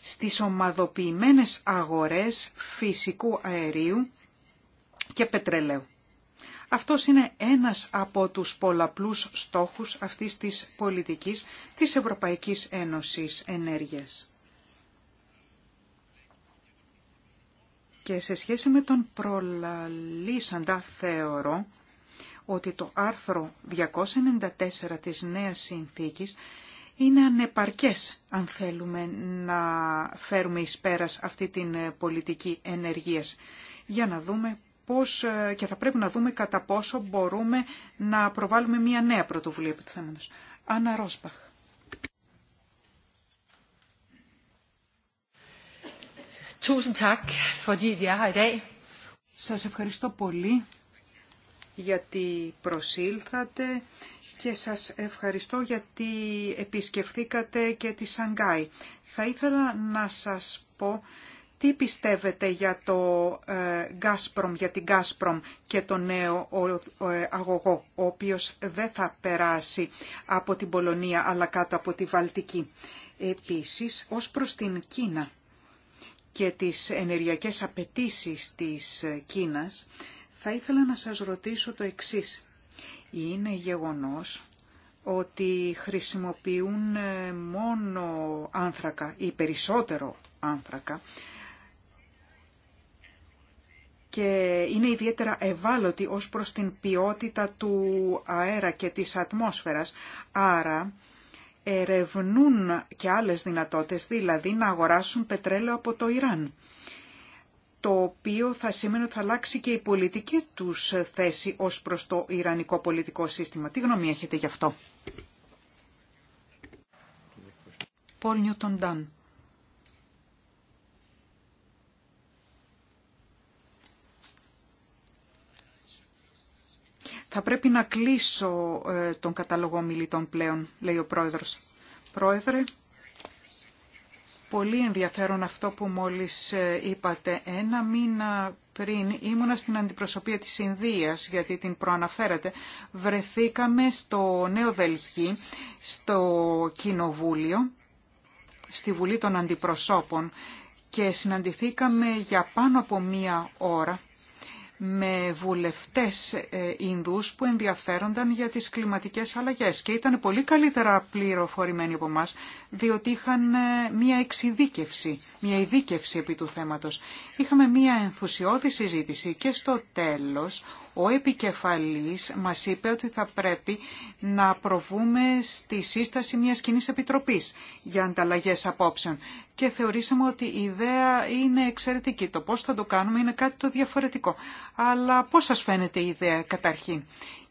Speaker 4: στις ομαδοποιημένες αγορές φυσικού αερίου και πετρελαίου. Αυτός είναι ένας από τους πολλαπλούς στόχους αυτής της πολιτικής της Ευρωπαϊκής Ένωσης Ενέργειας. Και σε σχέση με τον προλαλήσαντα θεωρώ ότι το άρθρο 294 της Νέας Συνθήκης είναι ανεπαρκές αν θέλουμε να φέρουμε εις πέρας αυτή την ε, πολιτική ενεργείας. Για να δούμε πώς ε, και θα πρέπει να δούμε κατά πόσο μπορούμε να προβάλλουμε μια νέα πρωτοβουλία επί του θέματος. Άννα Ρόσπαχ. Er Σας ευχαριστώ πολύ γιατί προσήλθατε και σας ευχαριστώ γιατί επισκεφθήκατε και τη Σανγκάη. Θα ήθελα να σας πω τι πιστεύετε για το ε, Gazprom, για την Gazprom και το νέο αγωγό, ο οποίος δεν θα περάσει από την Πολωνία αλλά κάτω από τη Βαλτική. Επίσης, ως προς την Κίνα και τις ενεργειακές απαιτήσεις της ε, Κίνας, θα ήθελα να σας ρωτήσω το εξής. Είναι γεγονός ότι χρησιμοποιούν ε, μόνο άνθρακα ή περισσότερο άνθρακα και είναι ιδιαίτερα ευάλωτοι ως προς την ποιότητα του αέρα και της ατμόσφαιρας. Άρα ερευνούν και άλλες δυνατότητες, δηλαδή να αγοράσουν πετρέλαιο από το Ιράν το οποίο θα σημαίνει ότι θα αλλάξει και η πολιτική τους θέση ως προς το Ιρανικό πολιτικό σύστημα. Τι γνώμη έχετε γι' αυτό. Θα πρέπει να κλείσω ε, τον κατάλογο μιλητών πλέον, λέει ο πρόεδρος. Πρόεδρε, Πολύ ενδιαφέρον αυτό που μόλις ε, είπατε. Ένα μήνα πριν ήμουνα στην αντιπροσωπεία της Ινδίας, γιατί την προαναφέρατε. Βρεθήκαμε στο Νέο Δελχή, στο Κοινοβούλιο, στη Βουλή των Αντιπροσώπων και συναντηθήκαμε για πάνω από μία ώρα με βουλευτές ε, Ινδούς που ενδιαφέρονταν για τις κλιματικές αλλαγές και ήταν πολύ καλύτερα πληροφορημένοι από μας διότι είχαν ε, μία εξειδίκευση, μία ειδίκευση επί του θέματος. Είχαμε μία ενθουσιώδη συζήτηση και στο τέλος ο επικεφαλής μας είπε ότι θα πρέπει να προβούμε στη σύσταση μιας κοινής επιτροπής για ανταλλαγές απόψεων. Και θεωρήσαμε ότι η ιδέα είναι εξαιρετική. Το πώς θα το κάνουμε είναι κάτι το διαφορετικό. Αλλά πώς σας φαίνεται η ιδέα καταρχήν.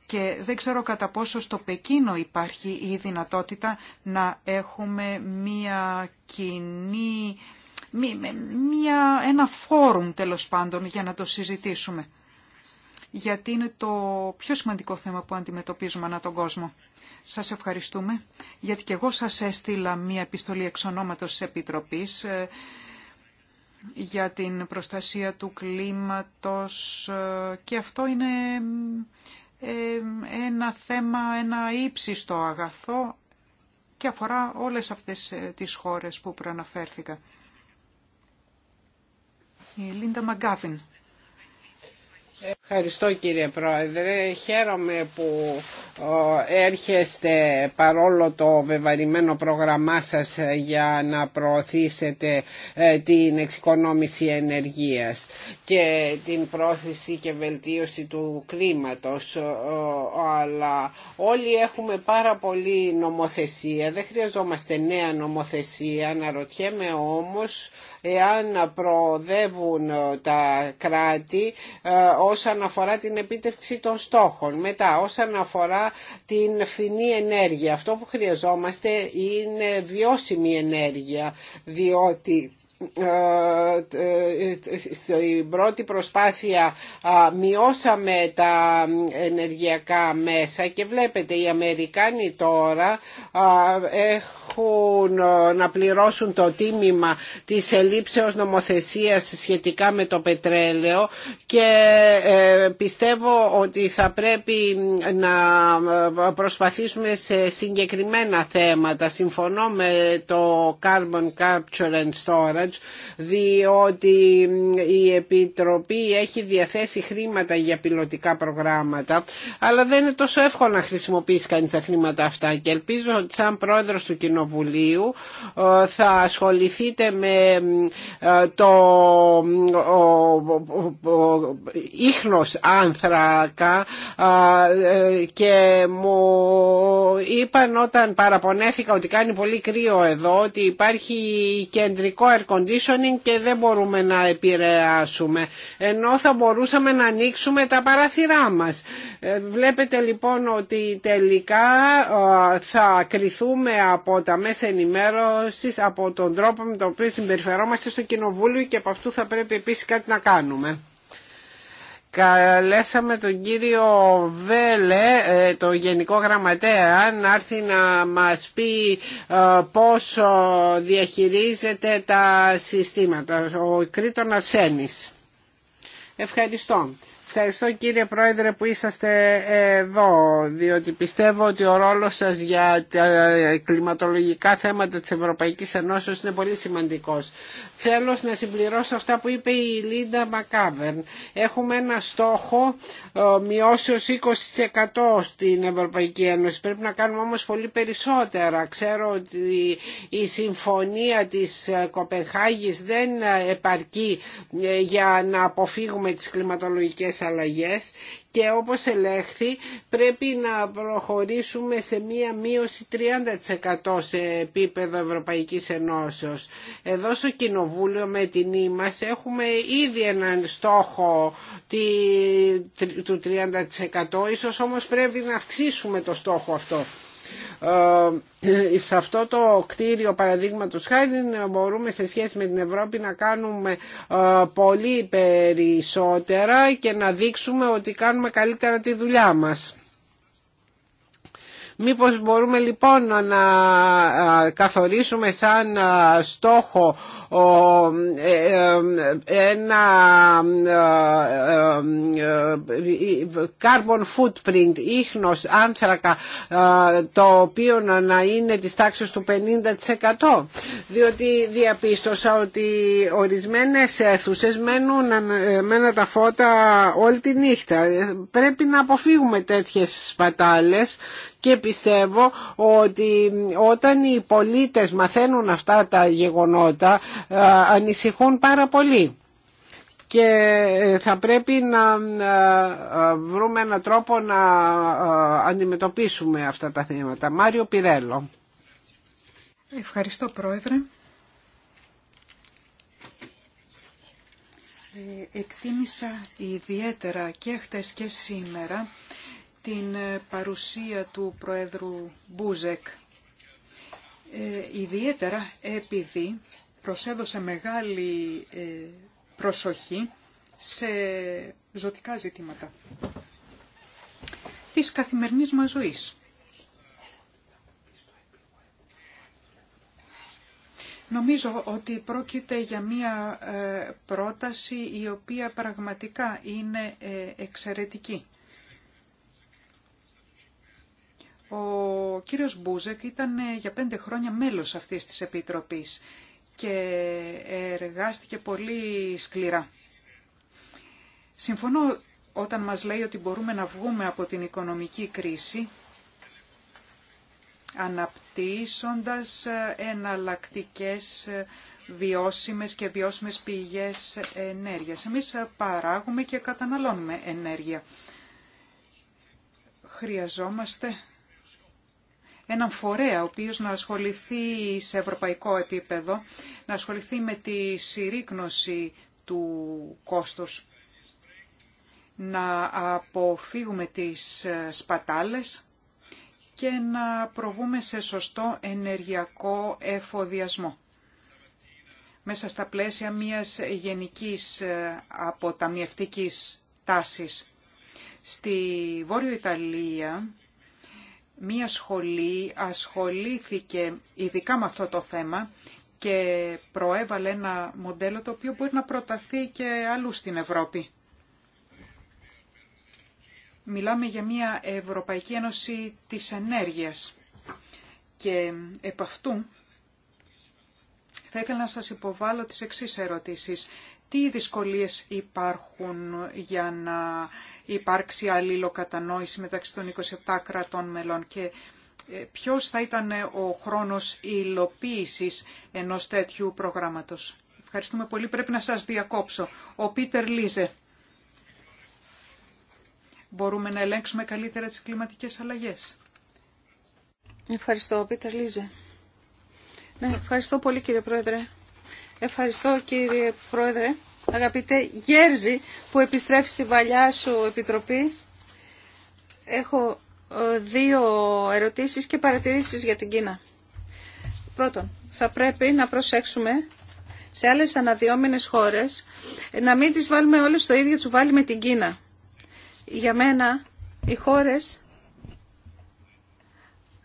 Speaker 4: Και δεν ξέρω κατά πόσο στο Πεκίνο υπάρχει η δυνατότητα να έχουμε μία κοινή μία, ένα φόρουμ τέλος πάντων για να το συζητήσουμε γιατί είναι το πιο σημαντικό θέμα που αντιμετωπίζουμε ανά τον κόσμο. Σας ευχαριστούμε, γιατί και εγώ σας έστειλα μία επιστολή εξ ονόματος της Επιτροπής ε, για την προστασία του κλίματος ε, και αυτό είναι ε, ένα θέμα, ένα ύψιστο αγαθό και αφορά όλες αυτές τις χώρες που προαναφέρθηκα. Η Λίντα Μαγκάβιν.
Speaker 2: Ευχαριστώ κύριε Πρόεδρε. Χαίρομαι που έρχεστε παρόλο το βεβαρημένο πρόγραμμά σας ε, για να προωθήσετε ε, την εξοικονόμηση ενεργείας και την πρόθεση και βελτίωση του κλίματος. Αλλά όλοι έχουμε πάρα πολλή νομοθεσία. Δεν χρειαζόμαστε νέα νομοθεσία. Αναρωτιέμαι όμως εάν προοδεύουν ε, τα κράτη ε, όσον αφορά την επίτευξη των στόχων. Μετά, όσον αφορά την φθηνή ενέργεια, αυτό που χρειαζόμαστε είναι βιώσιμη ενέργεια, διότι ε, στην πρώτη προσπάθεια μειώσαμε τα ενεργειακά μέσα και βλέπετε οι Αμερικάνοι τώρα έχουν ε, να πληρώσουν το τίμημα της ελήψεως νομοθεσίας σχετικά με το πετρέλαιο και ε, πιστεύω ότι θα πρέπει να ε, προσπαθήσουμε σε συγκεκριμένα θέματα. Συμφωνώ με το Carbon Capture and Storage διότι η Επιτροπή έχει διαθέσει χρήματα για πιλωτικά προγράμματα αλλά δεν είναι τόσο εύκολο να χρησιμοποιήσει κανείς τα χρήματα αυτά και ελπίζω ότι σαν πρόεδρος του Κοινοβουλίου ε, θα ασχοληθείτε με ε, το ίχνος άνθρακα ε, και μου είπαν όταν παραπονέθηκα ότι κάνει πολύ κρύο εδώ ότι υπάρχει κεντρικό air conditioning και δεν μπορούμε να επηρεάσουμε ενώ θα μπορούσαμε να ανοίξουμε τα παράθυρά μας. Βλέπετε λοιπόν ότι τελικά θα κριθούμε από τα μέσα ενημέρωση από τον τρόπο με τον οποίο συμπεριφερόμαστε στο Κοινοβούλιο και από αυτού θα πρέπει επίσης κάτι να κάνουμε. Καλέσαμε τον κύριο Βέλε, ε, τον Γενικό Γραμματέα, να έρθει να μας πει ε, πώς διαχειρίζεται τα συστήματα. Ο Κρήτον Αρσένης. Ευχαριστώ ευχαριστώ κύριε Πρόεδρε που είσαστε εδώ, διότι πιστεύω ότι ο ρόλος σας για τα κλιματολογικά θέματα της Ευρωπαϊκής Ενώσεως είναι πολύ σημαντικός. Θέλω να συμπληρώσω αυτά που είπε η Λίντα Μακάβερν. Έχουμε ένα στόχο ε, μειώσεως 20% στην Ευρωπαϊκή Ένωση. Πρέπει να κάνουμε όμως πολύ περισσότερα. Ξέρω ότι η συμφωνία της ε, Κοπενχάγης δεν ε, επαρκεί για να αποφύγουμε τις κλιματολογικές αλλαγές και όπως ελέγχθη πρέπει να προχωρήσουμε σε μία μείωση 30% σε επίπεδο Ευρωπαϊκής Ενώσεως. Εδώ στο Κοινοβούλιο με την ήμας έχουμε ήδη έναν στόχο του 30% ίσως όμως πρέπει να αυξήσουμε το στόχο αυτό. Ε, ε, σε αυτό το κτίριο παραδείγματος χάρη μπορούμε σε σχέση με την Ευρώπη να κάνουμε ε, πολύ περισσότερα και να δείξουμε ότι κάνουμε καλύτερα τη δουλειά μας. Μήπως μπορούμε λοιπόν να καθορίσουμε σαν στόχο ε, ε, ένα ε, carbon footprint ίχνος άνθρακα το οποίο να είναι της τάξης του 50% διότι διαπίστωσα ότι ορισμένες αίθουσες μένουν μένα τα φώτα όλη τη νύχτα πρέπει να αποφύγουμε τέτοιες σπατάλες και πιστεύω ότι όταν οι πολίτες μαθαίνουν αυτά τα γεγονότα ε, ανησυχούν πάρα πολύ και ε, θα πρέπει να ε, βρούμε έναν τρόπο να αντιμετωπίσουμε αυτά τα θέματα. Μάριο Πιρέλο.
Speaker 4: Ευχαριστώ Πρόεδρε. Εκτίμησα ιδιαίτερα και χτες και σήμερα την ε, παρουσία του Προέδρου Μπούζεκ. Ε, ιδιαίτερα επειδή προσέδωσε μεγάλη ε, προσοχή σε ζωτικά ζητήματα της καθημερινής μας ζωής. Νομίζω ότι πρόκειται για μία πρόταση η οποία πραγματικά είναι εξαιρετική. Ο κύριος Μπούζεκ ήταν ε, για πέντε χρόνια μέλος αυτής της Επιτροπής και εργάστηκε πολύ σκληρά. Συμφωνώ όταν μας λέει ότι μπορούμε να βγούμε από την οικονομική κρίση αναπτύσσοντας ε, εναλλακτικές ε, βιώσιμες και βιώσιμες πηγές ενέργειας. Εμείς παράγουμε και καταναλώνουμε ενέργεια. Χρειαζόμαστε έναν φορέα ο οποίος να ασχοληθεί σε ευρωπαϊκό επίπεδο, να ασχοληθεί με τη συρρήκνωση του κόστους. Να αποφύγουμε τις ε, σπατάλες και να προβούμε σε σωστό ενεργειακό εφοδιασμό. Μέσα στα πλαίσια μιας γενικής ε, αποταμιευτικής τάσης. Στη Βόρειο Ιταλία μία σχολή ασχολήθηκε ειδικά με αυτό το θέμα και προέβαλε ένα μοντέλο το οποίο μπορεί να προταθεί και αλλού στην Ευρώπη. Μιλάμε για μια Ευρωπαϊκή Ένωση της Ενέργειας και επ' αυτού θα ήθελα να σας υποβάλω τις εξής ερωτήσεις. Τι δυσκολίες υπάρχουν για να υπάρξει αλληλοκατανόηση μεταξύ των 27 κρατών μελών και ε, ποιος θα ήταν ε, ο χρόνος υλοποίησης ενός τέτοιου προγράμματος. Ευχαριστούμε πολύ. Πρέπει να σας διακόψω. Ο Πίτερ Λίζε. Μπορούμε να ελέγξουμε καλύτερα τις κλιματικές αλλαγές.
Speaker 1: Ευχαριστώ, Πίτερ Λίζε. Ναι, ευχαριστώ πολύ κύριε Πρόεδρε. Ευχαριστώ κύριε Πρόεδρε αγαπητέ Γέρζη που επιστρέφει στη βαλιά σου επιτροπή. Έχω ε, δύο ερωτήσεις και παρατηρήσεις για την Κίνα. Πρώτον, θα πρέπει να προσέξουμε σε άλλες αναδυόμενες χώρες να μην τις βάλουμε όλες στο ίδιο τσουβάλι με την Κίνα. Για μένα οι χώρες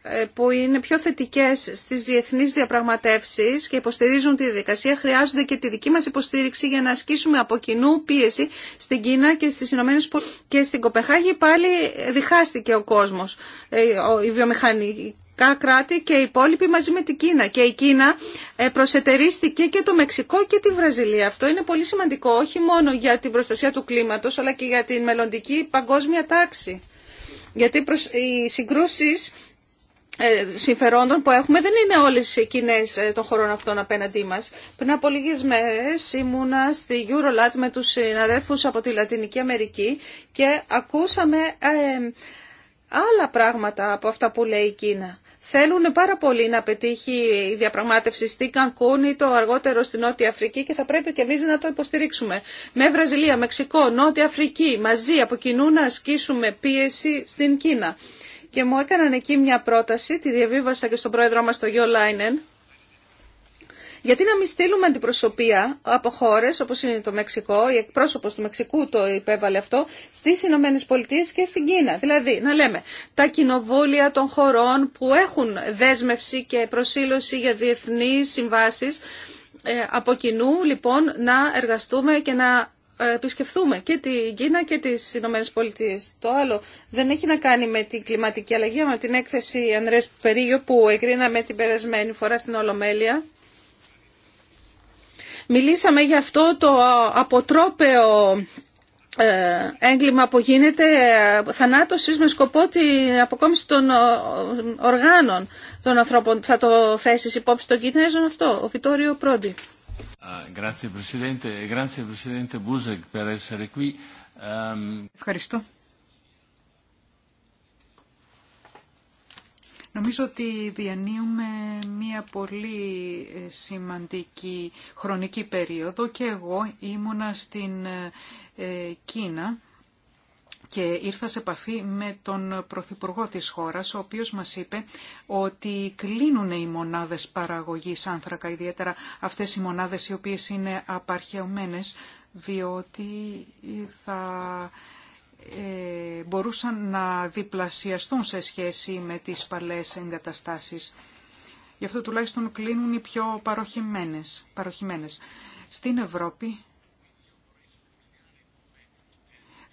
Speaker 1: ε, που είναι πιο θετικές στις διεθνείς διαπραγματεύσεις και υποστηρίζουν τη διαδικασία χρειάζονται και τη δική μας υποστήριξη για να ασκήσουμε από κοινού πίεση στην Κίνα και στις Ηνωμένες και στην Κοπεχάγη πάλι διχάστηκε ο κόσμος ε, η βιομηχανικά κράτη και οι υπόλοιποι μαζί με την Κίνα. Και η Κίνα ε, προσετερίστηκε και το Μεξικό και τη Βραζιλία. Αυτό είναι πολύ σημαντικό όχι μόνο για την προστασία του κλίματο, αλλά και για την μελλοντική παγκόσμια τάξη. Γιατί οι συγκρούσει. Ε, συμφερόντων που έχουμε δεν είναι όλες οι κοινές ε, των χωρών αυτών απέναντί μας. Πριν από λίγες μέρες ήμουνα στη Eurolat με τους συναδέλφους από τη Λατινική Αμερική και ακούσαμε ε, άλλα πράγματα από αυτά που λέει η Κίνα. Θέλουν πάρα πολύ να πετύχει η διαπραγμάτευση στη Κανκούν ή το αργότερο στη Νότια Αφρική και θα πρέπει και εμεί να το υποστηρίξουμε. Με Βραζιλία, Μεξικό, Νότια Αφρική, μαζί από κοινού να ασκήσουμε πίεση στην Κίνα και μου έκαναν εκεί μια πρόταση, τη διαβίβασα και στον πρόεδρό μας, τον Γιώ Λάινεν, γιατί να μην στείλουμε αντιπροσωπεία από χώρε όπω είναι το Μεξικό, η εκπρόσωπο του Μεξικού το υπέβαλε αυτό, στι Ηνωμένε Πολιτείε και στην Κίνα. Δηλαδή, να λέμε τα κοινοβούλια των χωρών που έχουν δέσμευση και προσήλωση για διεθνεί συμβάσει, ε, από κοινού λοιπόν να εργαστούμε και να επισκεφθούμε και την Κίνα και τις Ηνωμένε Πολιτείε. Το άλλο δεν έχει να κάνει με την κλιματική αλλαγή, αλλά με την έκθεση Ανδρέ Περίγιο που εγκρίναμε την περασμένη φορά στην Ολομέλεια. Μιλήσαμε για αυτό το αποτρόπαιο ε, έγκλημα που γίνεται ε, θανάτωσης με σκοπό την αποκόμιση των ε, οργάνων των ανθρώπων. Θα το θέσεις υπόψη των Κινέζων αυτό, ο Βιτόριο Πρόντι. Ευχαριστώ.
Speaker 4: Νομίζω ότι διανύουμε μία πολύ ε, σημαντική χρονική περίοδο και εγώ ήμουνα στην ε, Κίνα και ήρθα σε επαφή με τον Πρωθυπουργό της χώρας, ο οποίος μας είπε ότι κλείνουν οι μονάδες παραγωγής άνθρακα, ιδιαίτερα αυτές οι μονάδες οι οποίες είναι απαρχαιωμένες, διότι θα ε, μπορούσαν να διπλασιαστούν σε σχέση με τις παλές εγκαταστάσεις. Γι' αυτό τουλάχιστον κλείνουν οι πιο παροχημένες. παροχημένες. Στην Ευρώπη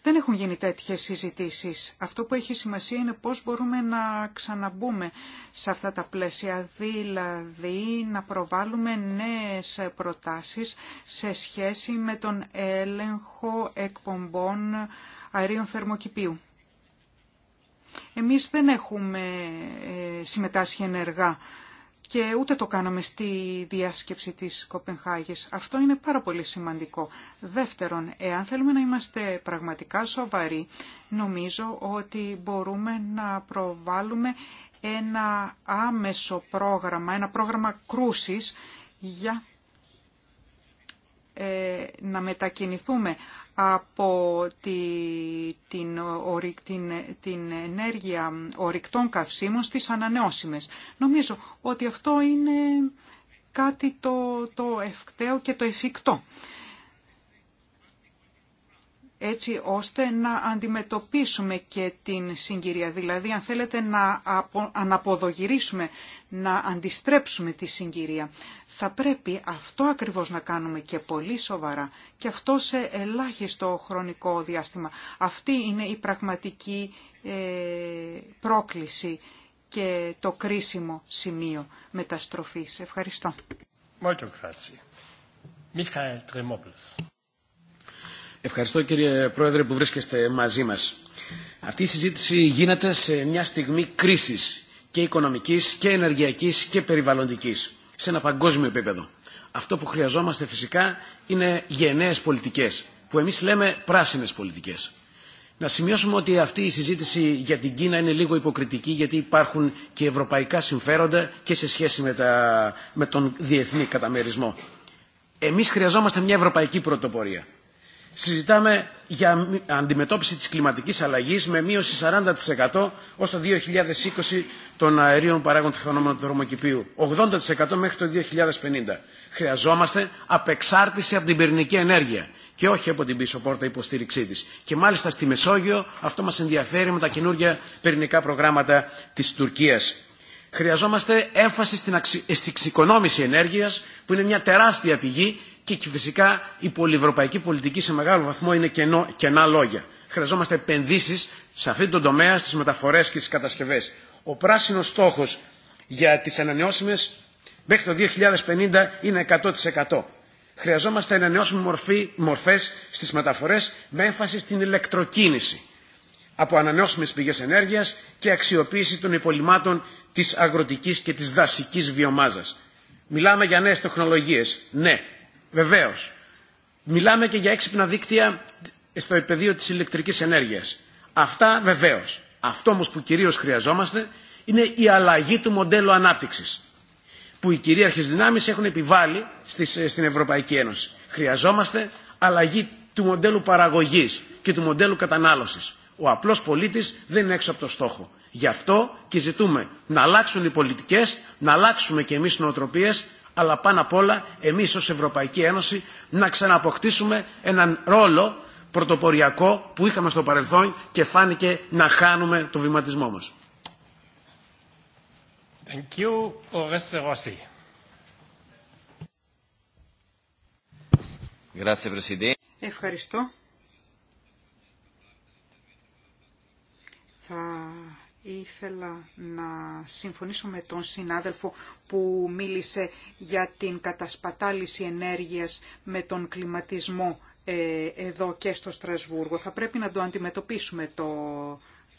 Speaker 4: δεν έχουν γίνει τέτοιε συζητήσει. Αυτό που έχει σημασία είναι πώς μπορούμε να ξαναμπούμε σε αυτά τα πλαίσια, δηλαδή να προβάλλουμε νέε προτάσεις σε σχέση με τον έλεγχο εκπομπών αερίων θερμοκηπίου. Εμείς δεν έχουμε ε, συμμετάσχει ενεργά και ούτε το κάναμε στη διάσκεψη της Κοπενχάγης. Αυτό είναι πάρα πολύ σημαντικό. Δεύτερον, εάν θέλουμε να είμαστε πραγματικά σοβαροί, νομίζω ότι μπορούμε να προβάλλουμε ένα άμεσο πρόγραμμα, ένα πρόγραμμα κρούσης για ε, να μετακινηθούμε από τη, την, την ενέργεια ορυκτών καυσίμων στις ανανεώσιμες. Νομίζω ότι αυτό είναι κάτι το, το ευκταίο και το εφικτό έτσι ώστε να αντιμετωπίσουμε και την συγκυρία. Δηλαδή, αν θέλετε να αναποδογυρίσουμε, να αντιστρέψουμε τη συγκυρία. Θα πρέπει αυτό ακριβώς να κάνουμε και πολύ σοβαρά και αυτό σε ελάχιστο χρονικό διάστημα. Αυτή είναι η πραγματική ε, πρόκληση και το κρίσιμο σημείο μεταστροφής. Ευχαριστώ.
Speaker 3: Ευχαριστώ κύριε Πρόεδρε που βρίσκεστε μαζί μας. Αυτή η συζήτηση γίνεται σε μια στιγμή κρίσης και οικονομικής και ενεργειακής και περιβαλλοντικής σε ένα παγκόσμιο επίπεδο. Αυτό που χρειαζόμαστε φυσικά είναι γενναίε πολιτικές, που εμείς λέμε πράσινες πολιτικές. Να σημειώσουμε ότι αυτή η συζήτηση για την Κίνα είναι λίγο υποκριτική γιατί υπάρχουν και ευρωπαϊκά συμφέροντα και σε σχέση με, τα, με τον διεθνή καταμερισμό. Εμείς χρειαζόμαστε μια ευρωπαϊκή πρωτοπορία. Συζητάμε για αντιμετώπιση της κλιματικής αλλαγής με μείωση 40% ως το 2020 των αερίων παράγων του φαινόμενου του θερμοκηπίου. 80% μέχρι το 2050. Χρειαζόμαστε απεξάρτηση από την πυρηνική ενέργεια και όχι από την πίσω πόρτα υποστήριξή της. Και μάλιστα στη Μεσόγειο αυτό μας ενδιαφέρει με τα καινούργια πυρηνικά προγράμματα της Τουρκίας. Χρειαζόμαστε έμφαση στην, στην εξοικονόμηση ενέργειας που είναι μια τεράστια πηγή και φυσικά η πολυευρωπαϊκή πολιτική σε μεγάλο βαθμό είναι κενό, κενά λόγια. Χρειαζόμαστε επενδύσεις σε αυτόν τον τομέα, στις μεταφορές και στις κατασκευές. Ο πράσινος στόχος για τις ανανεώσιμες μέχρι το 2050 είναι 100%. Χρειαζόμαστε ανανεώσιμες μορφέ μορφές στις μεταφορές με έμφαση στην ηλεκτροκίνηση από ανανεώσιμες πηγές ενέργειας και αξιοποίηση των υπολοιμάτων της αγροτικής και της δασικής βιομάζας. Μιλάμε για νέες τεχνολογίες. Ναι, Βεβαίως, μιλάμε και για έξυπνα δίκτυα στο πεδίο της ηλεκτρικής ενέργειας. Αυτά βεβαίως. Αυτό όμω που κυρίω χρειαζόμαστε είναι η αλλαγή του μοντέλου ανάπτυξη, που οι κυρίαρχες δυνάμεις έχουν επιβάλει ε, στην Ευρωπαϊκή Ένωση. Χρειαζόμαστε αλλαγή του μοντέλου παραγωγής και του μοντέλου κατανάλωσης. Ο απλό πολίτη δεν είναι έξω από το στόχο. Γι' αυτό και ζητούμε να αλλάξουν οι πολιτικέ, να αλλάξουμε και εμείς νοοτροπίε αλλά πάνω απ' όλα εμείς ως Ευρωπαϊκή Ένωση να ξαναποκτήσουμε έναν ρόλο πρωτοποριακό που είχαμε στο παρελθόν και φάνηκε να χάνουμε το βηματισμό μας.
Speaker 4: Ευχαριστώ. Ήθελα να συμφωνήσω με τον συνάδελφο που μίλησε για την κατασπατάληση ενέργειας με τον κλιματισμό ε, εδώ και στο Στρασβούργο. Θα πρέπει να το αντιμετωπίσουμε το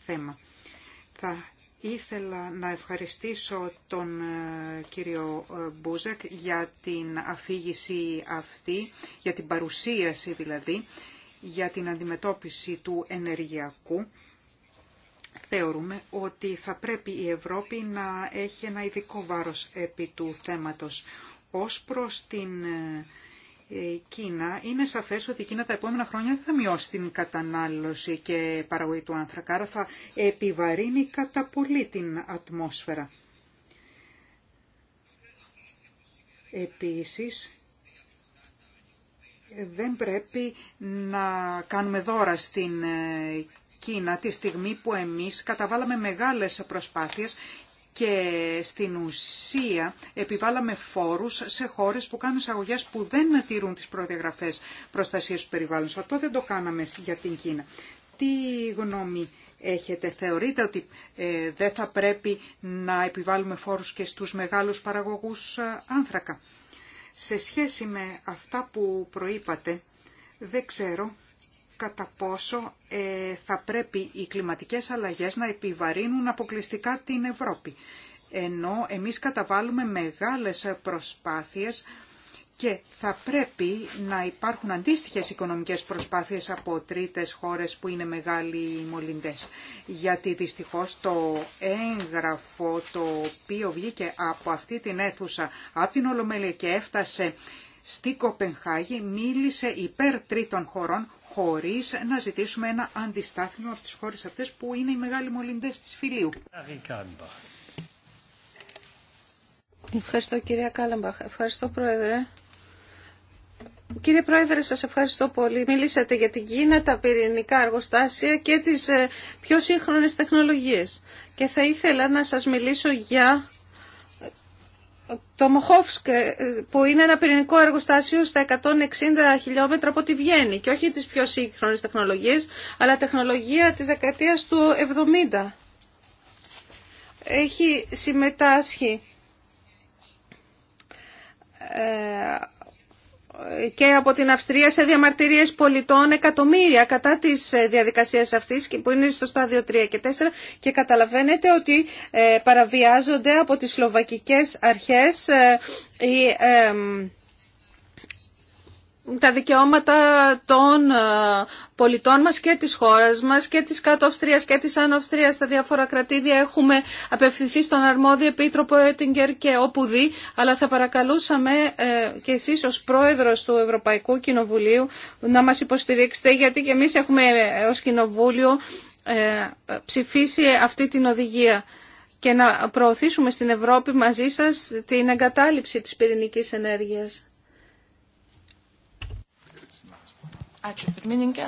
Speaker 4: θέμα. Θα ήθελα να ευχαριστήσω τον ε, κύριο ε, Μπούζεκ για την αφήγηση αυτή, για την παρουσίαση δηλαδή, για την αντιμετώπιση του ενεργειακού θεωρούμε ότι θα πρέπει η Ευρώπη να έχει ένα ειδικό βάρος επί του θέματος. Ως προς την ε, Κίνα, είναι σαφές ότι η Κίνα τα επόμενα χρόνια θα μειώσει την κατανάλωση και παραγωγή του άνθρακα, άρα θα επιβαρύνει κατά πολύ την ατμόσφαιρα. Επίσης, δεν πρέπει να κάνουμε δώρα στην ε, Κίνα τη στιγμή που εμείς καταβάλαμε μεγάλες προσπάθειες και στην ουσία επιβάλαμε φόρους σε χώρες που κάνουν εισαγωγέ που δεν τηρούν τις προδιαγραφές προστασίας του περιβάλλοντος. Αυτό δεν το κάναμε για την Κίνα. Τι γνώμη έχετε, θεωρείτε ότι ε, δεν θα πρέπει να επιβάλλουμε φόρους και στους μεγάλους παραγωγούς ε, άνθρακα. Σε σχέση με αυτά που προείπατε, δεν ξέρω κατά πόσο ε, θα πρέπει οι κλιματικές αλλαγές να επιβαρύνουν αποκλειστικά την Ευρώπη. Ενώ εμείς καταβάλουμε μεγάλες προσπάθειες και θα πρέπει να υπάρχουν αντίστοιχες οικονομικές προσπάθειες από τρίτες χώρες που είναι μεγάλοι μολυντές. Γιατί δυστυχώς το έγγραφο το οποίο βγήκε από αυτή την αίθουσα, από την Ολομέλεια και έφτασε στη Κοπενχάγη μίλησε υπέρ τρίτων χωρών χωρίς να ζητήσουμε ένα αντιστάθμιο από τις χώρες αυτές που είναι οι μεγάλοι μολυντές της φιλίου.
Speaker 1: Ευχαριστώ κυρία Κάλαμπαχ. Ευχαριστώ πρόεδρε. Κύριε Πρόεδρε, σας ευχαριστώ πολύ. Μιλήσατε για την Κίνα, τα πυρηνικά εργοστάσια και τις ε, πιο σύγχρονες τεχνολογίες. Και θα ήθελα να σας μιλήσω για το Μοχόφσκ που είναι ένα πυρηνικό εργοστάσιο στα 160 χιλιόμετρα από τη Βιέννη και όχι τις πιο σύγχρονες τεχνολογίες αλλά τεχνολογία της δεκαετία του 70. Έχει συμμετάσχει ε, και από την Αυστρία σε διαμαρτυρίες πολιτών εκατομμύρια κατά τις ε, διαδικασίες αυτής που είναι στο στάδιο 3 και 4 και καταλαβαίνετε ότι ε, παραβιάζονται από τις σλοβακικές αρχές ε, οι τα δικαιώματα των ε, πολιτών μας και της χώρας μας και της Κάτω Αυστρίας και της Άνω Αυστρίας στα διάφορα κρατήδια έχουμε απευθυνθεί στον αρμόδιο επίτροπο Έτιγκερ και όπου δει αλλά θα παρακαλούσαμε ε, και εσείς ως πρόεδρος του Ευρωπαϊκού Κοινοβουλίου να μας υποστηρίξετε γιατί και εμείς έχουμε ε, ως Κοινοβούλιο ψηφίσει αυτή την οδηγία και να προωθήσουμε στην Ευρώπη μαζί σας την εγκατάλειψη της πυρηνικής ενέργειας. Ačiū pirmininkė.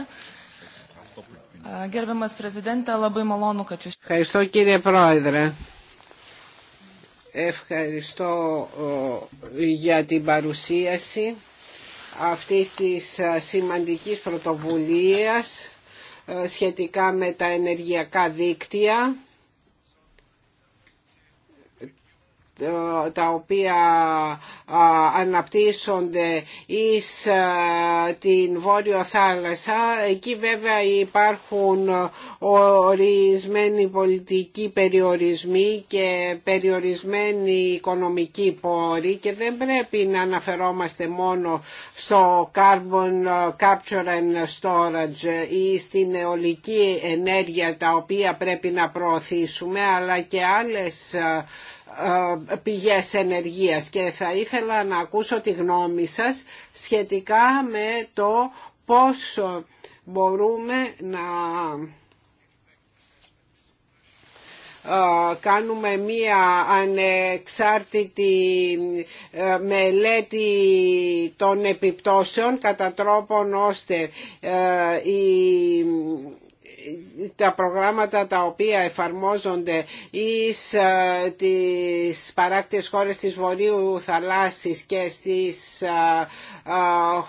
Speaker 1: Gerbiamas prezidentė, labai malonu, kad jūs...
Speaker 2: Ευχαριστώ κύριε Πρόεδρε. Ευχαριστώ για την παρουσίαση αυτής της σημαντικής πρωτοβουλίας ε, σχετικά με τα ενεργειακά δίκτυα τα οποία αναπτύσσονται εις την Βόρειο Θάλασσα. Εκεί βέβαια υπάρχουν ορισμένοι πολιτικοί περιορισμοί και περιορισμένοι οικονομικοί πόροι και δεν πρέπει να αναφερόμαστε μόνο στο carbon capture and storage ή στην αιωλική ενέργεια τα οποία πρέπει να προωθήσουμε αλλά και άλλες ε, πηγές ενεργείας και θα ήθελα να ακούσω τη γνώμη σας σχετικά με το πώς μπορούμε να ε, κάνουμε μία ανεξάρτητη ε, μελέτη των επιπτώσεων κατά τρόπον ώστε τα προγράμματα τα οποία εφαρμόζονται εις ε, τις παράκτιες χώρες της Βορείου Θαλάσσης και στις ε, ε,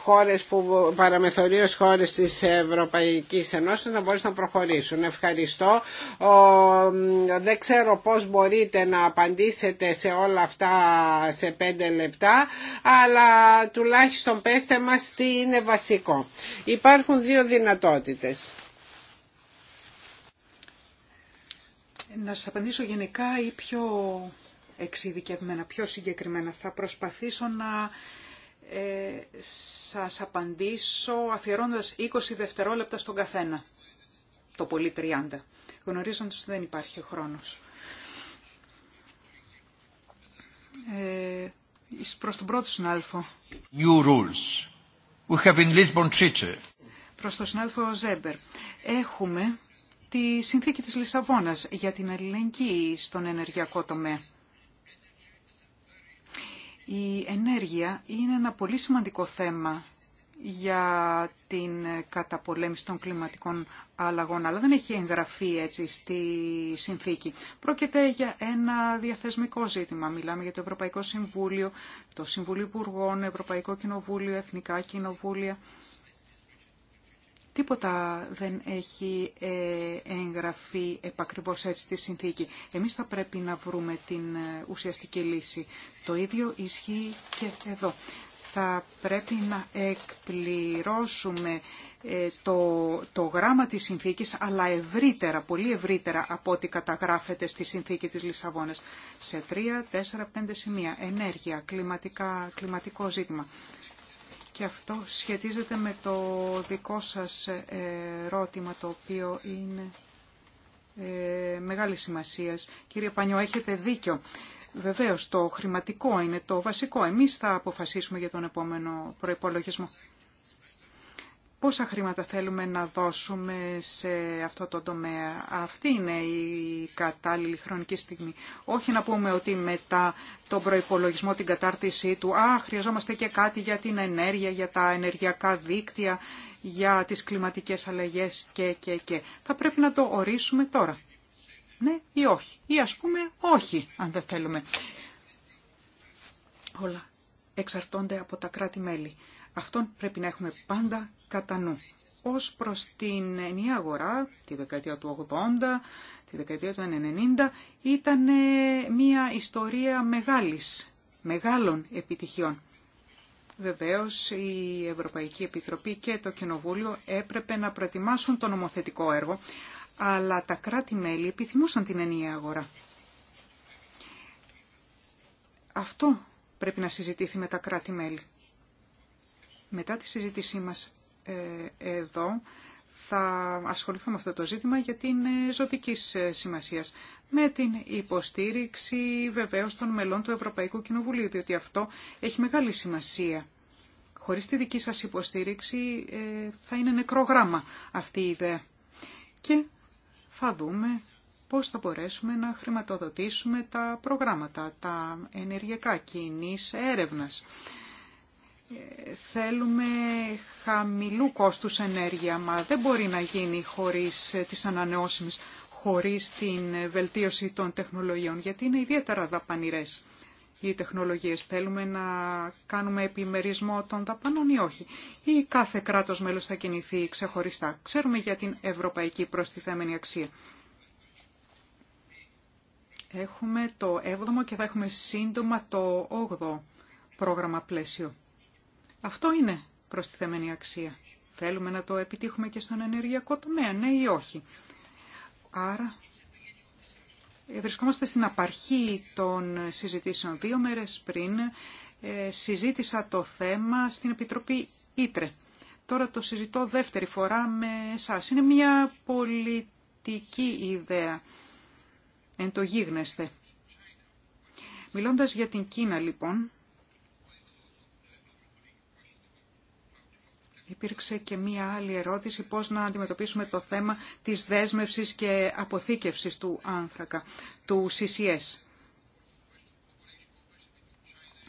Speaker 2: χώρες που παραμεθορίως χώρες της Ευρωπαϊκής Ενώσης να μπορέσουν να προχωρήσουν. Ευχαριστώ. Δεν ξέρω πώς μπορείτε να απαντήσετε σε όλα αυτά σε πέντε λεπτά αλλά τουλάχιστον πέστε μας τι είναι βασικό. Υπάρχουν δύο δυνατότητες.
Speaker 4: Να σας απαντήσω γενικά ή πιο εξειδικευμένα, πιο συγκεκριμένα. Θα προσπαθήσω να ε, σας απαντήσω αφιερώνοντας 20 δευτερόλεπτα στον καθένα. Το πολύ 30. Γνωρίζοντας ότι δεν υπάρχει ο χρόνος. Ε, προς τον πρώτο συνάδελφο. New rules. We have in Lisbon Treaty. Προς τον συνάδελφο Ζέμπερ. Έχουμε τη συνθήκη της Λισαβόνας για την ελληνική στον ενεργειακό τομέα. Η ενέργεια είναι ένα πολύ σημαντικό θέμα για την καταπολέμηση των κλιματικών αλλαγών, αλλά δεν έχει εγγραφεί έτσι στη συνθήκη. Πρόκειται για ένα διαθεσμικό ζήτημα. Μιλάμε για το Ευρωπαϊκό Συμβούλιο, το Συμβούλιο Υπουργών, Ευρωπαϊκό Κοινοβούλιο, Εθνικά Κοινοβούλια Τίποτα δεν έχει ε, εγγραφεί επακριβώς έτσι στη συνθήκη. Εμείς θα πρέπει να βρούμε την ε, ουσιαστική λύση. Το ίδιο ισχύει και εδώ. Θα πρέπει να εκπληρώσουμε ε, το, το γράμμα της συνθήκης, αλλά ευρύτερα, πολύ ευρύτερα από ό,τι καταγράφεται στη συνθήκη της Λισαβόνας. Σε τρία, τέσσερα, πέντε σημεία. Ενέργεια, κλιματικό ζήτημα. Και αυτό σχετίζεται με το δικό σας ε, ερώτημα, το οποίο είναι ε, μεγάλη σημασία. Κύριε Πανιό, έχετε δίκιο. Βεβαίως, το χρηματικό είναι το βασικό. Εμείς θα αποφασίσουμε για τον επόμενο προϋπολογισμό πόσα χρήματα θέλουμε να δώσουμε σε αυτό το τομέα. Αυτή είναι η κατάλληλη χρονική στιγμή. Όχι να πούμε ότι μετά τον προϋπολογισμό, την κατάρτισή του, α, χρειαζόμαστε και κάτι για την ενέργεια, για τα ενεργειακά δίκτυα, για τις κλιματικές αλλαγές και, και, και. Θα πρέπει να το ορίσουμε τώρα. Ναι ή όχι. Ή ας πούμε όχι, αν δεν θέλουμε. Όλα εξαρτώνται από τα κράτη-μέλη. Αυτόν πρέπει να έχουμε πάντα κατά νου. Ως προς την ενιαία αγορά, τη δεκαετία του 80, τη δεκαετία του 90, ήταν μια ιστορία μεγάλης, μεγάλων επιτυχιών. Βεβαίως, η Ευρωπαϊκή Επιτροπή και το Κοινοβούλιο έπρεπε να προετοιμάσουν το νομοθετικό έργο, αλλά τα κράτη-μέλη επιθυμούσαν την ενιαία αγορά. Αυτό πρέπει να συζητήθει με τα κράτη-μέλη. Μετά τη συζήτησή μας ε, εδώ θα ασχοληθούμε με αυτό το ζήτημα για την ζωτικής ε, σημασία. Με την υποστήριξη βεβαίω των μελών του Ευρωπαϊκού Κοινοβουλίου, διότι αυτό έχει μεγάλη σημασία. Χωρίς τη δική σας υποστήριξη ε, θα είναι νεκρό γράμμα αυτή η ιδέα. Και θα δούμε πώς θα μπορέσουμε να χρηματοδοτήσουμε τα προγράμματα, τα ενεργειακά κοινής έρευνας. Θέλουμε χαμηλού κόστους ενέργεια, μα δεν μπορεί να γίνει χωρίς ε, τις ανανεώσιμες, χωρίς την ε, βελτίωση των τεχνολογιών, γιατί είναι ιδιαίτερα δαπανηρές οι τεχνολογίες. Θέλουμε να κάνουμε επιμερισμό των δαπανών ή όχι. Ή κάθε κράτος μέλος θα κινηθεί ξεχωριστά. Ξέρουμε για την ευρωπαϊκή προστιθέμενη αξία. Έχουμε το 7ο και θα έχουμε σύντομα το 8ο πρόγραμμα πλαίσιο. Αυτό είναι προστιθέμενη αξία. Θέλουμε να το επιτύχουμε και στον ενεργειακό τομέα, ναι ή όχι. Άρα ε, βρισκόμαστε στην απαρχή των συζητήσεων. Δύο μέρες πριν ε, συζήτησα το θέμα στην Επιτροπή Ήτρε. Τώρα το συζητώ δεύτερη φορά με εσά. Είναι μια πολιτική ιδέα. Εν το γίγνεστε. Μιλώντας για την Κίνα λοιπόν, υπήρξε και μία άλλη ερώτηση, πώς να αντιμετωπίσουμε το θέμα της δέσμευσης και αποθήκευσης του άνθρακα, του CCS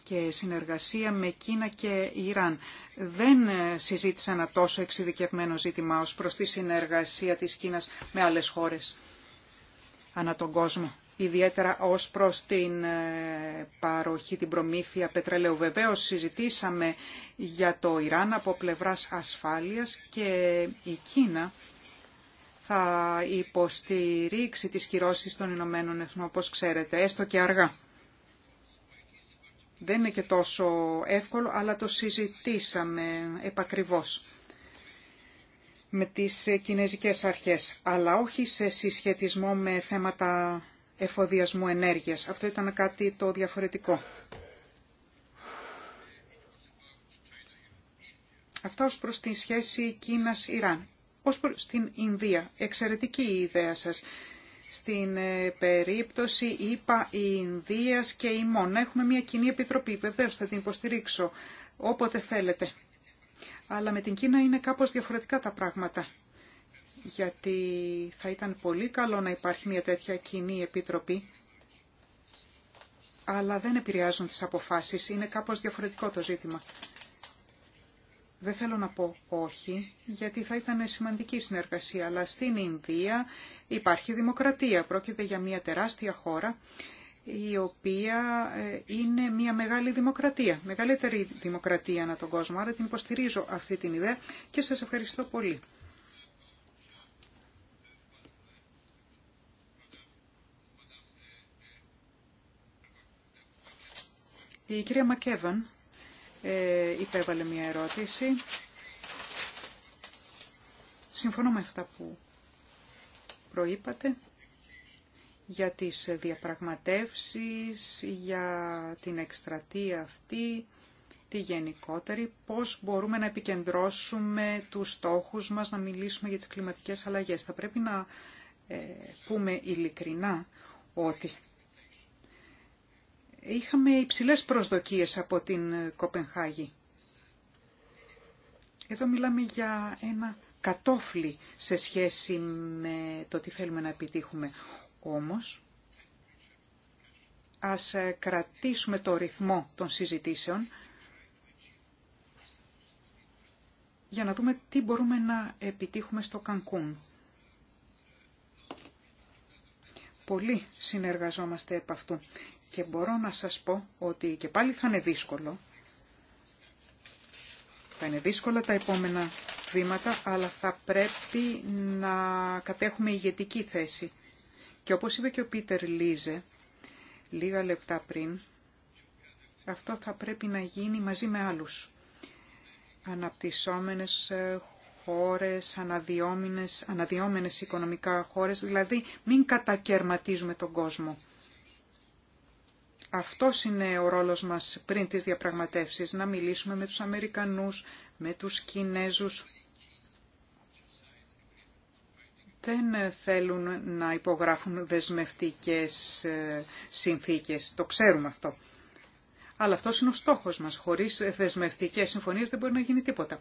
Speaker 4: και συνεργασία με Κίνα και Ιράν. Δεν συζήτησα ένα τόσο εξειδικευμένο ζήτημα ως προς τη συνεργασία της Κίνας με άλλες χώρες ανά τον κόσμο ιδιαίτερα ως προς την ε, παροχή, την προμήθεια πετρελαίου. Βεβαίως συζητήσαμε για το Ιράν από πλευράς ασφάλειας και η Κίνα θα υποστηρίξει τις κυρώσεις των Ηνωμένων Εθνών, όπως ξέρετε, έστω και αργά. Δεν είναι και τόσο εύκολο, αλλά το συζητήσαμε επακριβώς με τις κινέζικες αρχές, αλλά όχι σε συσχετισμό με θέματα εφοδιασμού ενέργειας. Αυτό ήταν κάτι το διαφορετικό. Αυτά ως προς τη σχέση Κίνας-Ιράν. Ως προς την Ινδία. Εξαιρετική η ιδέα σας. Στην ε, περίπτωση είπα η Ινδίας και η ΜΟΝ. Έχουμε μια κοινή επιτροπή. Βεβαίω θα την υποστηρίξω όποτε θέλετε. Αλλά με την Κίνα είναι κάπως διαφορετικά τα πράγματα γιατί θα ήταν πολύ καλό να υπάρχει μια τέτοια κοινή επιτροπή, αλλά δεν επηρεάζουν τις αποφάσεις, είναι κάπως διαφορετικό το ζήτημα. Δεν θέλω να πω όχι, γιατί θα ήταν σημαντική συνεργασία, αλλά στην Ινδία υπάρχει δημοκρατία. Πρόκειται για μια τεράστια χώρα, η οποία ε, είναι μια μεγάλη δημοκρατία, μεγαλύτερη δημοκρατία ανά τον κόσμο. Άρα την υποστηρίζω αυτή την ιδέα και σας ευχαριστώ πολύ. Η κυρία Μακέβαν ε, υπέβαλε μια ερώτηση. Συμφωνώ με αυτά που προείπατε για τις διαπραγματεύσεις, για την εκστρατεία αυτή, τη γενικότερη, πώς μπορούμε να επικεντρώσουμε τους στόχους μας, να μιλήσουμε για τις κλιματικές αλλαγές. Θα πρέπει να ε, πούμε ειλικρινά ότι Είχαμε υψηλές προσδοκίες από την Κοπενχάγη. Εδώ μιλάμε για ένα κατόφλι σε σχέση με το τι θέλουμε να επιτύχουμε. Όμως, ας κρατήσουμε το ρυθμό των συζητήσεων για να δούμε τι μπορούμε να επιτύχουμε στο Κανκούν. Πολύ συνεργαζόμαστε επ' αυτού. Και μπορώ να σας πω ότι και πάλι θα είναι δύσκολο. Θα είναι δύσκολα τα επόμενα βήματα, αλλά θα πρέπει να κατέχουμε ηγετική θέση. Και όπως είπε και ο Πίτερ Λίζε, λίγα λεπτά πριν, αυτό θα πρέπει να γίνει μαζί με άλλους. Αναπτυσσόμενες ε, χώρες, αναδιόμενες, οικονομικά χώρες, δηλαδή μην κατακαιρματίζουμε τον κόσμο. Αυτός είναι ο ρόλος μας πριν τις διαπραγματεύσεις, να μιλήσουμε με τους Αμερικανούς, με τους Κινέζους. Δεν θέλουν να υπογράφουν δεσμευτικές ε, συνθήκες, το ξέρουμε αυτό. Αλλά αυτός είναι ο στόχος μας. Χωρίς δεσμευτικές συμφωνίες δεν μπορεί να γίνει τίποτα.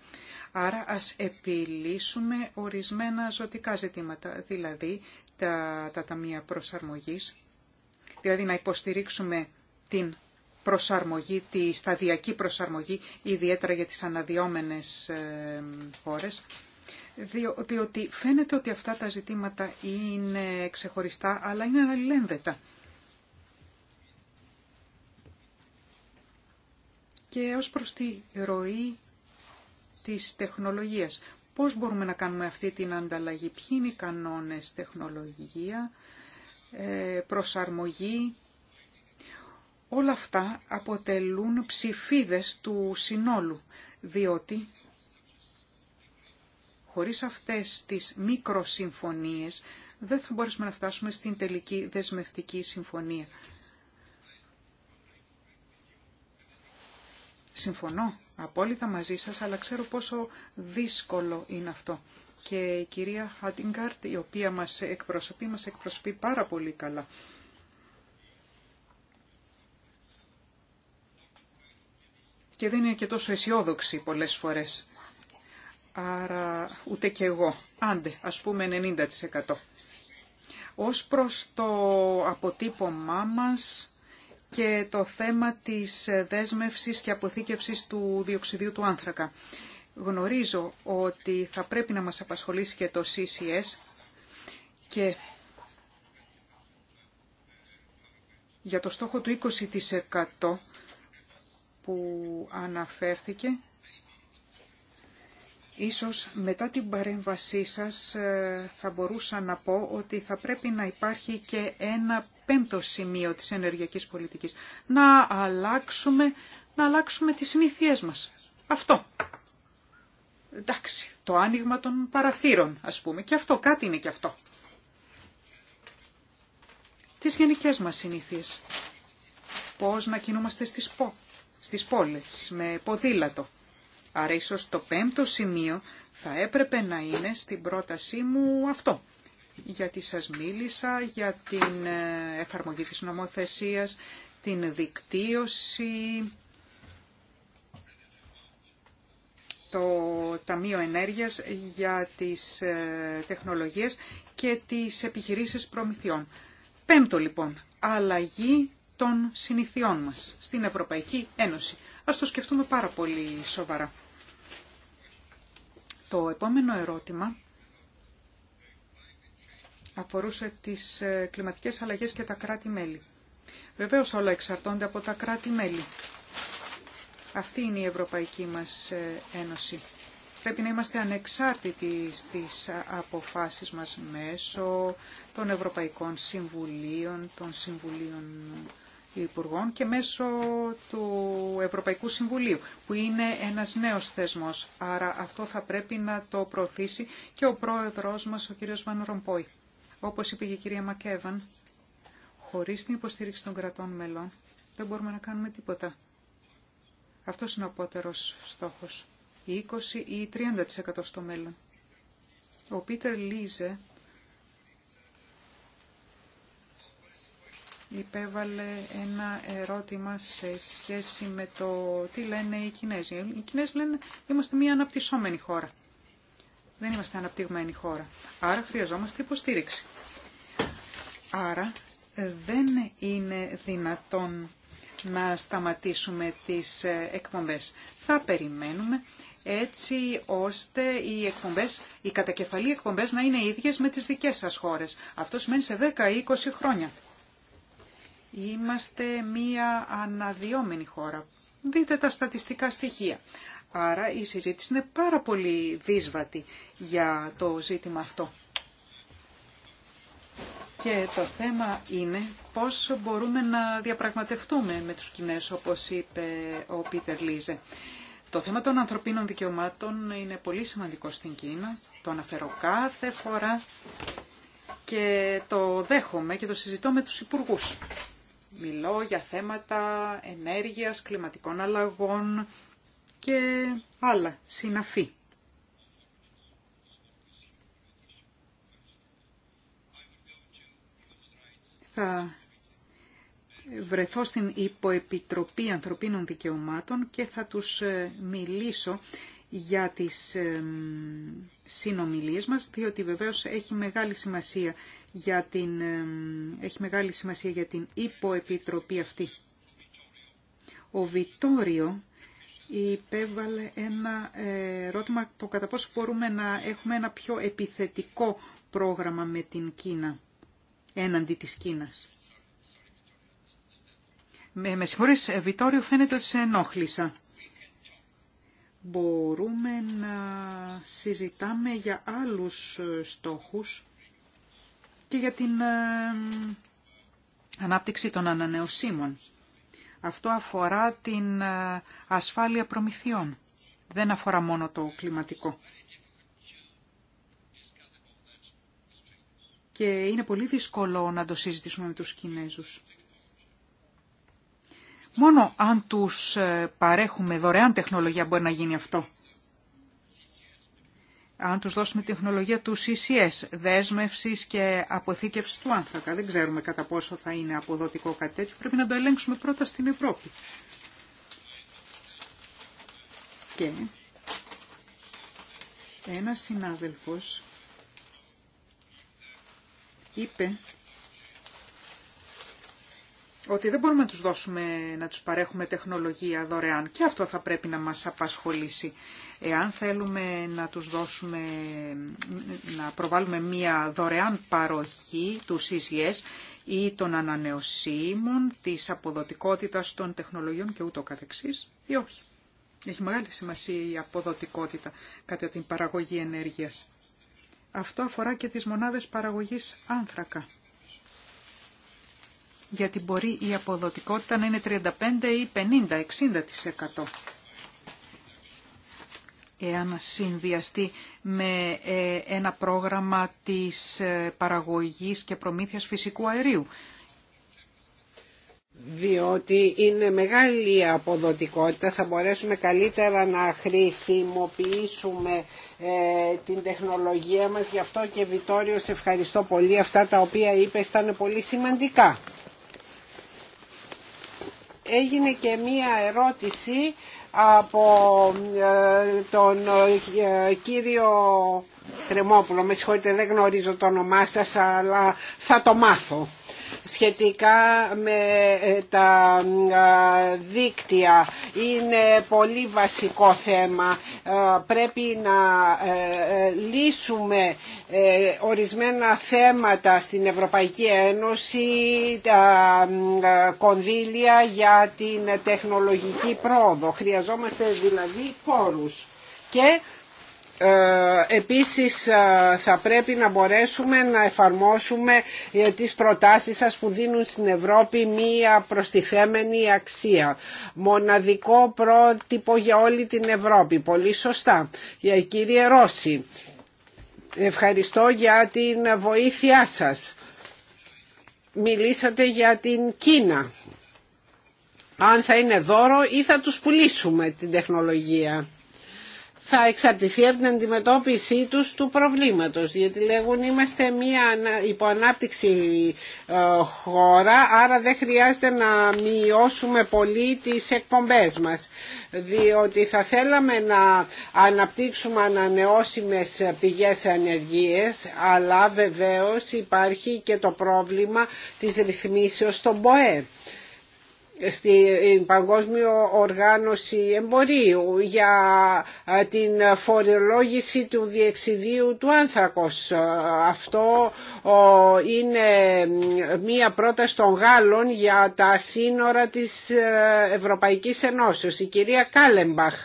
Speaker 4: Άρα ας επιλύσουμε ορισμένα ζωτικά ζητήματα, δηλαδή τα, τα ταμεία προσαρμογής, δηλαδή να υποστηρίξουμε την προσαρμογή, τη σταδιακή προσαρμογή, ιδιαίτερα για τις αναδιόμενες ε, χώρες, διότι φαίνεται ότι αυτά τα ζητήματα είναι ξεχωριστά, αλλά είναι αλληλένδετα. Και ως προς τη ροή της τεχνολογίας. Πώς μπορούμε να κάνουμε αυτή την ανταλλαγή, ποιοι είναι οι κανόνες τεχνολογία, ε, προσαρμογή Όλα αυτά αποτελούν ψηφίδες του συνόλου, διότι χωρίς αυτές τις μικροσυμφωνίες δεν θα μπορέσουμε να φτάσουμε στην τελική δεσμευτική συμφωνία. Συμφωνώ απόλυτα μαζί σας, αλλά ξέρω πόσο δύσκολο είναι αυτό. Και η κυρία Χάτιγκαρτ, η οποία μας εκπροσωπεί, μας εκπροσωπεί πάρα πολύ καλά. και δεν είναι και τόσο αισιόδοξη πολλές φορές. Άρα ούτε και εγώ. Άντε, ας πούμε 90%. Ως προς το αποτύπωμά μας και το θέμα της δέσμευσης και αποθήκευσης του διοξιδίου του άνθρακα. Γνωρίζω ότι θα πρέπει να μας απασχολήσει και το CCS και για το στόχο του 20% που αναφέρθηκε. Ίσως μετά την παρέμβασή σας ε, θα μπορούσα να πω ότι θα πρέπει να υπάρχει και ένα πέμπτο σημείο της ενεργειακής πολιτικής. Να αλλάξουμε, να αλλάξουμε τις συνήθειές μας. Αυτό. Εντάξει, το άνοιγμα των παραθύρων, ας πούμε. Και αυτό, κάτι είναι και αυτό. Τις γενικές μας συνήθειες. Πώς να κινούμαστε στις ΠΟΠ στις πόλεις με ποδήλατο. Άρα ίσως το πέμπτο σημείο θα έπρεπε να είναι στην πρότασή μου αυτό. Γιατί σας μίλησα για την ε, εφαρμογή της νομοθεσίας, την δικτύωση, το Ταμείο Ενέργειας για τις ε, τεχνολογίες και τις επιχειρήσεις προμηθειών. Πέμπτο λοιπόν, αλλαγή των συνηθιών μας στην Ευρωπαϊκή Ένωση. Ας το σκεφτούμε πάρα πολύ σοβαρά. Το επόμενο ερώτημα αφορούσε τις ε, κλιματικές αλλαγές και τα κράτη-μέλη. Βεβαίως όλα εξαρτώνται από τα κράτη-μέλη. Αυτή είναι η Ευρωπαϊκή μας ε, Ένωση. Πρέπει να είμαστε ανεξάρτητοι στις ε, αποφάσεις μας μέσω των Ευρωπαϊκών Συμβουλίων, των Συμβουλίων Υπουργών και μέσω του Ευρωπαϊκού Συμβουλίου, που είναι ένας νέος θεσμός. Άρα αυτό θα πρέπει να το προωθήσει και ο πρόεδρός μας, ο κύριος Βαν Ρομπόη. Όπως είπε και η κυρία Μακέβαν, χωρίς την υποστήριξη των κρατών μελών δεν μπορούμε να κάνουμε τίποτα. Αυτό είναι ο απότερος στόχος. 20 ή 30% στο μέλλον. Ο Πίτερ Λίζε υπέβαλε ένα ερώτημα σε σχέση με το τι λένε οι Κινέζοι. Οι Κινέζοι λένε είμαστε μια αναπτυσσόμενη χώρα. Δεν είμαστε αναπτυγμένη χώρα. Άρα χρειαζόμαστε υποστήριξη. Άρα δεν είναι δυνατόν να σταματήσουμε τις ε, εκπομπές. Θα περιμένουμε έτσι ώστε οι εκπομπές, οι κατακεφαλή εκπομπές να είναι ίδιες με τις δικές σας χώρες. Αυτό σημαίνει σε 10-20 χρόνια. Είμαστε μία αναδυόμενη χώρα. Δείτε τα στατιστικά στοιχεία. Άρα η συζήτηση είναι πάρα πολύ δύσβατη για το ζήτημα αυτό. Και το θέμα είναι πώς μπορούμε να διαπραγματευτούμε με τους Κινές, όπως είπε ο Πίτερ Λίζε. Το θέμα των ανθρωπίνων δικαιωμάτων είναι πολύ σημαντικό στην Κίνα. Το αναφέρω κάθε φορά και το δέχομαι και το συζητώ με τους υπουργούς Μιλώ για θέματα ενέργειας, κλιματικών αλλαγών και άλλα συναφή. Θα βρεθώ στην Υποεπιτροπή Ανθρωπίνων Δικαιωμάτων και θα τους ε, μιλήσω για τις συνομιλίες μας, διότι βεβαίως έχει μεγάλη σημασία για την, έχει μεγάλη σημασία για την υποεπιτροπή αυτή. Ο Βιτόριο υπέβαλε ένα ε, ερώτημα το κατά πόσο μπορούμε να έχουμε ένα πιο επιθετικό πρόγραμμα με την Κίνα, έναντι της Κίνας. Με, με Βιτόριο, φαίνεται ότι σε ενόχλησα μπορούμε να συζητάμε για άλλους στόχους και για την ε, ανάπτυξη των ανανεωσίμων. Αυτό αφορά την ε, ασφάλεια προμηθειών. Δεν αφορά μόνο το κλιματικό. Και είναι πολύ δύσκολο να το συζητήσουμε με τους Κινέζους. Μόνο αν τους ε, παρέχουμε δωρεάν τεχνολογία μπορεί να γίνει αυτό. Αν τους δώσουμε τεχνολογία του CCS, δέσμευσης και αποθήκευσης του άνθρακα, δεν ξέρουμε κατά πόσο θα είναι αποδοτικό κάτι τέτοιο, πρέπει να το ελέγξουμε πρώτα στην Ευρώπη. Και ένας συνάδελφος είπε ότι δεν μπορούμε να τους δώσουμε, να τους παρέχουμε τεχνολογία δωρεάν και αυτό θα πρέπει να μας απασχολήσει. Εάν θέλουμε να τους δώσουμε, να προβάλλουμε μία δωρεάν παροχή του CCS ή των ανανεωσίμων, της αποδοτικότητας των τεχνολογιών και ούτω καθεξής ή όχι. Έχει μεγάλη σημασία η αποδοτικότητα κατά την παραγωγή ενέργειας. Αυτό αφορά και τις μονάδες παραγωγής άνθρακα γιατί μπορεί η αποδοτικότητα να είναι 35 ή 50, 60%. Εάν συνδυαστεί με ε, ένα πρόγραμμα της ε, παραγωγής και προμήθειας φυσικού αερίου
Speaker 2: διότι είναι μεγάλη η αποδοτικότητα, θα μπορέσουμε καλύτερα να χρησιμοποιήσουμε ε, την τεχνολογία μας. Γι' αυτό και Βιτόριο, σε ευχαριστώ πολύ. Αυτά τα οποία είπε, ήταν πολύ σημαντικά έγινε και μία ερώτηση από ε, τον ε, κύριο Τρεμόπουλο. Με συγχωρείτε δεν γνωρίζω το όνομά σας αλλά θα το μάθω σχετικά με ε, τα ε, δίκτυα είναι πολύ βασικό θέμα. Ε, πρέπει να λύσουμε ορισμένα θέματα στην Ευρωπαϊκή Ένωση, τα κονδύλια για την τεχνολογική πρόοδο. Χρειαζόμαστε δηλαδή πόρους και ε, επίσης ε, θα πρέπει να μπορέσουμε να εφαρμόσουμε ε, τις προτάσεις σας που δίνουν στην Ευρώπη μία προστιθέμενη αξία. Μοναδικό πρότυπο για όλη την Ευρώπη. Πολύ σωστά. Για κύριε Ρώση, ευχαριστώ για την βοήθειά σας. Μιλήσατε για την Κίνα. Αν θα είναι δώρο ή θα τους πουλήσουμε την τεχνολογία θα εξαρτηθεί από την αντιμετώπιση τους του προβλήματος. Γιατί λέγουν είμαστε μια υποανάπτυξη ε, χώρα, άρα δεν χρειάζεται να μειώσουμε πολύ τις εκπομπές μας. Διότι θα θέλαμε να αναπτύξουμε ανανεώσιμες πηγές ενέργειας, αλλά βεβαίως υπάρχει και το πρόβλημα της ρυθμίσεως στον ΠΟΕ στην Παγκόσμια Οργάνωση Εμπορίου για ε, την φορολόγηση του διεξιδίου του άνθρακος. Ε, αυτό είναι μία πρόταση των Γάλλων για τα σύνορα της ε, Ευρωπαϊκής Ενώσεως. Η κυρία Κάλεμπαχ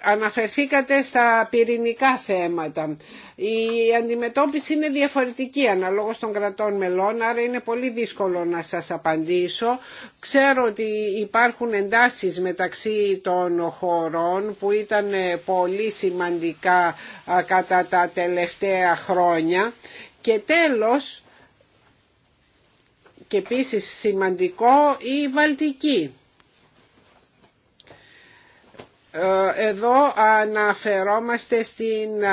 Speaker 2: Αναφερθήκατε στα πυρηνικά θέματα. Η αντιμετώπιση είναι διαφορετική αναλόγως των κρατών μελών, άρα είναι πολύ δύσκολο να σας απαντήσω. Ξέρω ότι υπάρχουν εντάσεις μεταξύ των χωρών που ήταν πολύ σημαντικά κατά τα τελευταία χρόνια. Και τέλος, και επίσης σημαντικό, η Βαλτική ε, εδώ αναφερόμαστε στην ε,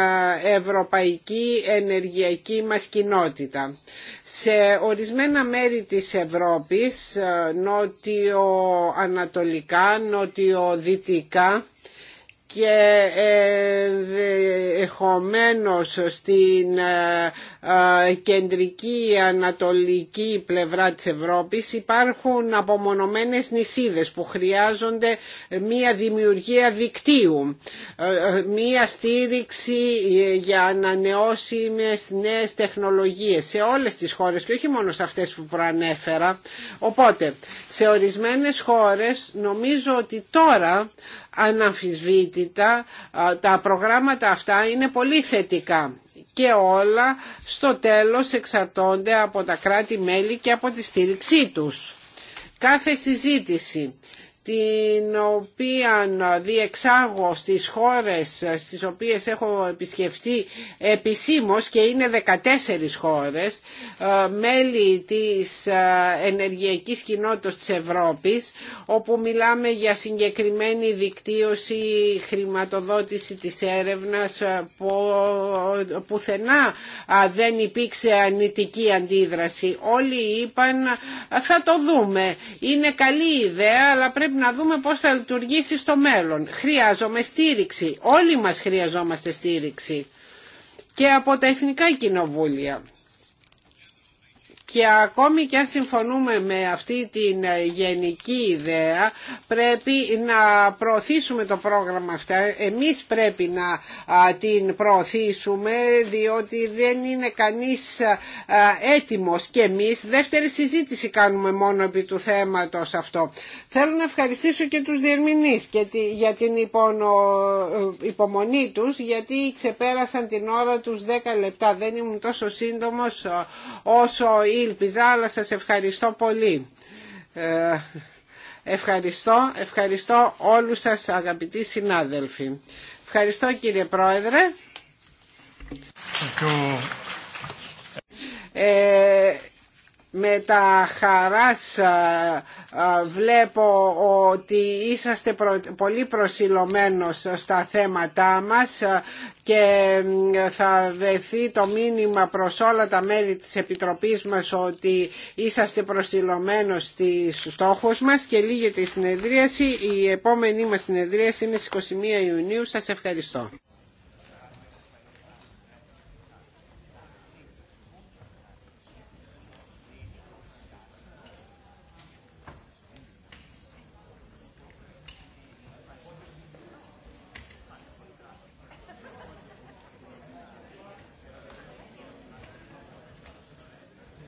Speaker 2: ευρωπαϊκή ενεργειακή μας κοινότητα. Σε ορισμένα μέρη της Ευρώπης, ε, νότιο-ανατολικά, νότιο-δυτικά, και εχωμένος ε, στην ε, ε, κεντρική ανατολική πλευρά της Ευρώπης υπάρχουν απομονωμένες νησίδες που χρειάζονται μία δημιουργία δικτύου, μία στήριξη για ανανεώσιμες νέες τεχνολογίες σε όλες τις χώρες και όχι μόνο σε αυτές που προανέφερα. Οπότε, σε ορισμένες χώρες νομίζω ότι τώρα αναμφισβήτητα τα προγράμματα αυτά είναι πολύ θετικά και όλα στο τέλος εξαρτώνται από τα κράτη-μέλη και από τη στήριξή τους. Κάθε συζήτηση την οποία διεξάγω στις χώρες στις οποίες έχω επισκεφτεί επισήμως και είναι 14 χώρες ε, μέλη της ε, ενεργειακής κοινότητας της Ευρώπης όπου μιλάμε για συγκεκριμένη δικτύωση χρηματοδότηση της έρευνας ε, πουθενά δεν υπήρξε ανητική αντίδραση όλοι είπαν θα το δούμε είναι καλή ιδέα αλλά πρέπει πρέπει να δούμε πώς θα λειτουργήσει στο μέλλον. Χρειάζομαι στήριξη. Όλοι μας χρειαζόμαστε στήριξη. Και από τα εθνικά κοινοβούλια και ακόμη και αν συμφωνούμε με αυτή την ε, γενική ιδέα πρέπει να προωθήσουμε το πρόγραμμα αυτά. Εμείς πρέπει να την προωθήσουμε διότι δεν είναι κανείς έτοιμος και εμείς δεύτερη συζήτηση κάνουμε μόνο επί του θέματος αυτό. Θέλω να ευχαριστήσω και τους διερμηνείς για την ε, υπομονή τους γιατί ξεπέρασαν την ώρα τους 10 λεπτά. Δεν ήμουν τόσο σύντομος ε, όσο ήλπιζα, αλλά σας ευχαριστώ πολύ. Ε, ευχαριστώ, ευχαριστώ όλους σας αγαπητοί συνάδελφοι. Ευχαριστώ κύριε Πρόεδρε. Ε, με τα χαράς ε, ε, βλέπω ότι είσαστε πολύ προσιλωμένος στα θέματά μας και θα δεθεί το μήνυμα προς όλα τα μέλη της Επιτροπής μας ότι είσαστε προστηλωμένος στους στόχους μας και λίγεται η συνεδρίαση. Η επόμενή μας συνεδρίαση είναι στις 21 Ιουνίου. Σας ευχαριστώ.